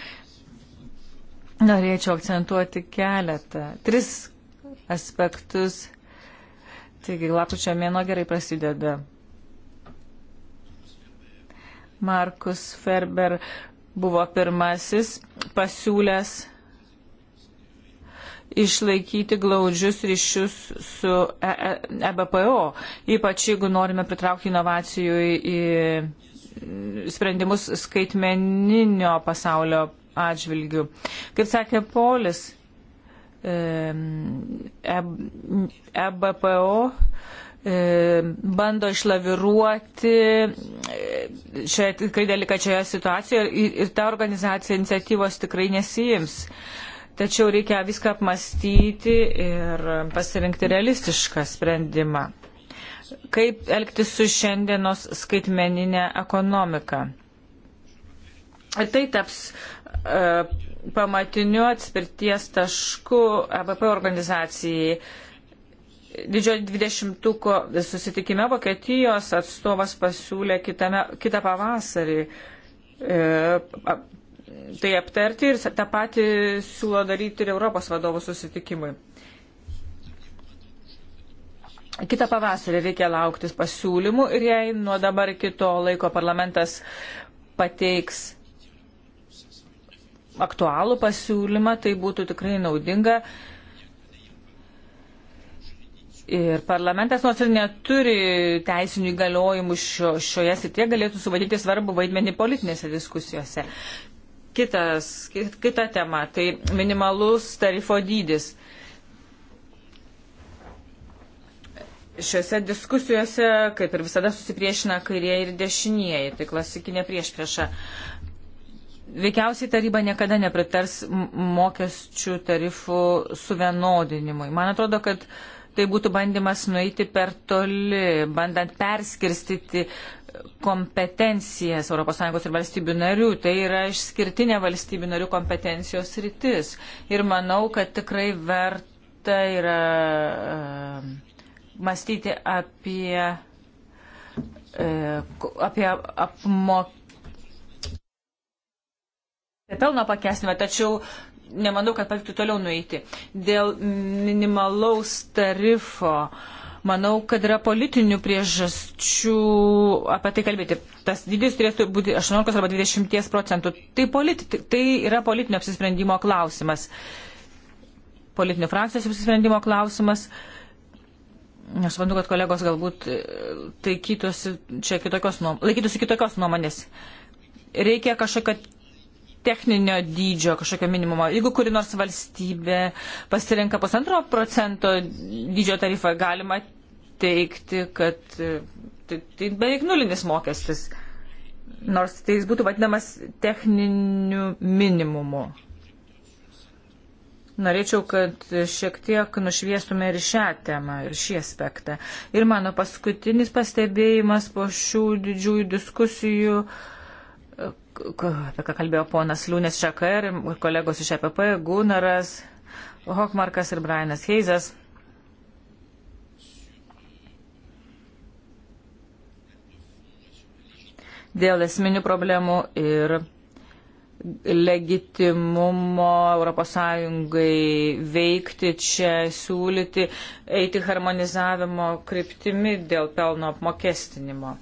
norėčiau akcentuoti keletą, tris aspektus Taigi, lapkričio mėno gerai prasideda. Markus Ferber buvo pirmasis pasiūlęs išlaikyti glaudžius ryšius su EBPO, e, e ypač jeigu norime pritraukti inovacijų į sprendimus skaitmeninio pasaulio atžvilgių. Kaip sakė Polis, EBPO e e bando išlaviruoti e, šią tikrai delikačioje situacijoje ir, ir ta organizacija iniciatyvos tikrai nesijims. Tačiau reikia viską apmastyti ir pasirinkti realistišką sprendimą. Kaip elgtis su šiandienos skaitmeninė ekonomika? Ir tai taps uh, pamatiniu atspirties tašku ABP organizacijai. Didžiojo dvidešimtuko susitikime Vokietijos atstovas pasiūlė kitame, kitą pavasarį e, tai aptarti ir tą patį siūlo daryti ir Europos vadovų susitikimui. Kita pavasarį reikia lauktis pasiūlymų ir jei nuo dabar iki to laiko parlamentas pateiks aktualų pasiūlymą, tai būtų tikrai naudinga. Ir parlamentas, nors ir neturi teisinių įgaliojimų šio, šioje srityje, galėtų suvadyti svarbu vaidmenį politinėse diskusijose. Kitas, kit, kita tema - tai minimalus tarifo dydis. Šiuose diskusijose, kaip ir visada, susipriešina kairieji ir dešinieji, tai klasikinė priešprieša. Prieš. Veikiausiai taryba niekada nepritars mokesčių tarifų suvienodinimui. Man atrodo, kad tai būtų bandymas nueiti per toli, bandant perskirstyti kompetencijas ES ir valstybių narių. Tai yra išskirtinė valstybių narių kompetencijos rytis. Ir manau, kad tikrai verta yra uh, mąstyti apie, uh, apie apmok pelno pakesnime, tačiau nemanau, kad pavyktų toliau nueiti. Dėl minimalaus tarifo. Manau, kad yra politinių priežasčių apie tai kalbėti. Tas dydis turėtų būti 18 arba 20 procentų. Tai, politi, tai yra politinio apsisprendimo klausimas. Politinių frakcijos apsisprendimo klausimas. Aš manau, kad kolegos galbūt taikytųsi, e, kitokios nuom, laikytųsi kitokios nuomonės. Reikia kažkokio techninio dydžio kažkokio minimumo. Jeigu kuri nors valstybė pasirinka pusantro procento dydžio tarifą, galima teikti, kad e, tai, tai beveik nulinis mokestis. Nors tai jis būtų vadinamas techniniu minimumu. Norėčiau, kad šiek tiek nušviestume ir šią temą, ir šį aspektą. Ir mano paskutinis pastebėjimas po šių didžiųjų diskusijų uh, apie ką kalbėjo ponas Liūnės Šaka ir kolegos iš EPP, Gunaras, Hochmarkas ir Brianas Heizas. Dėl esminių problemų ir legitimumo ES veikti čia, siūlyti, eiti harmonizavimo kryptimi dėl pelno apmokestinimo.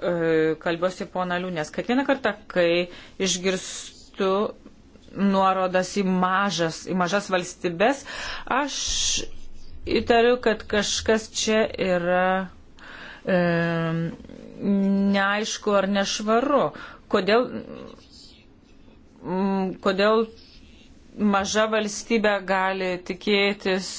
E, kalbėsiu pona Liūnės. Kiekvieną kartą, kai išgirstu nuorodas į, mažas, į mažas valstybės, aš įtariu, kad kažkas čia yra e, neaišku ar nešvaru. Kodėl, m, kodėl maža valstybė gali tikėtis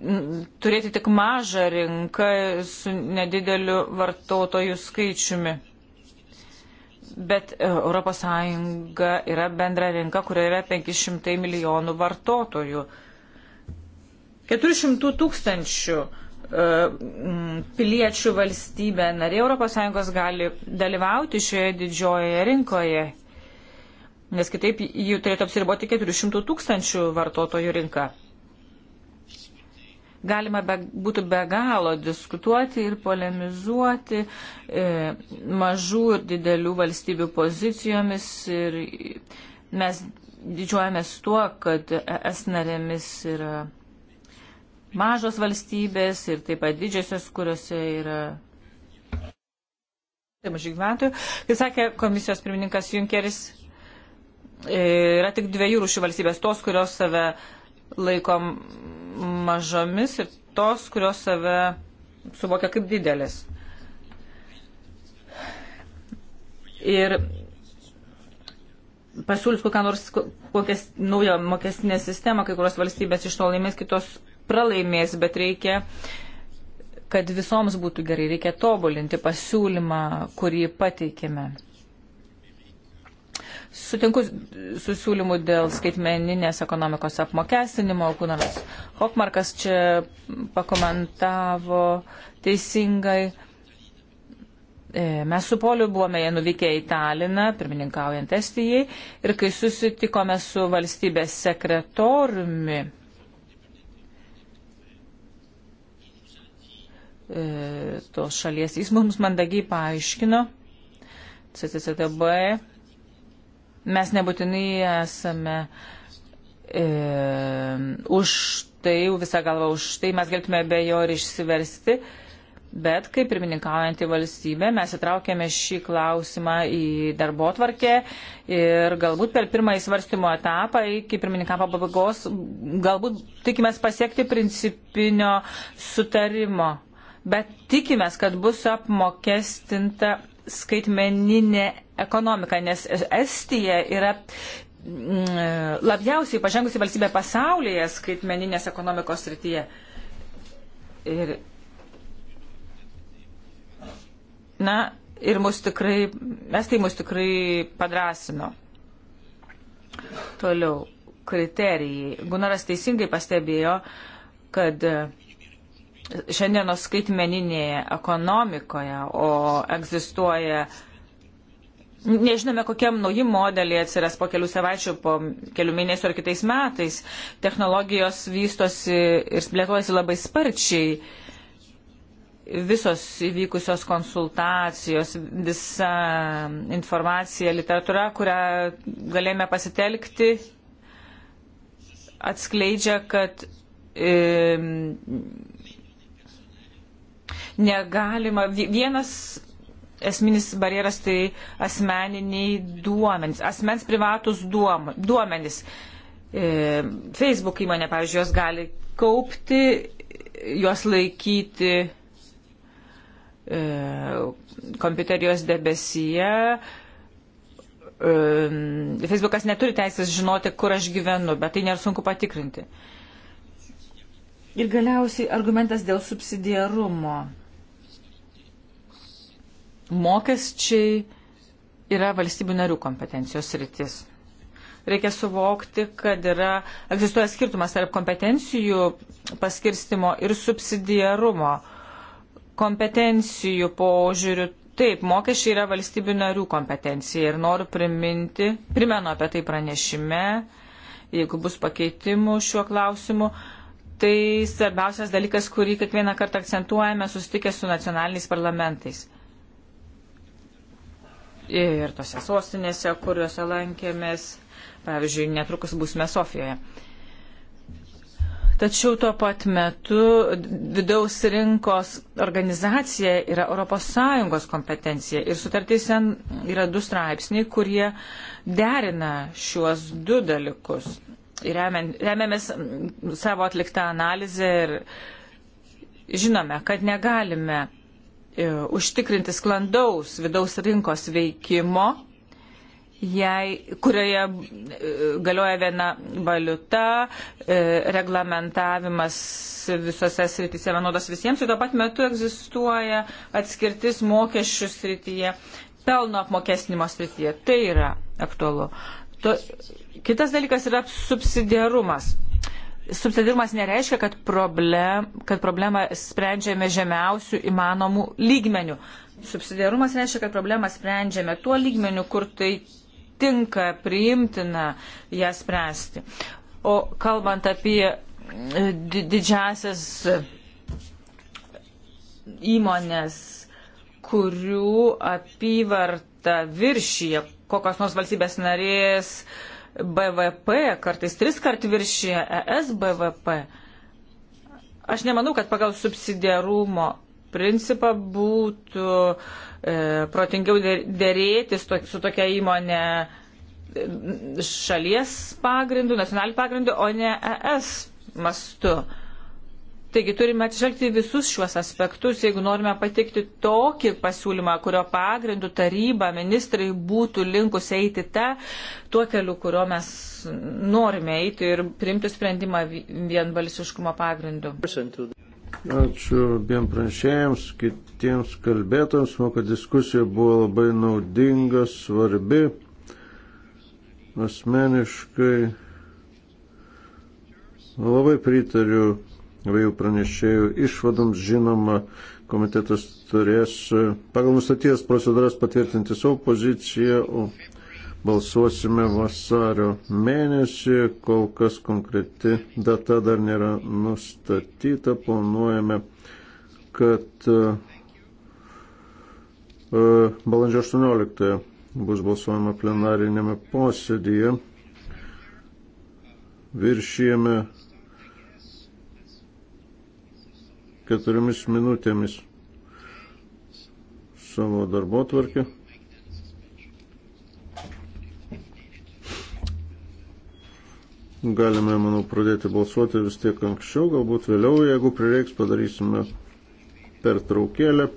turėti tik mažą rinką su nedideliu vartotojų skaičiumi. Bet ES yra bendra rinka, kurioje yra 500 milijonų vartotojų. 400 tūkstančių e, piliečių valstybė narė ES gali dalyvauti šioje didžiojoje rinkoje, nes kitaip jų turėtų apsiriboti 400 tūkstančių vartotojų rinka galima be, būtų be galo diskutuoti ir polemizuoti e, mažų ir didelių valstybių pozicijomis. Ir mes didžiuojamės tuo, kad es narėmis yra mažos valstybės ir taip pat didžiosios, kuriuose yra. Tai mažai gyventojų. Kaip sakė komisijos pirmininkas Junkeris, e, yra tik dviejų rūšių valstybės - tos, kurios save e, laikom mažomis ir tos, kurios save suvokia kaip didelis. Ir pasiūlys kokią nors kokią naują mokestinę sistemą, kai kurios valstybės iš to laimės, kitos pralaimės, bet reikia, kad visoms būtų gerai, reikia tobulinti pasiūlymą, kurį pateikėme. Sutinku su siūlymu dėl skaitmeninės ekonomikos apmokestinimo. Kunaras Hokmarkas čia pakomentavo teisingai. E, mes su Poliu buvome nuvykę į Taliną, pirmininkaujant Estijai, ir kai susitikome su valstybės sekretoriumi, e, tos šalies, jis mums mandagiai paaiškino, CCCTB Mes nebūtinai esame e, už tai, visą galvą už tai, mes galėtume be jo ir išsiversti, bet kaip pirmininkaujantį valstybę mes įtraukėme šį klausimą į darbo tvarkę ir galbūt per pirmąjį svarstymo etapą iki pirmininkavo pabaigos galbūt tikimės pasiekti principinio sutarimo bet tikimės, kad bus apmokestinta skaitmeninė ekonomiką, nes Estija yra mm, labiausiai pažengusi valstybė pasaulyje skaitmeninės ekonomikos srityje. Ir, na, ir mus tikrai, mes tai mus tikrai padrasino. Toliau, kriterijai. Gunaras teisingai pastebėjo, kad šiandienos skaitmeninėje ekonomikoje, o egzistuoja uh, Nežinome, kokie nauji modeliai atsiras po kelių savaičių, po kelių mėnesių ar kitais metais. Technologijos vystosi ir plėtojasi labai sparčiai. Visos įvykusios konsultacijos, visa informacija, literatūra, kurią galėjome pasitelkti, atskleidžia, kad e, negalima vienas esminis barjeras tai asmeniniai duomenys, asmens privatus duomenys. E, Facebook įmonė, pavyzdžiui, jos gali kaupti, jos laikyti e, kompiuterijos debesyje. E, Facebookas neturi teisės žinoti, kur aš gyvenu, bet tai nėra sunku patikrinti. Ir galiausiai argumentas dėl subsidiarumo mokesčiai yra valstybių narių kompetencijos rytis. Reikia suvokti, kad yra, egzistuoja skirtumas tarp kompetencijų paskirstimo ir subsidiarumo. Kompetencijų požiūrių Taip, mokesčiai yra valstybių narių kompetencija ir noriu priminti, primenu apie tai pranešime, jeigu bus pakeitimų šiuo klausimu. Tai svarbiausias dalykas, kurį kiekvieną kartą akcentuojame susitikę su nacionaliniais parlamentais ir tose sostinėse, kuriuose lankėmės. Pavyzdžiui, netrukus būsime Sofijoje. Tačiau tuo pat metu vidaus rinkos organizacija yra ES kompetencija ir sutartyse yra du straipsniai, kurie derina šiuos du dalykus. Remiamės savo atliktą analizę ir žinome, kad negalime E, užtikrinti sklandaus vidaus rinkos veikimo, jei, kurioje e, galioja viena valiuta, e, reglamentavimas visose srityse vienodas visiems ir tuo pat metu egzistuoja atskirtis mokesčių srityje, pelno apmokestinimo srityje. Tai yra aktualu. To, kitas dalykas yra subsidiarumas subsidirumas nereiškia, kad, problem, kad problemą sprendžiame žemiausių įmanomų lygmenių. Subsidiarumas reiškia, kad problemą sprendžiame tuo lygmeniu, kur tai tinka, priimtina ją spręsti. O kalbant apie e, didžiasias įmonės, kurių apyvarta viršyje kokios nors valstybės narės uh, BVP, kartais tris kart viršyje ES BVP. Aš nemanau, kad pagal subsidiarumo principą būtų e, protingiau dėrėtis to, su tokia įmonė e, šalies pagrindu, nacionaliniu pagrindu, o ne ES mastu. Taigi turime atsižvelgti visus šiuos aspektus, jeigu norime patikti tokį pasiūlymą, kurio pagrindų taryba, ministrai būtų linkus eiti tą, tuo keliu, kurio mes norime eiti ir priimti sprendimą vienbalsiškumo pagrindu. Ačiū abiem pranešėjams, kitiems kalbėtams, manau, kad diskusija buvo labai naudinga, svarbi. Asmeniškai labai pritariu abiejų pranešėjų išvadoms. Žinoma, komitetas turės e, pagal nustatytas procedūras patvirtinti savo poziciją, o balsuosime vasario mėnesį, kol kas konkreti data dar nėra nustatyta, planuojame, kad e, e, balandžio 18 bus balsuojama plenarinėme posėdėje. Viršijame keturiomis minutėmis savo darbo tvarkę. Galime, manau, pradėti balsuoti vis tiek anksčiau, galbūt vėliau, jeigu prireiks, padarysime pertraukėlę.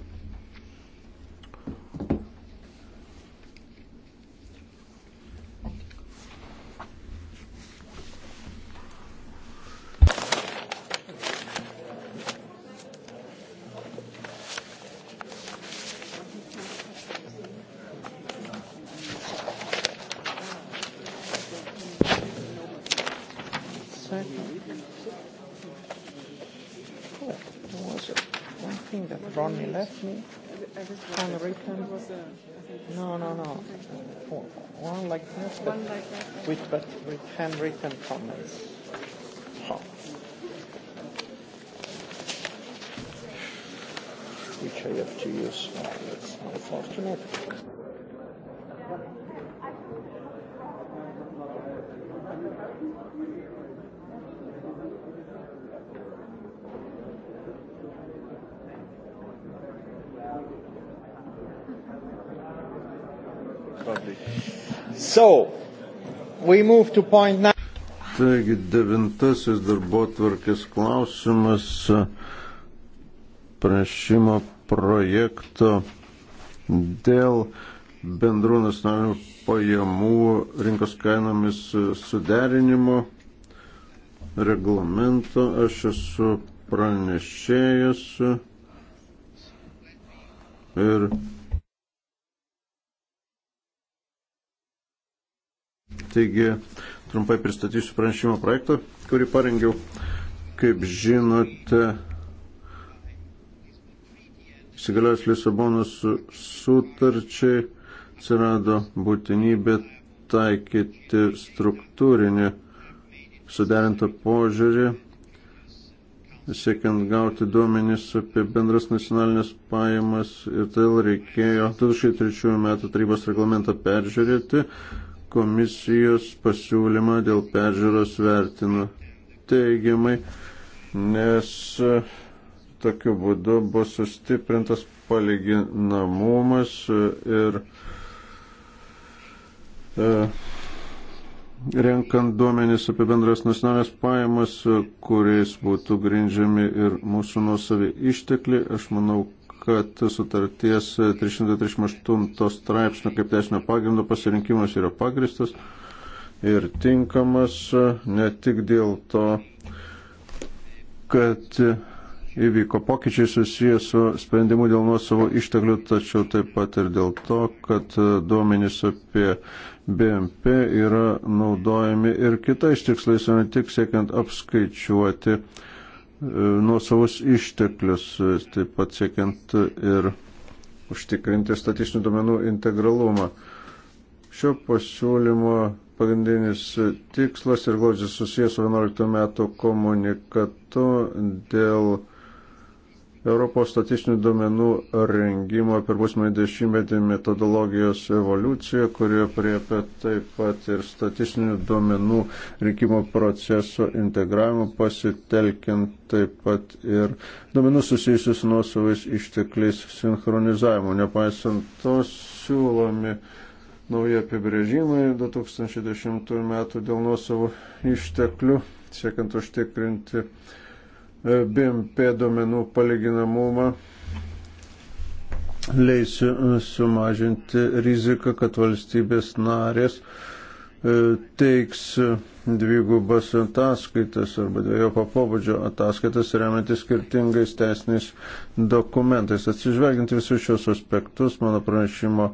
one like this, but, one like that, yeah. with, but with handwritten comments. Oh. Which I have to use. Oh, that's unfortunate. So, we move to point nine. Taigi, devintasis darbo tvarkės klausimas prašymo projekto dėl bendrų nacionalinių pajamų rinkos kainomis suderinimo reglamento. Aš esu pranešėjas ir Taigi trumpai pristatysiu pranešimo projektą, kurį parengiau. Kaip žinote, įsigaliojus Lisabonos sutarčiai atsirado būtinybė taikyti struktūrinį suderintą požiūrį siekiant gauti duomenys apie bendras nacionalinės pajamas ir todėl reikėjo 2003 metų tarybos reglamentą peržiūrėti, komisijos pasiūlymą dėl peržiūros vertinu teigiamai, nes e, tokiu būdu bus sustiprintas palyginamumas ir e, renkant duomenys apie bendras nacionalinės pajamas, kuriais būtų grindžiami ir mūsų nuosavi ištekliai, aš manau, kad sutarties 338 straipsnio kaip teisinio pagrindo pasirinkimas yra pagristas ir tinkamas ne tik dėl to, kad įvyko pokyčiai susijęs su sprendimu dėl nuosavo išteklių, tačiau taip pat ir dėl to, kad duomenys apie BMP yra naudojami ir kitais tikslais, o ne tik siekiant apskaičiuoti uh, E, nuo savus išteklius, e, taip pat siekiant ir užtikrinti statistinių duomenų integralumą. Šio pasiūlymo pagrindinis tikslas ir glaudžiai susijęs su 11 metų komunikatu dėl Europos statistinių duomenų rengimo pirmusmai dešimtmetį metodologijos evoliucija, kurie priepia taip pat ir statistinių duomenų rinkimo proceso integravimą, pasitelkiant taip pat ir duomenų susijusius nuosavais ištekliais sinchronizavimu. Nepaisant to, siūlomi nauji apibrėžimai 2010 metų dėl nuosavų išteklių, siekiant užtikrinti E, BMP duomenų palyginamumą leis e, sumažinti riziką, kad valstybės narės e, teiks dvigubas ataskaitas arba dviejopo pobūdžio ataskaitas remiantis skirtingais teisiniais dokumentais. Atsižvelgiant visus šios aspektus, mano pranešimo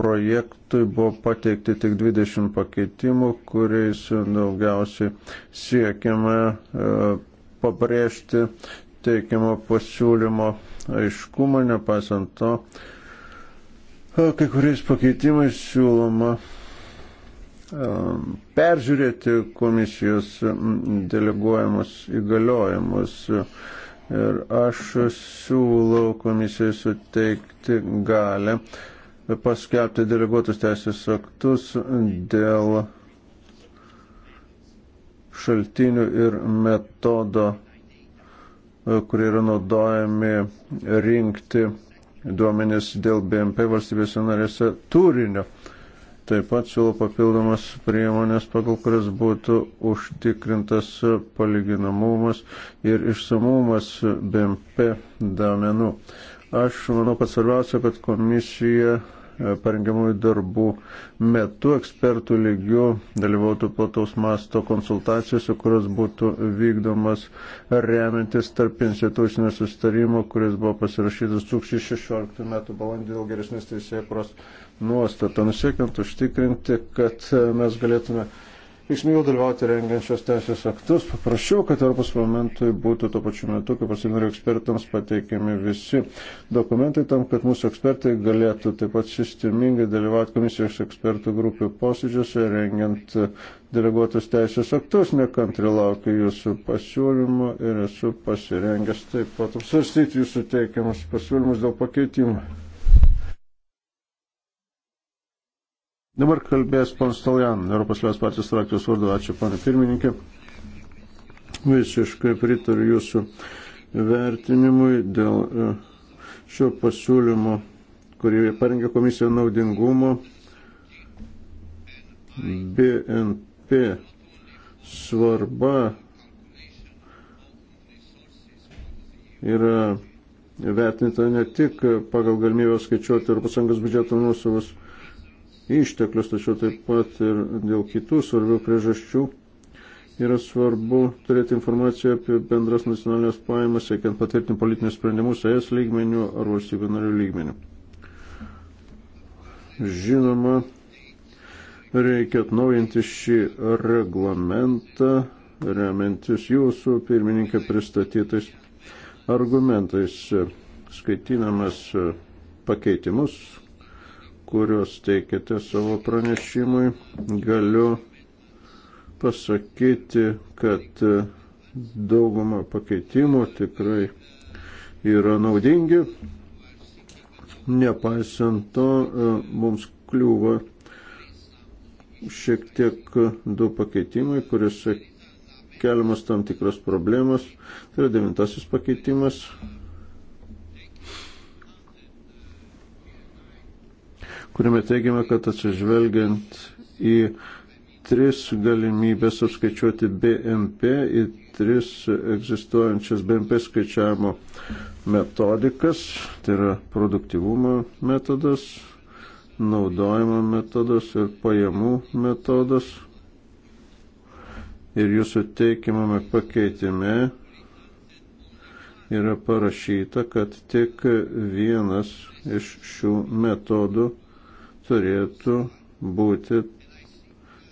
projektui buvo pateikti tik 20 pakeitimų, kuriais daugiausiai siekiame pabrėžti teikiamo pasiūlymo aiškumą, nepaisant to, kai kuriais pakeitimais siūloma peržiūrėti komisijos deleguojamus įgaliojimus. Ir aš siūlau komisijai suteikti galę paskelbti deleguotus teisės aktus dėl šaltinių ir metodo, e, kurie yra naudojami rinkti duomenis dėl BMP valstybėse narėse turinio. Taip pat siūlo papildomas priemonės, pagal kurias būtų užtikrintas palyginamumas ir išsamumas BMP domenų. Aš manau, kad svarbiausia, kad komisija E, parengiamųjų darbų metu ekspertų lygių dalyvautų plataus masto konsultacijose, kurios būtų vykdomas remiantis tarp institucinio sustarimo, kuris buvo pasirašytas 2016 m. balandį dėl geresnės teisėkros nuostatų, nusiekiant užtikrinti, kad mes galėtume veiksmingiau dalyvauti rengiant šios teisės aktus. Paprašiau, kad Europos parlamentui būtų tuo pačiu metu, kaip pasinarių ekspertams, pateikiami visi dokumentai tam, kad mūsų ekspertai galėtų taip pat sistemingai dalyvauti komisijos ekspertų grupių posėdžiuose, rengiant deleguotus teisės aktus. Nekantri laukiu jūsų pasiūlymų ir esu pasirengęs taip pat apsvarstyti jūsų teikiamus pasiūlymus dėl pakeitimų. Dabar kalbės ponas Taljan, Europos Liaudės partijos frakcijos vardu. Ačiū, pana pirmininkė. Visiškai pritariu jūsų vertinimui dėl e, šio pasiūlymo, kurį parengė komisija naudingumo BNP svarba yra vertinta ne tik pagal galimybę skaičiuoti Europos Sąjungos biudžeto nuosavus išteklius, tačiau taip pat ir dėl kitų svarbių priežasčių yra svarbu turėti informaciją apie bendras nacionalinės pajamas, siekiant patvirtinti politinius sprendimus ES lygmenių ar valstybių narių lygmenių. Žinoma, reikia atnaujinti šį reglamentą, remiantis jūsų pirmininkė pristatytais argumentais, skaitinamas pakeitimus, kuriuos teikėte savo pranešimui, galiu pasakyti, kad dauguma pakeitimų tikrai yra naudingi. Nepaisant to, e, mums kliūva šiek tiek du pakeitimai, kuriuose keliamas tam tikras problemas. Tai yra devintasis pakeitimas, kuriame teigiame, kad atsižvelgiant į tris galimybės apskaičiuoti BMP, į tris egzistuojančias BMP skaičiavimo metodikas, tai yra produktivumo metodas, naudojimo metodas ir pajamų metodas. Ir jūsų teikiamame pakeitime yra parašyta, kad tik vienas iš šių metodų turėtų būti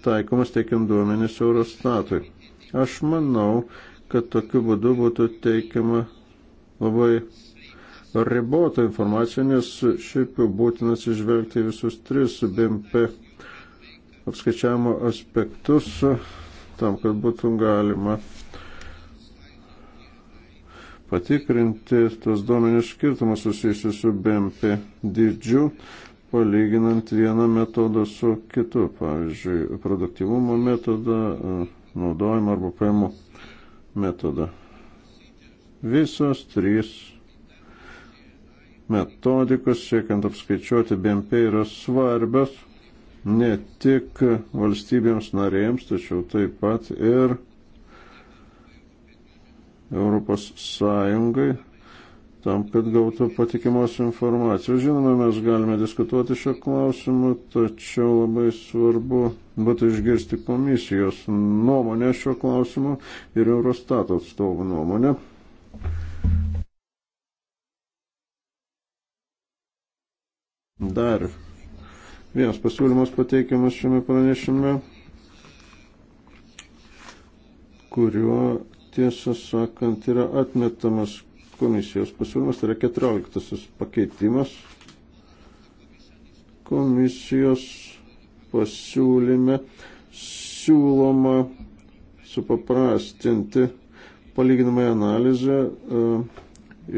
taikomas teikiant duomenis Eurostatui. Aš manau, kad tokiu būdu būtų teikiama labai ribota informacija, nes šiaip jau būtina atsižvelgti visus tris BMP apskaičiavimo aspektus tam, kad būtų galima patikrinti tos duomenys skirtumus susijusius su BMP dydžiu palyginant vieną metodą su kitu, pavyzdžiui, produktivumo metodą, e, naudojimo arba paimų metodą. Visos trys metodikos siekiant apskaičiuoti BMP yra svarbios ne tik valstybėms narėms, tačiau taip pat ir Europos Sąjungai tam, kad gautų patikimos informacijos. Žinoma, mes galime diskutuoti šio klausimu, tačiau labai svarbu būtų išgirsti komisijos nuomonę šio klausimu ir Eurostato atstovų nuomonę. Dar vienas pasiūlymas pateikiamas šiame pranešime, kuriuo tiesą sakant yra atmetamas komisijos pasiūlymas, tai yra 14 pakeitimas. Komisijos pasiūlyme siūloma supaprastinti palyginamąją analizę e,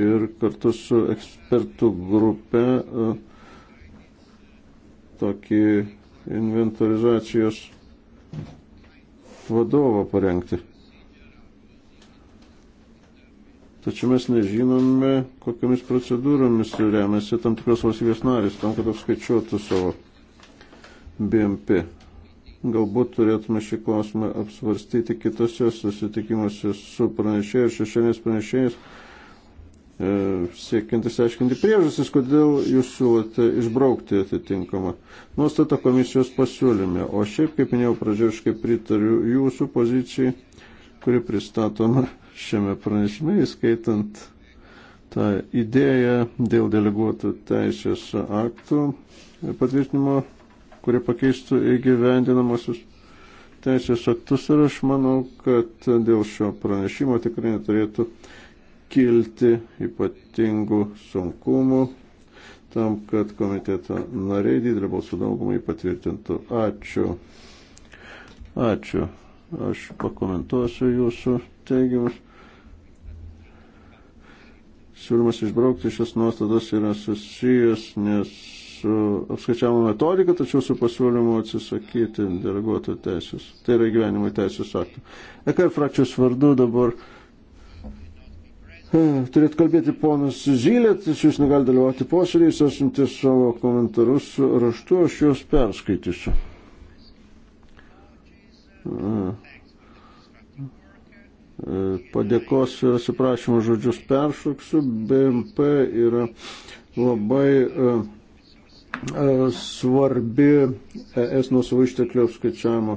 ir kartu su ekspertų grupe e, tokį inventorizacijos vadovą parengti. Tačiau mes nežinome, kokiamis procedūromis remiasi tam tikros valstybės narės, tam, kad apskaičiuotų savo BMP. Galbūt turėtume šį klausimą apsvarstyti kitose susitikimuose su pranešėjais, šešėnės pranešėjais, e, siekiant išsiaiškinti priežastis, kodėl jūs siūlote išbraukti atitinkamą nuostatą komisijos pasiūlyme. O šiaip, kaip minėjau pradžioškai, pritariu jūsų pozicijai kuri pristatoma šiame pranešime, įskaitant tą idėją dėl deleguotų teisės aktų patvirtinimo, kurie pakeistų įgyvendinamosius teisės aktus ir aš manau, kad dėl šio pranešimo tikrai neturėtų kilti ypatingų sunkumų tam, kad komiteto nariai didelį balsų daugumą patvirtintų. Ačiū. Ačiū. Aš pakomentuosiu jūsų teigiamus. Siūlymas išbraukti šias nuostatas yra susijęs ne su apskaičiavimo metodika, tačiau su pasiūlymu atsisakyti deleguotų teisės. Tai yra gyvenimo teisės aktų. EKR frakcijos vardu dabar e, turėtų kalbėti ponas Zylė, tačiau jūs negalite dalyvauti posėdėje, jūs esantis savo komentarus raštu, aš juos perskaitysiu padėkos ir atsiprašymo žodžius peršoksiu. BMP yra labai svarbi ES nuosavų išteklių apskaičiavimo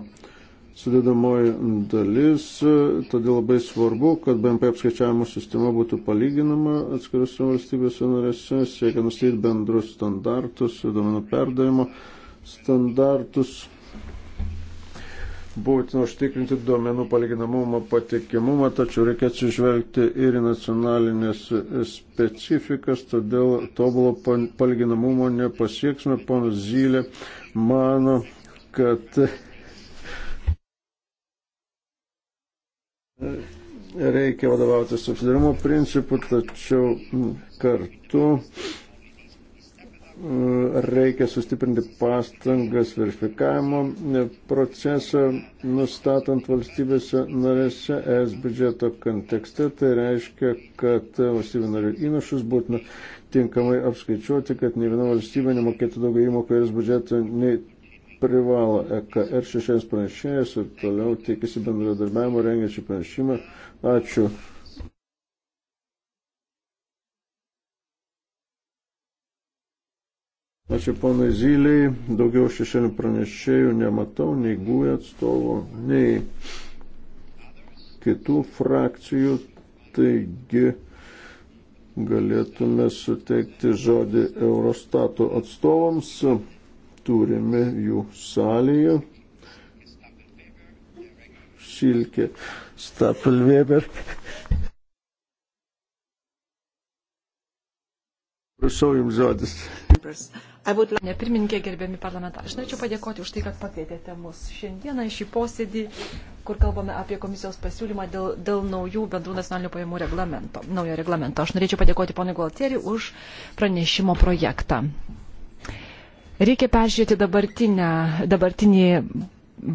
sudėdamoji dalis, todėl labai svarbu, kad BMP apskaičiavimo sistema būtų palyginama atskirose valstybėse narėse, siekia nustatyti bendrus standartus, duomenų perdavimo standartus būtina užtikrinti duomenų palyginamumą, patikimumą, tačiau reikia atsižvelgti ir į nacionalinės specifikas, todėl tobulo palyginamumo nepasieksime. Ponas Zylė mano, kad reikia vadovauti subsidarimo principu, tačiau kartu reikia sustiprinti pastangas verifikavimo procesą, nustatant valstybėse narėse es biudžeto kontekste. Tai reiškia, kad valstybė narių įnašus būtina tinkamai apskaičiuoti, kad ne viena valstybė nemokėtų daugiau įmokų es biudžeto nei privalo EKR šešiems pranešėjas ir toliau tikisi bendradarbiavimo rengiančių pranešimą. Ačiū Ačiū ponai Zyliai, daugiau šešėlių pranešėjų nematau, nei gūjų atstovų, nei kitų frakcijų, taigi galėtume suteikti žodį Eurostato atstovams, turime jų salėje. Šilkė Stapelweber. Prašau jums žodis. Would... Nepirmininkė, gerbiami parlamentarai, aš norėčiau padėkoti už tai, kad pakvietėte mus šiandieną į šį posėdį, kur kalbame apie komisijos pasiūlymą dėl, dėl naujų bendrų nacionalinių pajamų reglamento, naujo reglamento. Aš norėčiau padėkoti ponui Gualtieri už pranešimo projektą. Reikia peržiūrėti dabartinį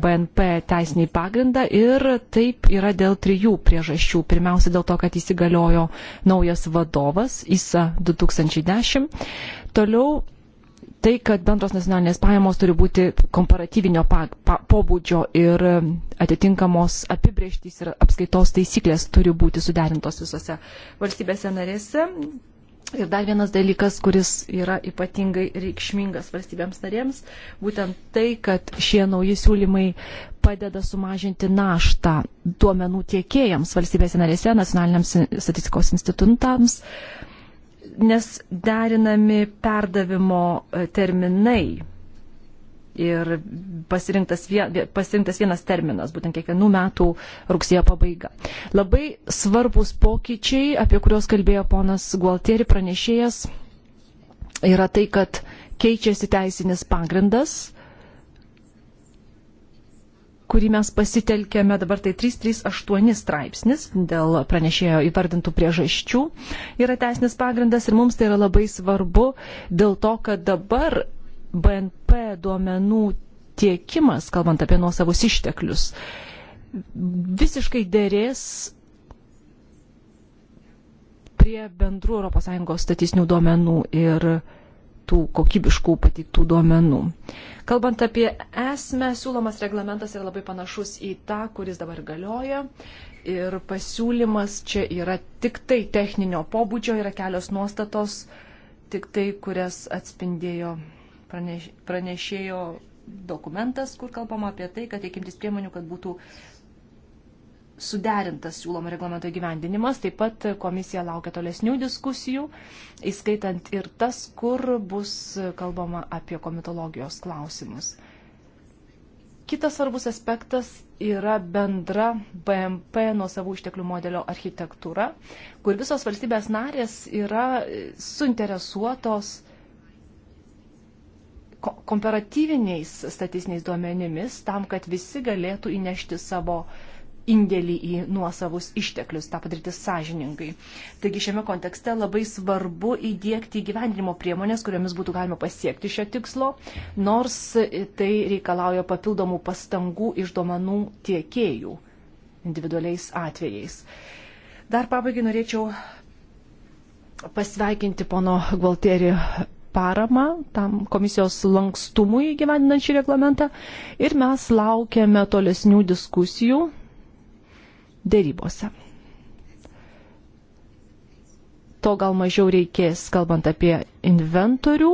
BNP teisinį pagrindą ir taip yra dėl trijų priežasčių. Pirmiausia, dėl to, kad įsigaliojo naujas vadovas ISA 2010. Toliau tai, kad bendros nacionalinės pajamos turi būti komparatyvinio pa, pa, pobūdžio ir um, atitinkamos apibrieštys ir apskaitos taisyklės turi būti suderintos visose valstybėse narėse. Ir dar vienas dalykas, kuris yra ypatingai reikšmingas valstybėms narėms, būtent tai, kad šie nauji siūlymai padeda sumažinti naštą duomenų tiekėjams valstybėse narėse, nacionaliniams statistikos institutams. Uh, nes derinami perdavimo e, terminai ir pasirinktas, vien, pasirinktas vienas terminas, būtent kiekvienų metų rugsėjo pabaiga. Labai svarbus pokyčiai, apie kuriuos kalbėjo ponas Gualtieri pranešėjas, yra tai, kad keičiasi teisinis pagrindas kurį mes pasitelkėme, dabar tai 338 straipsnis dėl pranešėjo įvardintų priežasčių yra teisinis pagrindas ir mums tai yra labai svarbu dėl to, kad dabar BNP duomenų tiekimas, kalbant apie nuosavus išteklius, visiškai dėrės prie bendrų ES statistinių duomenų ir tų kokybiškų pateiktų duomenų. Kalbant apie esmę, siūlomas reglamentas yra labai panašus į tą, kuris dabar galioja. Ir pasiūlymas čia yra tik tai techninio pobūdžio, yra kelios nuostatos, tik tai kurias atspindėjo praneš, pranešėjo dokumentas, kur kalbama apie tai, kad reikintis priemonių, kad būtų suderintas siūlomo reglamento gyvendinimas. Taip pat komisija laukia tolesnių diskusijų, įskaitant ir tas, kur bus kalbama apie komitologijos klausimus. Kitas svarbus aspektas yra bendra BMP nuo savų išteklių modelio architektūra, kur visos valstybės narės yra suinteresuotos komparatyviniais statistiniais duomenimis tam, kad visi galėtų įnešti savo uh, indėlį į nuosavus išteklius, tą padaryti sąžiningai. Taigi šiame kontekste labai svarbu įdėkti gyvendinimo priemonės, kuriomis būtų galima pasiekti šio tikslo, nors tai reikalauja papildomų pastangų iš duomenų tiekėjų individualiais atvejais. Dar pabaigai norėčiau pasveikinti pono Gvalterį paramą tam komisijos lankstumui gyvendinant šį reglamentą ir mes laukiame tolesnių diskusijų dėrybose. To gal mažiau reikės, kalbant apie inventorių,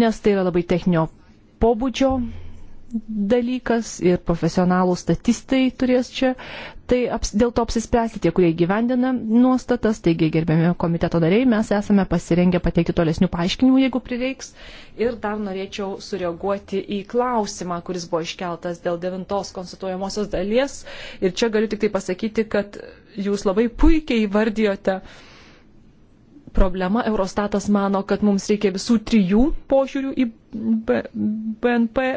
nes tai yra labai techninio pobūdžio dalykas ir profesionalų statistai turės čia. Tai aps, dėl to apsispręsti tie, kurie gyvendina nuostatas, taigi gerbiami komiteto dariai, mes esame pasirengę pateikti tolesnių paaiškinimų, jeigu prireiks. Ir dar norėčiau sureaguoti į klausimą, kuris buvo iškeltas dėl devintos konstituojamosios dalies. Ir čia galiu tik tai pasakyti, kad jūs labai puikiai įvardijote problema. Eurostatas mano, kad mums reikia visų trijų požiūrių į BNP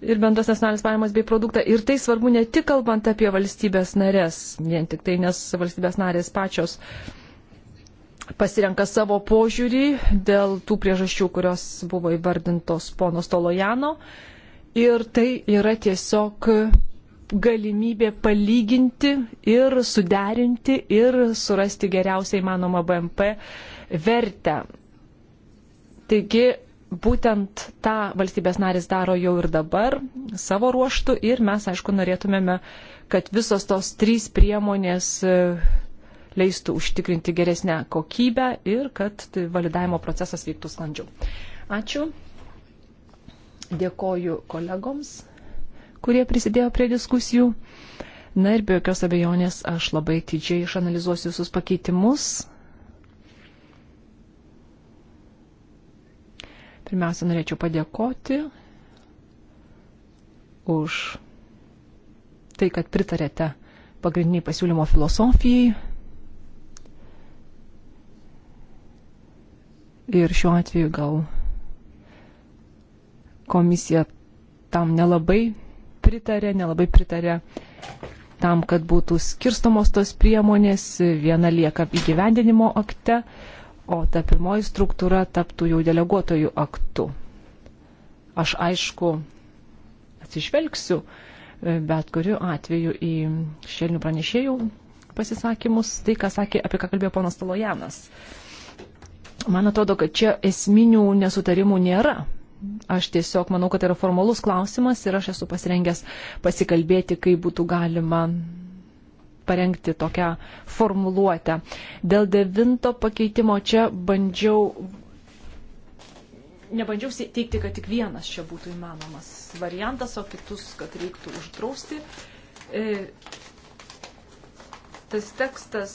ir bendras nacionalinis pajamas bei produktą. Ir tai svarbu ne tik kalbant apie valstybės narės, vien tik tai, nes valstybės narės pačios pasirenka savo požiūrį dėl tų priežasčių, kurios buvo įvardintos pono Stolojano. Ir tai yra tiesiog galimybė palyginti ir suderinti ir surasti geriausiai manomą BMP vertę. Taigi būtent tą valstybės narės daro jau ir dabar savo ruoštų ir mes, aišku, norėtumėme, kad visos tos trys priemonės e, leistų užtikrinti geresnę kokybę ir kad validavimo procesas vyktų sklandžiau. Ačiū. Dėkoju kolegoms, kurie prisidėjo prie diskusijų. Na ir be jokios abejonės aš labai didžiai išanalizuosiu visus pakeitimus Pirmiausia, norėčiau padėkoti už tai, kad pritarėte pagrindiniai pasiūlymo filosofijai. Ir šiuo atveju gal komisija tam nelabai pritarė, nelabai pritarė tam, kad būtų skirstomos tos priemonės, viena lieka įgyvendinimo akte, o ta pirmoji struktūra taptų jau deleguotojų aktų. Aš aišku atsižvelgsiu e, bet kuriu atveju į šelnių pranešėjų pasisakymus, tai ką sakė, apie ką kalbėjo ponas Talojanas. Man atrodo, kad čia esminių nesutarimų nėra. Aš tiesiog manau, kad tai yra formalus klausimas ir aš esu pasirengęs pasikalbėti, kaip būtų galima parengti tokią formuluotę. Dėl devinto pakeitimo čia bandžiau. Nebandžiau teikti, kad tik vienas čia būtų įmanomas variantas, o kitus, kad reiktų uždrausti. E, tas tekstas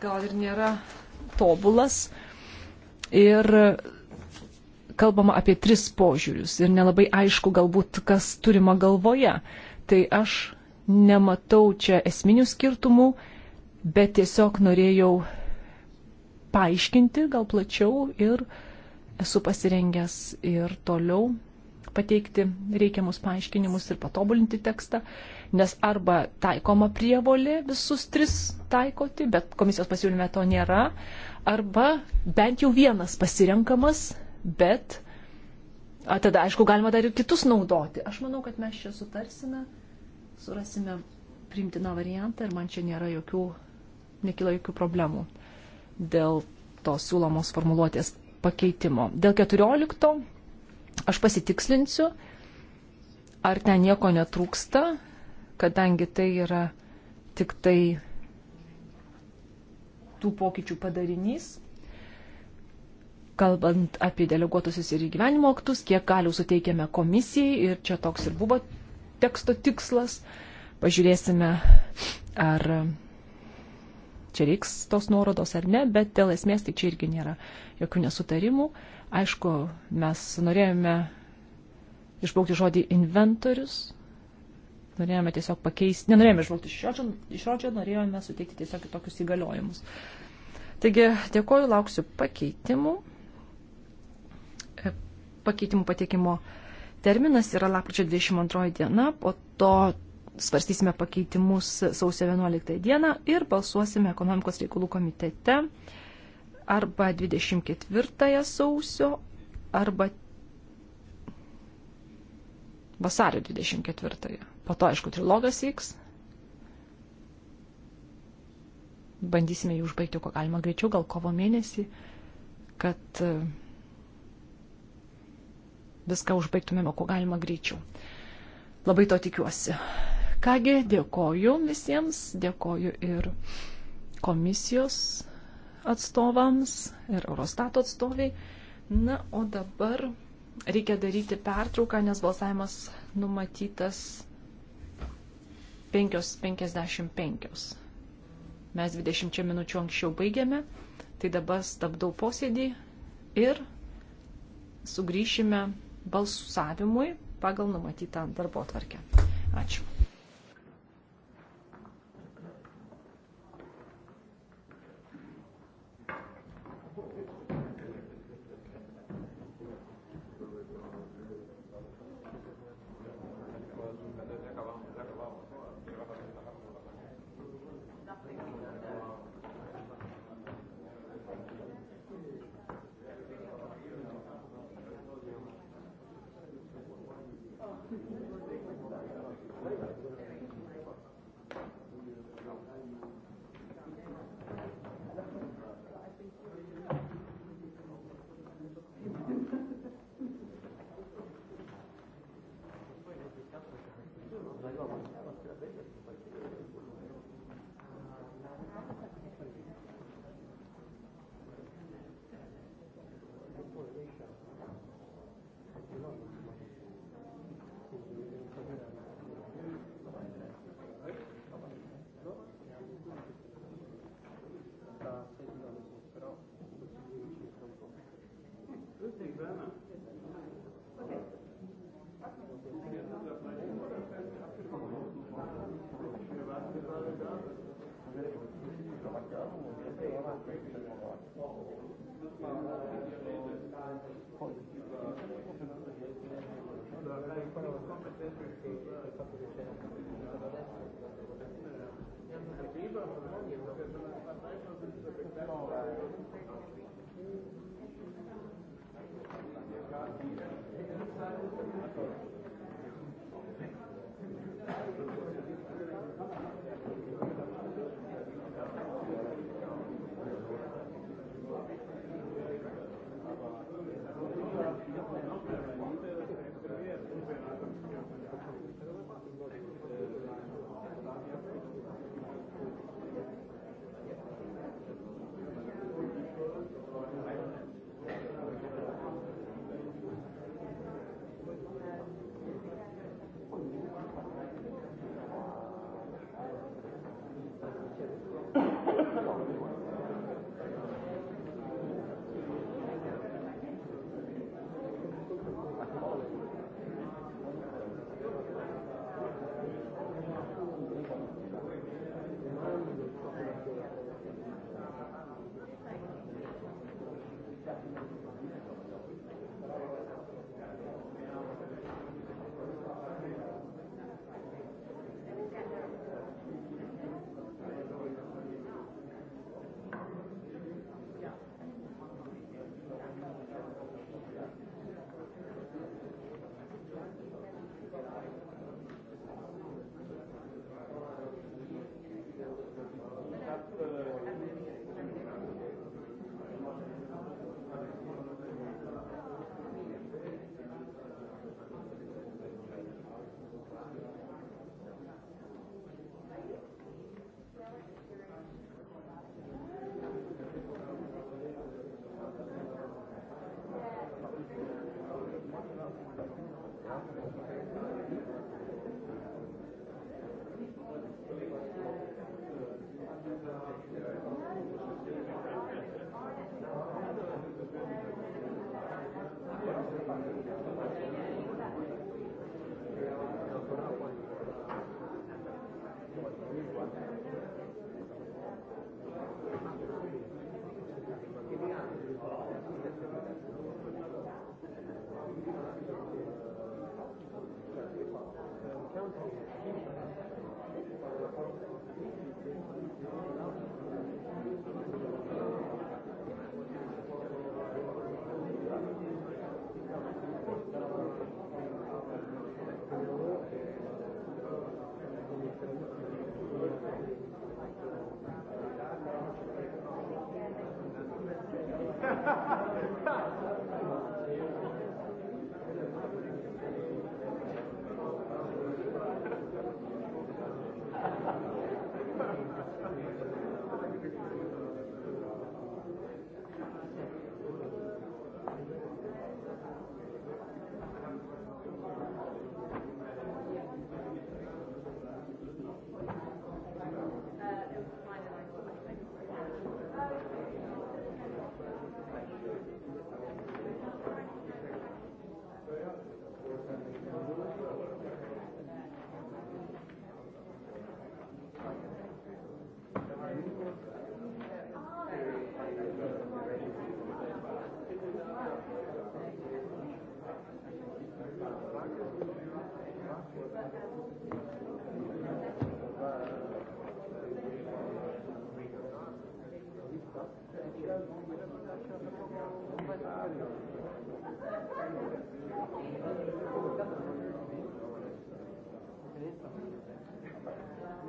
gal ir nėra tobulas ir kalbama apie tris požiūrius ir nelabai aišku galbūt, kas turima galvoje. Tai aš nematau čia esminių skirtumų, bet tiesiog norėjau paaiškinti gal plačiau ir esu pasirengęs ir toliau pateikti reikiamus paaiškinimus ir patobulinti tekstą, nes arba taikoma prievolė visus tris taikoti, bet komisijos pasiūlyme to nėra, arba bent jau vienas pasirenkamas, bet a, tada aišku galima dar ir kitus naudoti. Aš manau, kad mes čia sutarsime surasime priimtiną variantą ir man čia nėra jokių, nekyla jokių problemų dėl tos siūlomos formuluotės pakeitimo. Dėl 14 aš pasitikslinsiu, ar ten nieko netrūksta, kadangi tai yra tik tai tų pokyčių padarinys. Kalbant apie deleguotusius ir įgyvenimo aktus, kiek galių suteikėme komisijai ir čia toks ir buvo teksto tikslas. Pažiūrėsime, ar čia reiks tos nuorodos ar ne, bet dėl esmės tai čia irgi nėra jokių nesutarimų. Aišku, mes norėjome išbraukti žodį inventorius, norėjome tiesiog pakeisti, nenorėjome išbraukti iš žodžio, norėjome suteikti tiesiog tokius įgaliojimus. Taigi, dėkoju, lauksiu pakeitimų, e, pakeitimų patikimo Terminas yra lapkričio 22 diena, po to svarstysime pakeitimus sausio 11 dieną ir balsuosime ekonomikos reikalų komitete arba 24 sausio arba vasario 24. Po to, aišku, trilogas vyks. Bandysime jį užbaigti, ko galima greičiau, gal kovo mėnesį, kad uh, viską užbaigtumėme kuo galima greičiau. Labai to tikiuosi. Kągi, dėkoju visiems, dėkoju ir komisijos atstovams, ir Eurostato atstoviai. Na, o dabar reikia daryti pertrauką, nes balsavimas numatytas 5.55. Mes 20 minučių anksčiau baigėme, tai dabar stabdau posėdį ir sugrįšime balsavimui pagal numatytą darbo tvarkę. Ačiū.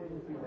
Thank you.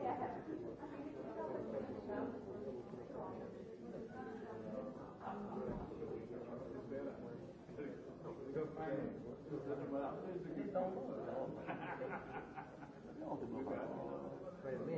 Yeah. Pero mira,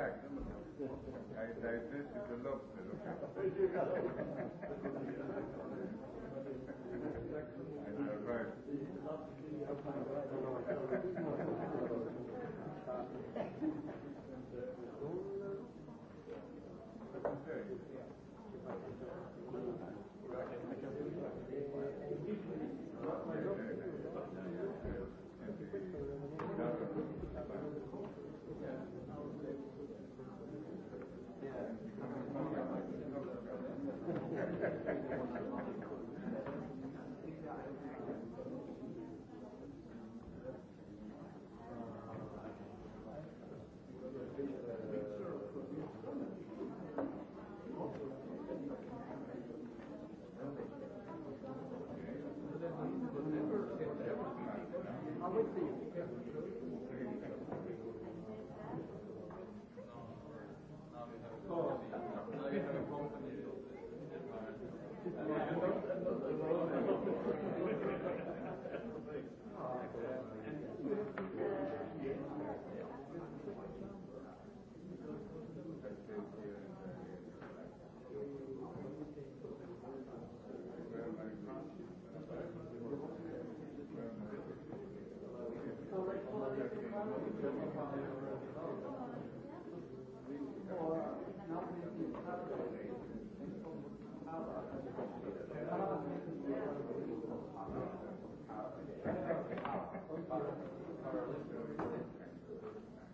Exact. I, I tested the lobster.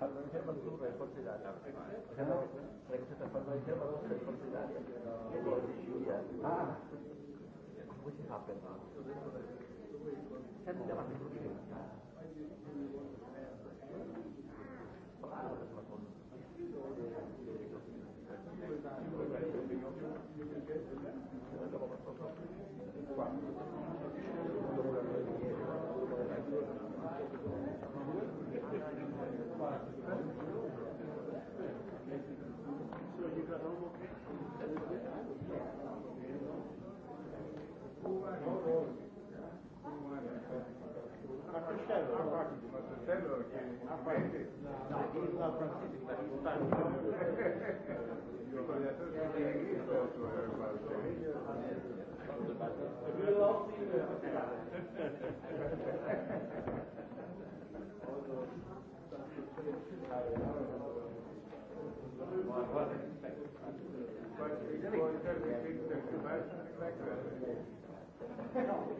falda interna tu recorte d'aria. Recorte falda interna tu recorte d'aria. Ah. Which is happened. Send them a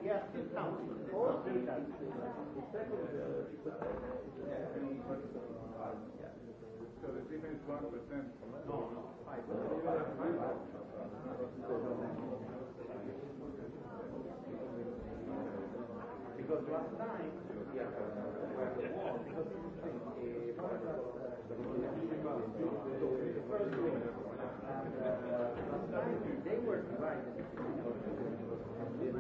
Yes, it counts. All three counts. The second, so the difference is 1%. No, no. Five. Because last time, yeah, where the war, because the first thing, uh, and uh, last time they were divided.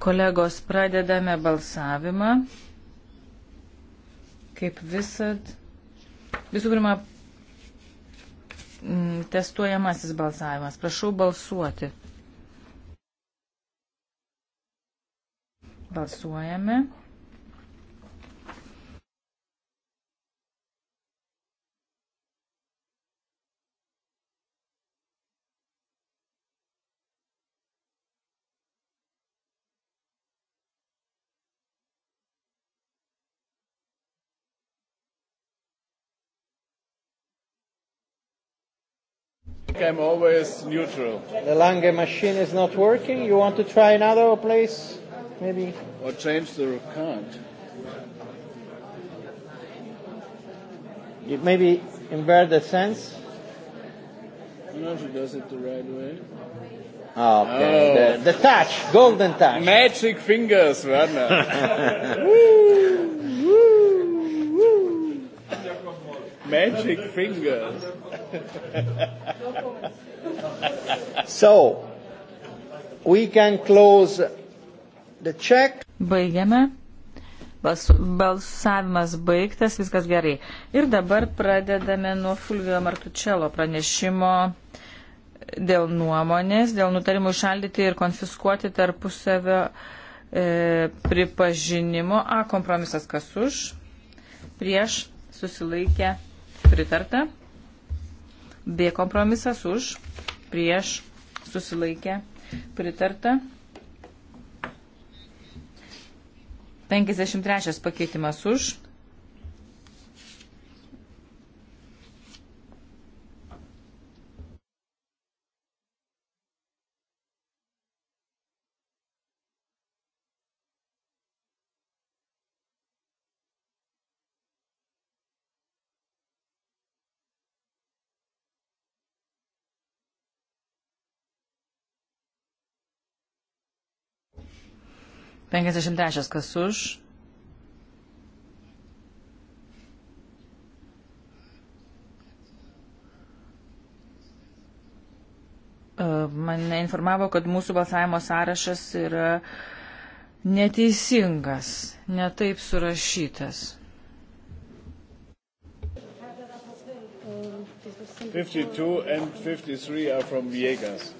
Kolegos, pradedame balsavimą. Kaip visad, visų pirma, mm, testuojamasis balsavimas. Prašau balsuoti. Balsuojame. think I'm always neutral. The Lange machine is not working. You want to try another place? Maybe. Or change the card. You maybe invert the sense. No, she does it the right way. Ah, okay. Oh. The, the touch, golden touch. Magic fingers, Werner. woo, woo, woo. Magic fingers so, we can close the check. Baigiame. Bas, balsavimas baigtas, viskas gerai. Ir dabar pradedame nuo Fulvio Martučelo pranešimo dėl nuomonės, dėl nutarimų šaldyti ir konfiskuoti tarpusavio e, pripažinimo. A kompromisas kas už, prieš, susilaikę, pritarta. B kompromisas už, prieš, susilaikė, pritarta. 53 pakeitimas už, 53 kas už. E, mane informavo, kad mūsų balsavimo sąrašas yra neteisingas, netaip surašytas. 52 and 53 are from Viegas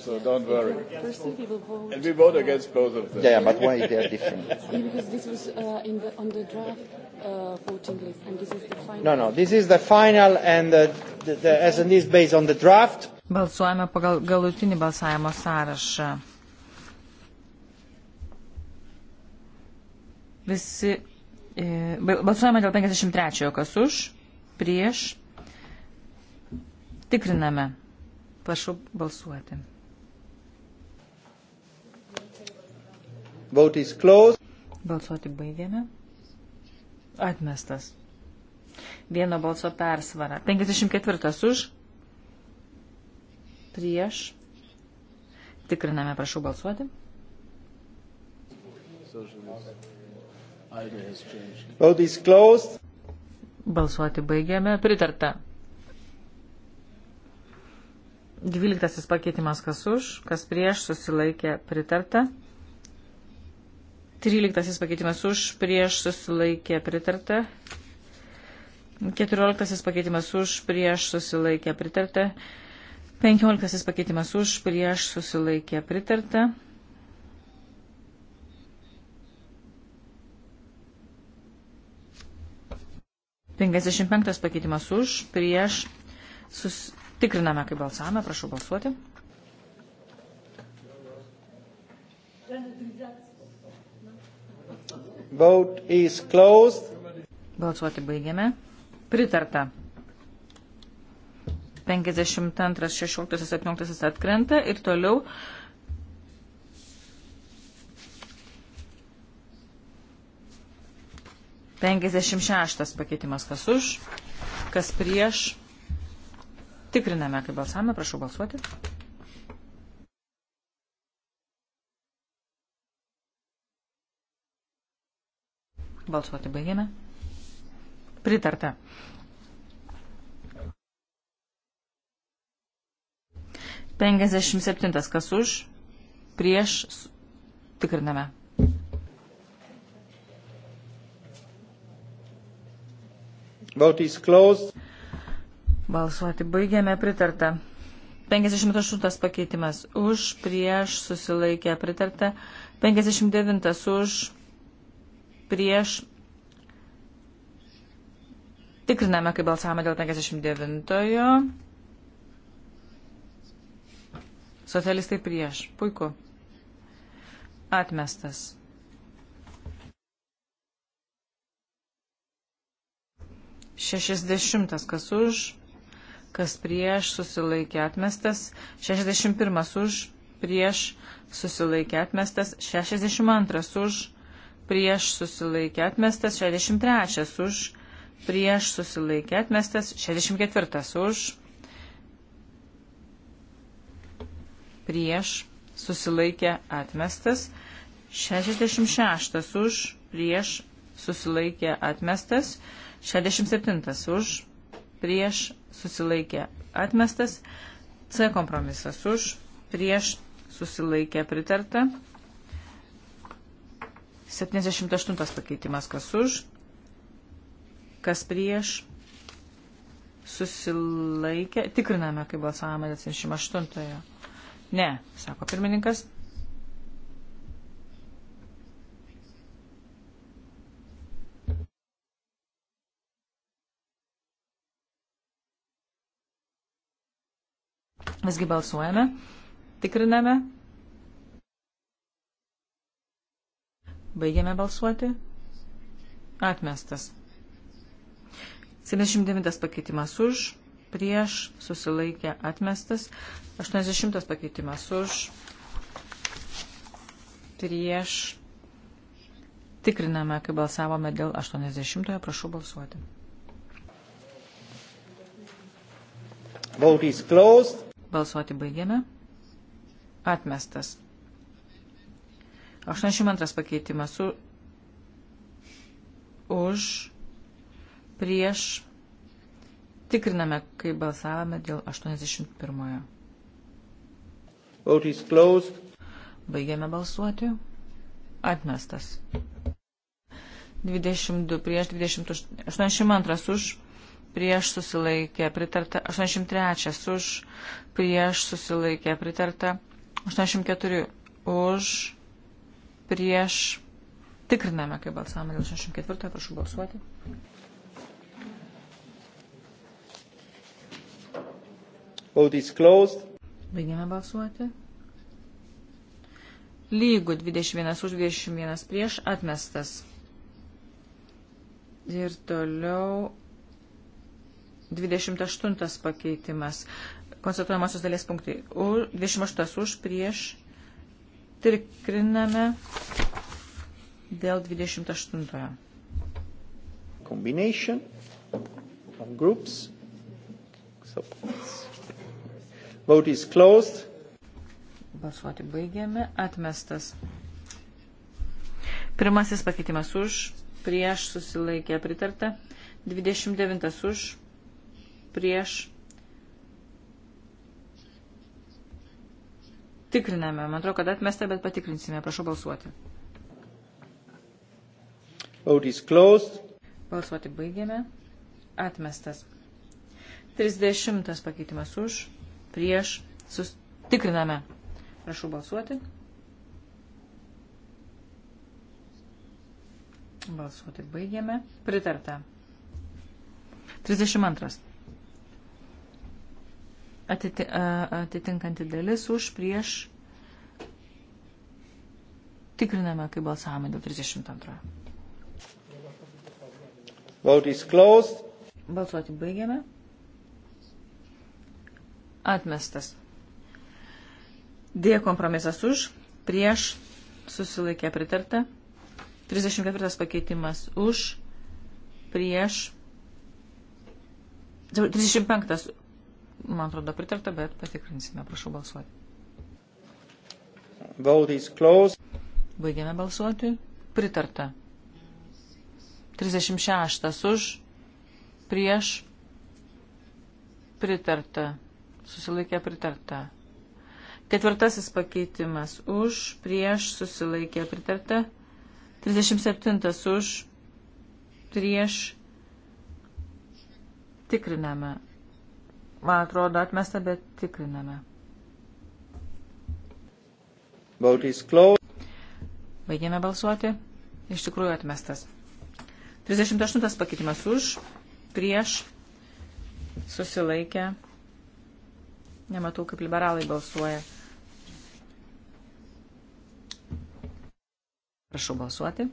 so don't worry. Firstly, we will vote. And we vote against both of them. Yeah, yeah but why they are different? yeah, because this was uh, in the, on the draft uh, voting list, and this is the final. No, no, this is the final, and uh, the, the, the S&D is based on the draft. Balsuojame pagal galutinį balsavimo sąrašą. Visi e, Balsuojame dėl 53-ojo, kas už, prieš. Tikriname. Prašau balsuoti. Vote is closed. Balsuoti baigėme. Atmestas. Vieno balso persvara. 54 už. Prieš. Tikriname, prašau balsuoti. Vote is closed. Balsuoti baigėme. Pritarta. Dvyliktasis pakeitimas kas už, kas prieš, susilaikė pritarta. 13 pakeitimas už, prieš susilaikė pritarta. 14 pakeitimas už, prieš susilaikė pritarta. 15 pakeitimas už, prieš susilaikė pritarta. Penkiasdešimt penktas pakeitimas už, prieš, sus... tikriname, kaip balsavome, prašau balsuoti. Ten, Vote is closed. Balsuoti baigiame. Pritarta. 52, 16, 17 atkrenta ir toliau Penkiasdešimt šeštas pakeitimas kas už, kas prieš. Tikriname, kaip balsavome, prašau balsuoti. Balsuoti baigiame. Pritarta. Penkiasdešimt septintas kas už, prieš tikriname. Vote is closed. Balsuoti baigiame pritarta. 58 pakeitimas už, prieš, susilaikę pritarta. 59 už, prieš. Tikriname, kaip balsavome dėl 59-ojo. Socialistai prieš. Puiku. Atmestas. Šešisdešimtas, kas už, kas prieš, susilaikė atmestas. Šešisdešimt pirmas už, prieš, susilaikė atmestas. Šešisdešimt antras už, prieš prieš susilaikė atmestas, 63 už, prieš susilaikė atmestas, 64 už, prieš susilaikė atmestas, 66 už, prieš susilaikė atmestas, 67 už, prieš susilaikė atmestas, C kompromisas už, prieš susilaikė pritarta. 78 pakeitimas kas už, kas prieš, susilaikė, tikriname, kaip balsavome 78. Ne, sako pirmininkas. Visgi balsuojame, tikriname. Baigiame balsuoti. Atmestas. 79 pakeitimas už, prieš, susilaikė, atmestas. 80 pakeitimas už, prieš. Tikriname, kai balsavome dėl 80-ojo, prašau balsuoti. Balsuoti baigiame. Atmestas. 82 pakeitimas su, už, prieš. Tikriname, kaip balsavome dėl 81. Vote is closed. Baigiame balsuoti. Atmestas. 22 prieš 20, 82 už, prieš susilaikė pritarta, 83 už, prieš susilaikė pritarta, 84 už prieš. Tikriname, kaip balsavome dėl 64, prašau balsuoti. Vote is closed. Baigėme balsuoti. Lygų 21 už 21 prieš atmestas. Ir toliau 28 pakeitimas. Konstatuojamosios dalies punktai. 28 už prieš Tikriname dėl 28. Combination of groups. So, vote is closed. Balsuoti baigėme. Atmestas. Pirmasis pakeitimas už, prieš susilaikė pritarta. 29 už, prieš Tikriname. Man atrodo, kad atmesta, bet patikrinsime. Prašau balsuoti. Balsuoti baigėme. Atmestas. 30 pakeitimas už, prieš, sustikriname. Prašau balsuoti. Balsuoti baigėme. Pritarta. 32 atiti, atitinkanti dalis už prieš. Tikriname, kaip balsavome dėl 32. Vote is closed. Balsuoti baigiame. Atmestas. D kompromisas už, prieš, susilaikė pritarta. 34 pakeitimas už, prieš, 35 Man atrodo pritarta, bet patikrinsime. Prašau balsuoti. Vote is closed. Baigiame balsuoti. Pritarta. 36 už, prieš, pritarta. Susilaikė pritarta. Ketvirtasis pakeitimas už, prieš, susilaikė pritarta. 37 už, prieš, tikriname. Man atrodo, atmesta, bet tikriname. Baigėme balsuoti. Iš tikrųjų atmestas. 38 pakeitimas už, prieš, susilaikę. Nematau, kaip liberalai balsuoja. Prašau balsuoti.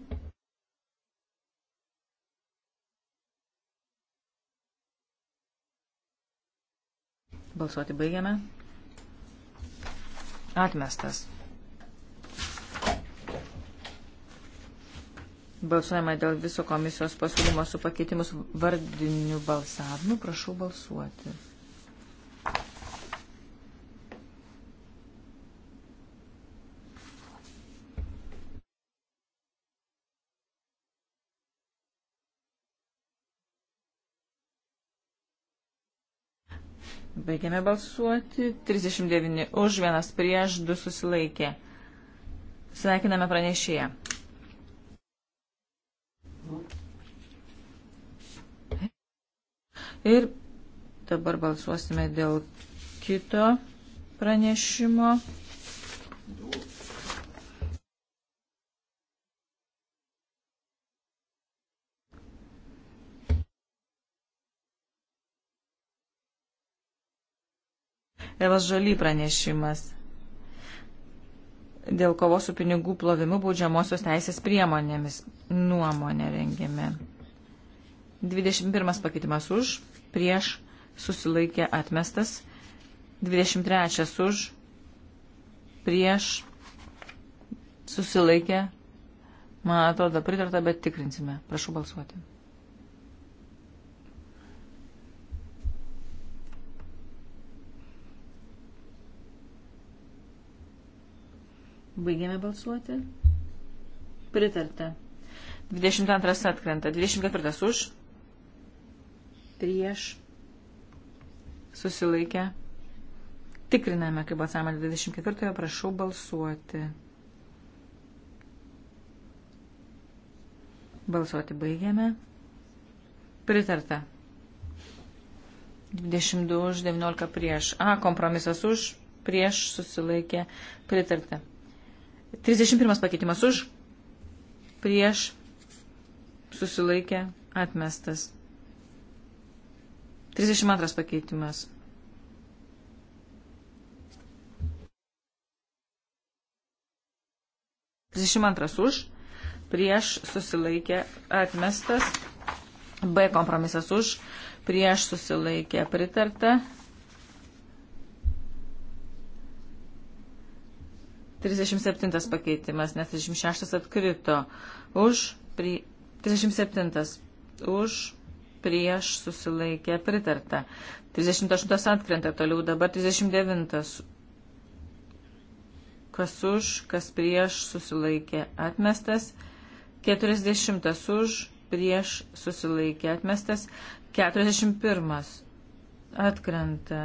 Balsuoti baigiame. Atmestas. Balsuojama dėl viso komisijos pasiūlymo su pakeitimus vardiniu balsavimu. Prašau balsuoti. Baigiame balsuoti. 39 už, vienas prieš, du susilaikė. Sveikiname pranešėją. Ir dabar balsuosime dėl kito pranešimo. Evas Žaly pranešimas dėl kovos su pinigų plovimu baudžiamosios teisės priemonėmis. Nuomonė rengėme. 21 pakeitimas už, prieš, susilaikė atmestas. 23 už, prieš, susilaikė. Man atrodo, pritarta, bet tikrinsime. Prašau balsuoti. Baigėme balsuoti. Pritarta. 22 atkrenta. 24 už. Prieš. Susilaikę. Tikriname, kaip balsavimą 24-ojo, prašau balsuoti. Balsuoti baigėme. Pritarta. 22 už 19 prieš. A, kompromisas už, prieš susilaikė pritarta. 31 pakeitimas už, prieš, susilaikė, atmestas. 32 pakeitimas. Trisdešimt antras už, prieš susilaikė atmestas, B kompromisas už, prieš susilaikė pritarta, 37 pakeitimas, nes 36 atkrito. Už, pri, 37 už, prieš susilaikė pritarta. 38 atkrenta toliau, dabar 39. Kas už, kas prieš susilaikė atmestas. 40 už, prieš susilaikė atmestas. 41 atkrenta.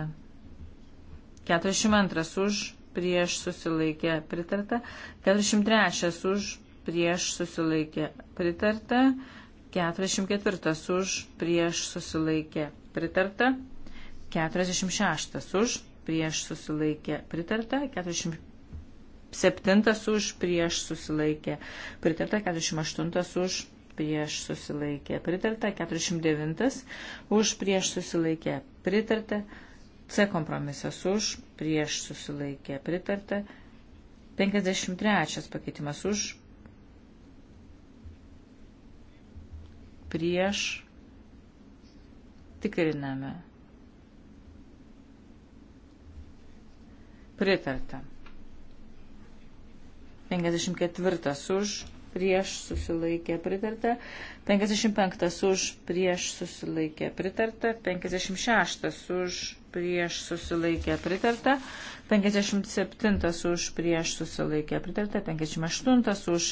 42 už, prieš susilaikė pritarta, 43 už prieš susilaikė pritarta, 44 už prieš susilaikė pritarta, 46 už prieš susilaikė pritarta, 47 už prieš susilaikė pritarta, 48 už prieš susilaikė pritarta, 49 už prieš susilaikė pritarta. C kompromisas už, prieš susilaikė pritarta. 53 pakeitimas už, prieš tikriname. Pritarta. 54 už, prieš susilaikė pritarta, 55 už, prieš susilaikė pritarta, 56 už, prieš susilaikę pritarta, 57 už prieš susilaikę pritarta, 58 už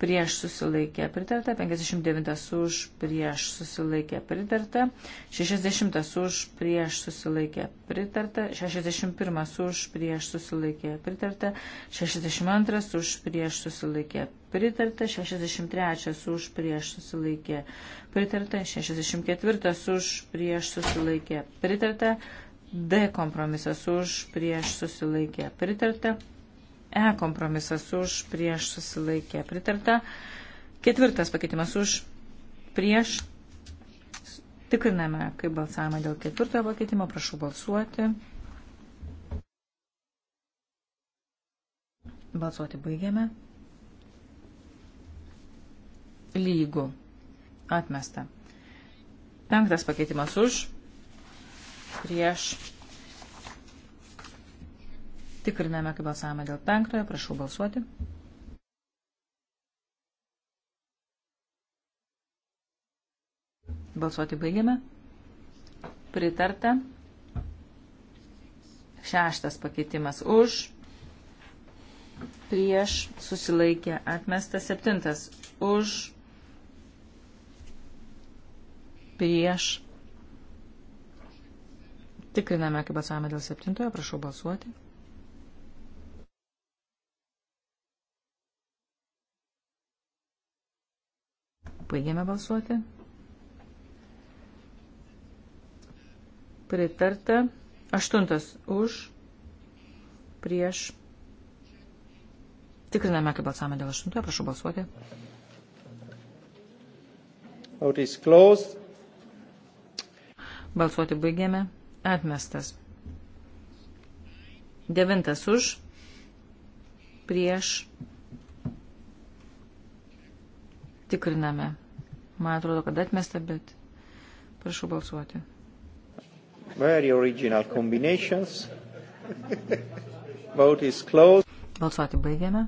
prieš susilaikę pritarta, 59 už prieš susilaikę pritarta, 60 už prieš susilaikę pritarta, 61 už prieš susilaikę pritarta, 62 už prieš susilaikę pritarta, 63 už prieš susilaikę pritarta, 64 už prieš susilaikę pritarta, D kompromisas už prieš susilaikę pritarta. E kompromisas už prieš susilaikę pritarta. Ketvirtas pakeitimas už prieš. Tikriname, kaip balsavimą dėl ketvirtojo pakeitimo. Prašau balsuoti. Balsuoti baigiame. Lygų. Atmesta. Penktas pakeitimas už prieš. Tikriname, kaip balsavome dėl penktojo. Prašau balsuoti. Balsuoti baigiame. Pritarta. Šeštas pakeitimas už. Prieš susilaikė atmestas septintas už. Prieš Tikriname, kaip balsavome dėl septintojo, prašau balsuoti. Baigėme balsuoti. Pritarta. Aštuntas už. Prieš. Tikriname, kaip balsavome dėl aštuntojo. Prašau balsuoti. Balsuoti baigėme. Atmestas. Devintas už. Prieš. Tikriname. Man atrodo, kad atmesta, bet prašau balsuoti. Very original combinations. Vote is closed. Balsuoti baigėme.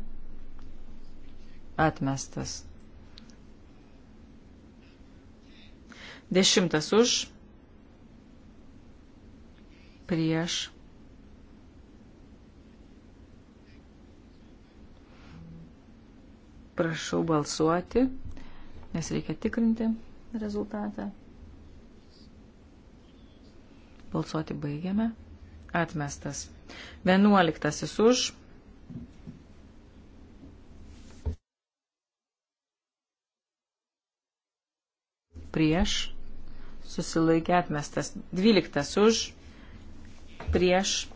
Atmestas. Dešimtas už prieš prašau balsuoti, nes reikia tikrinti rezultatą. Balsuoti baigiame. Atmestas. Vienuoliktasis už. Prieš. Susilaikė atmestas. Dvyliktas už prieš.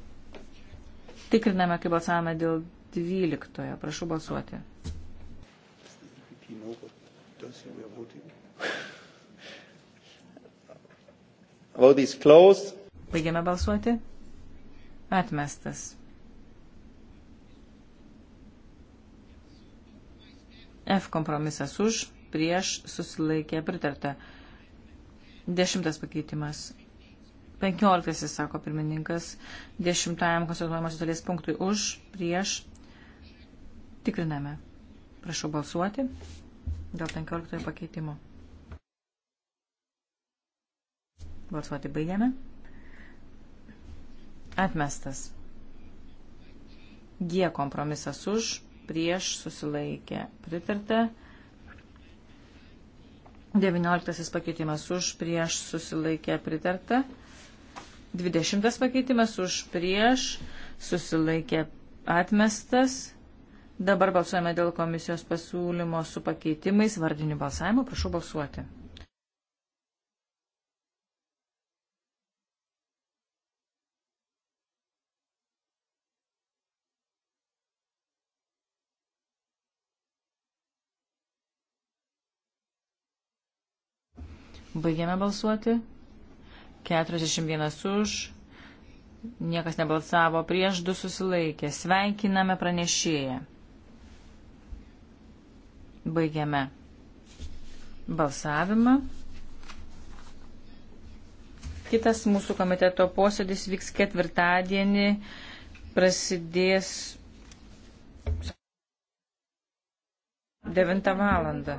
Tikriname, kaip balsavome dėl 12. Prašau balsuoti. Baigiame balsuoti. Atmestas. F kompromisas už, prieš, susilaikė, pritarta. Dešimtas pakeitimas 15, sako pirmininkas, 10 konsultuojamosios dalies punktui už, prieš. Tikriname. Prašau balsuoti dėl 15 pakeitimo. Balsuoti baigiame. Atmestas. G kompromisas už, prieš susilaikė pritarta. 19 pakeitimas už, prieš susilaikė pritarta. 20 pakeitimas už prieš susilaikė atmestas. Dabar balsuojame dėl komisijos pasiūlymo su pakeitimais vardiniu balsavimu. Prašau balsuoti. Baigiame balsuoti. 41 už, niekas nebalsavo, prieš du susilaikė. Sveikiname pranešėją. Baigiame balsavimą. Kitas mūsų komiteto posėdis vyks ketvirtadienį, prasidės 9 valandą.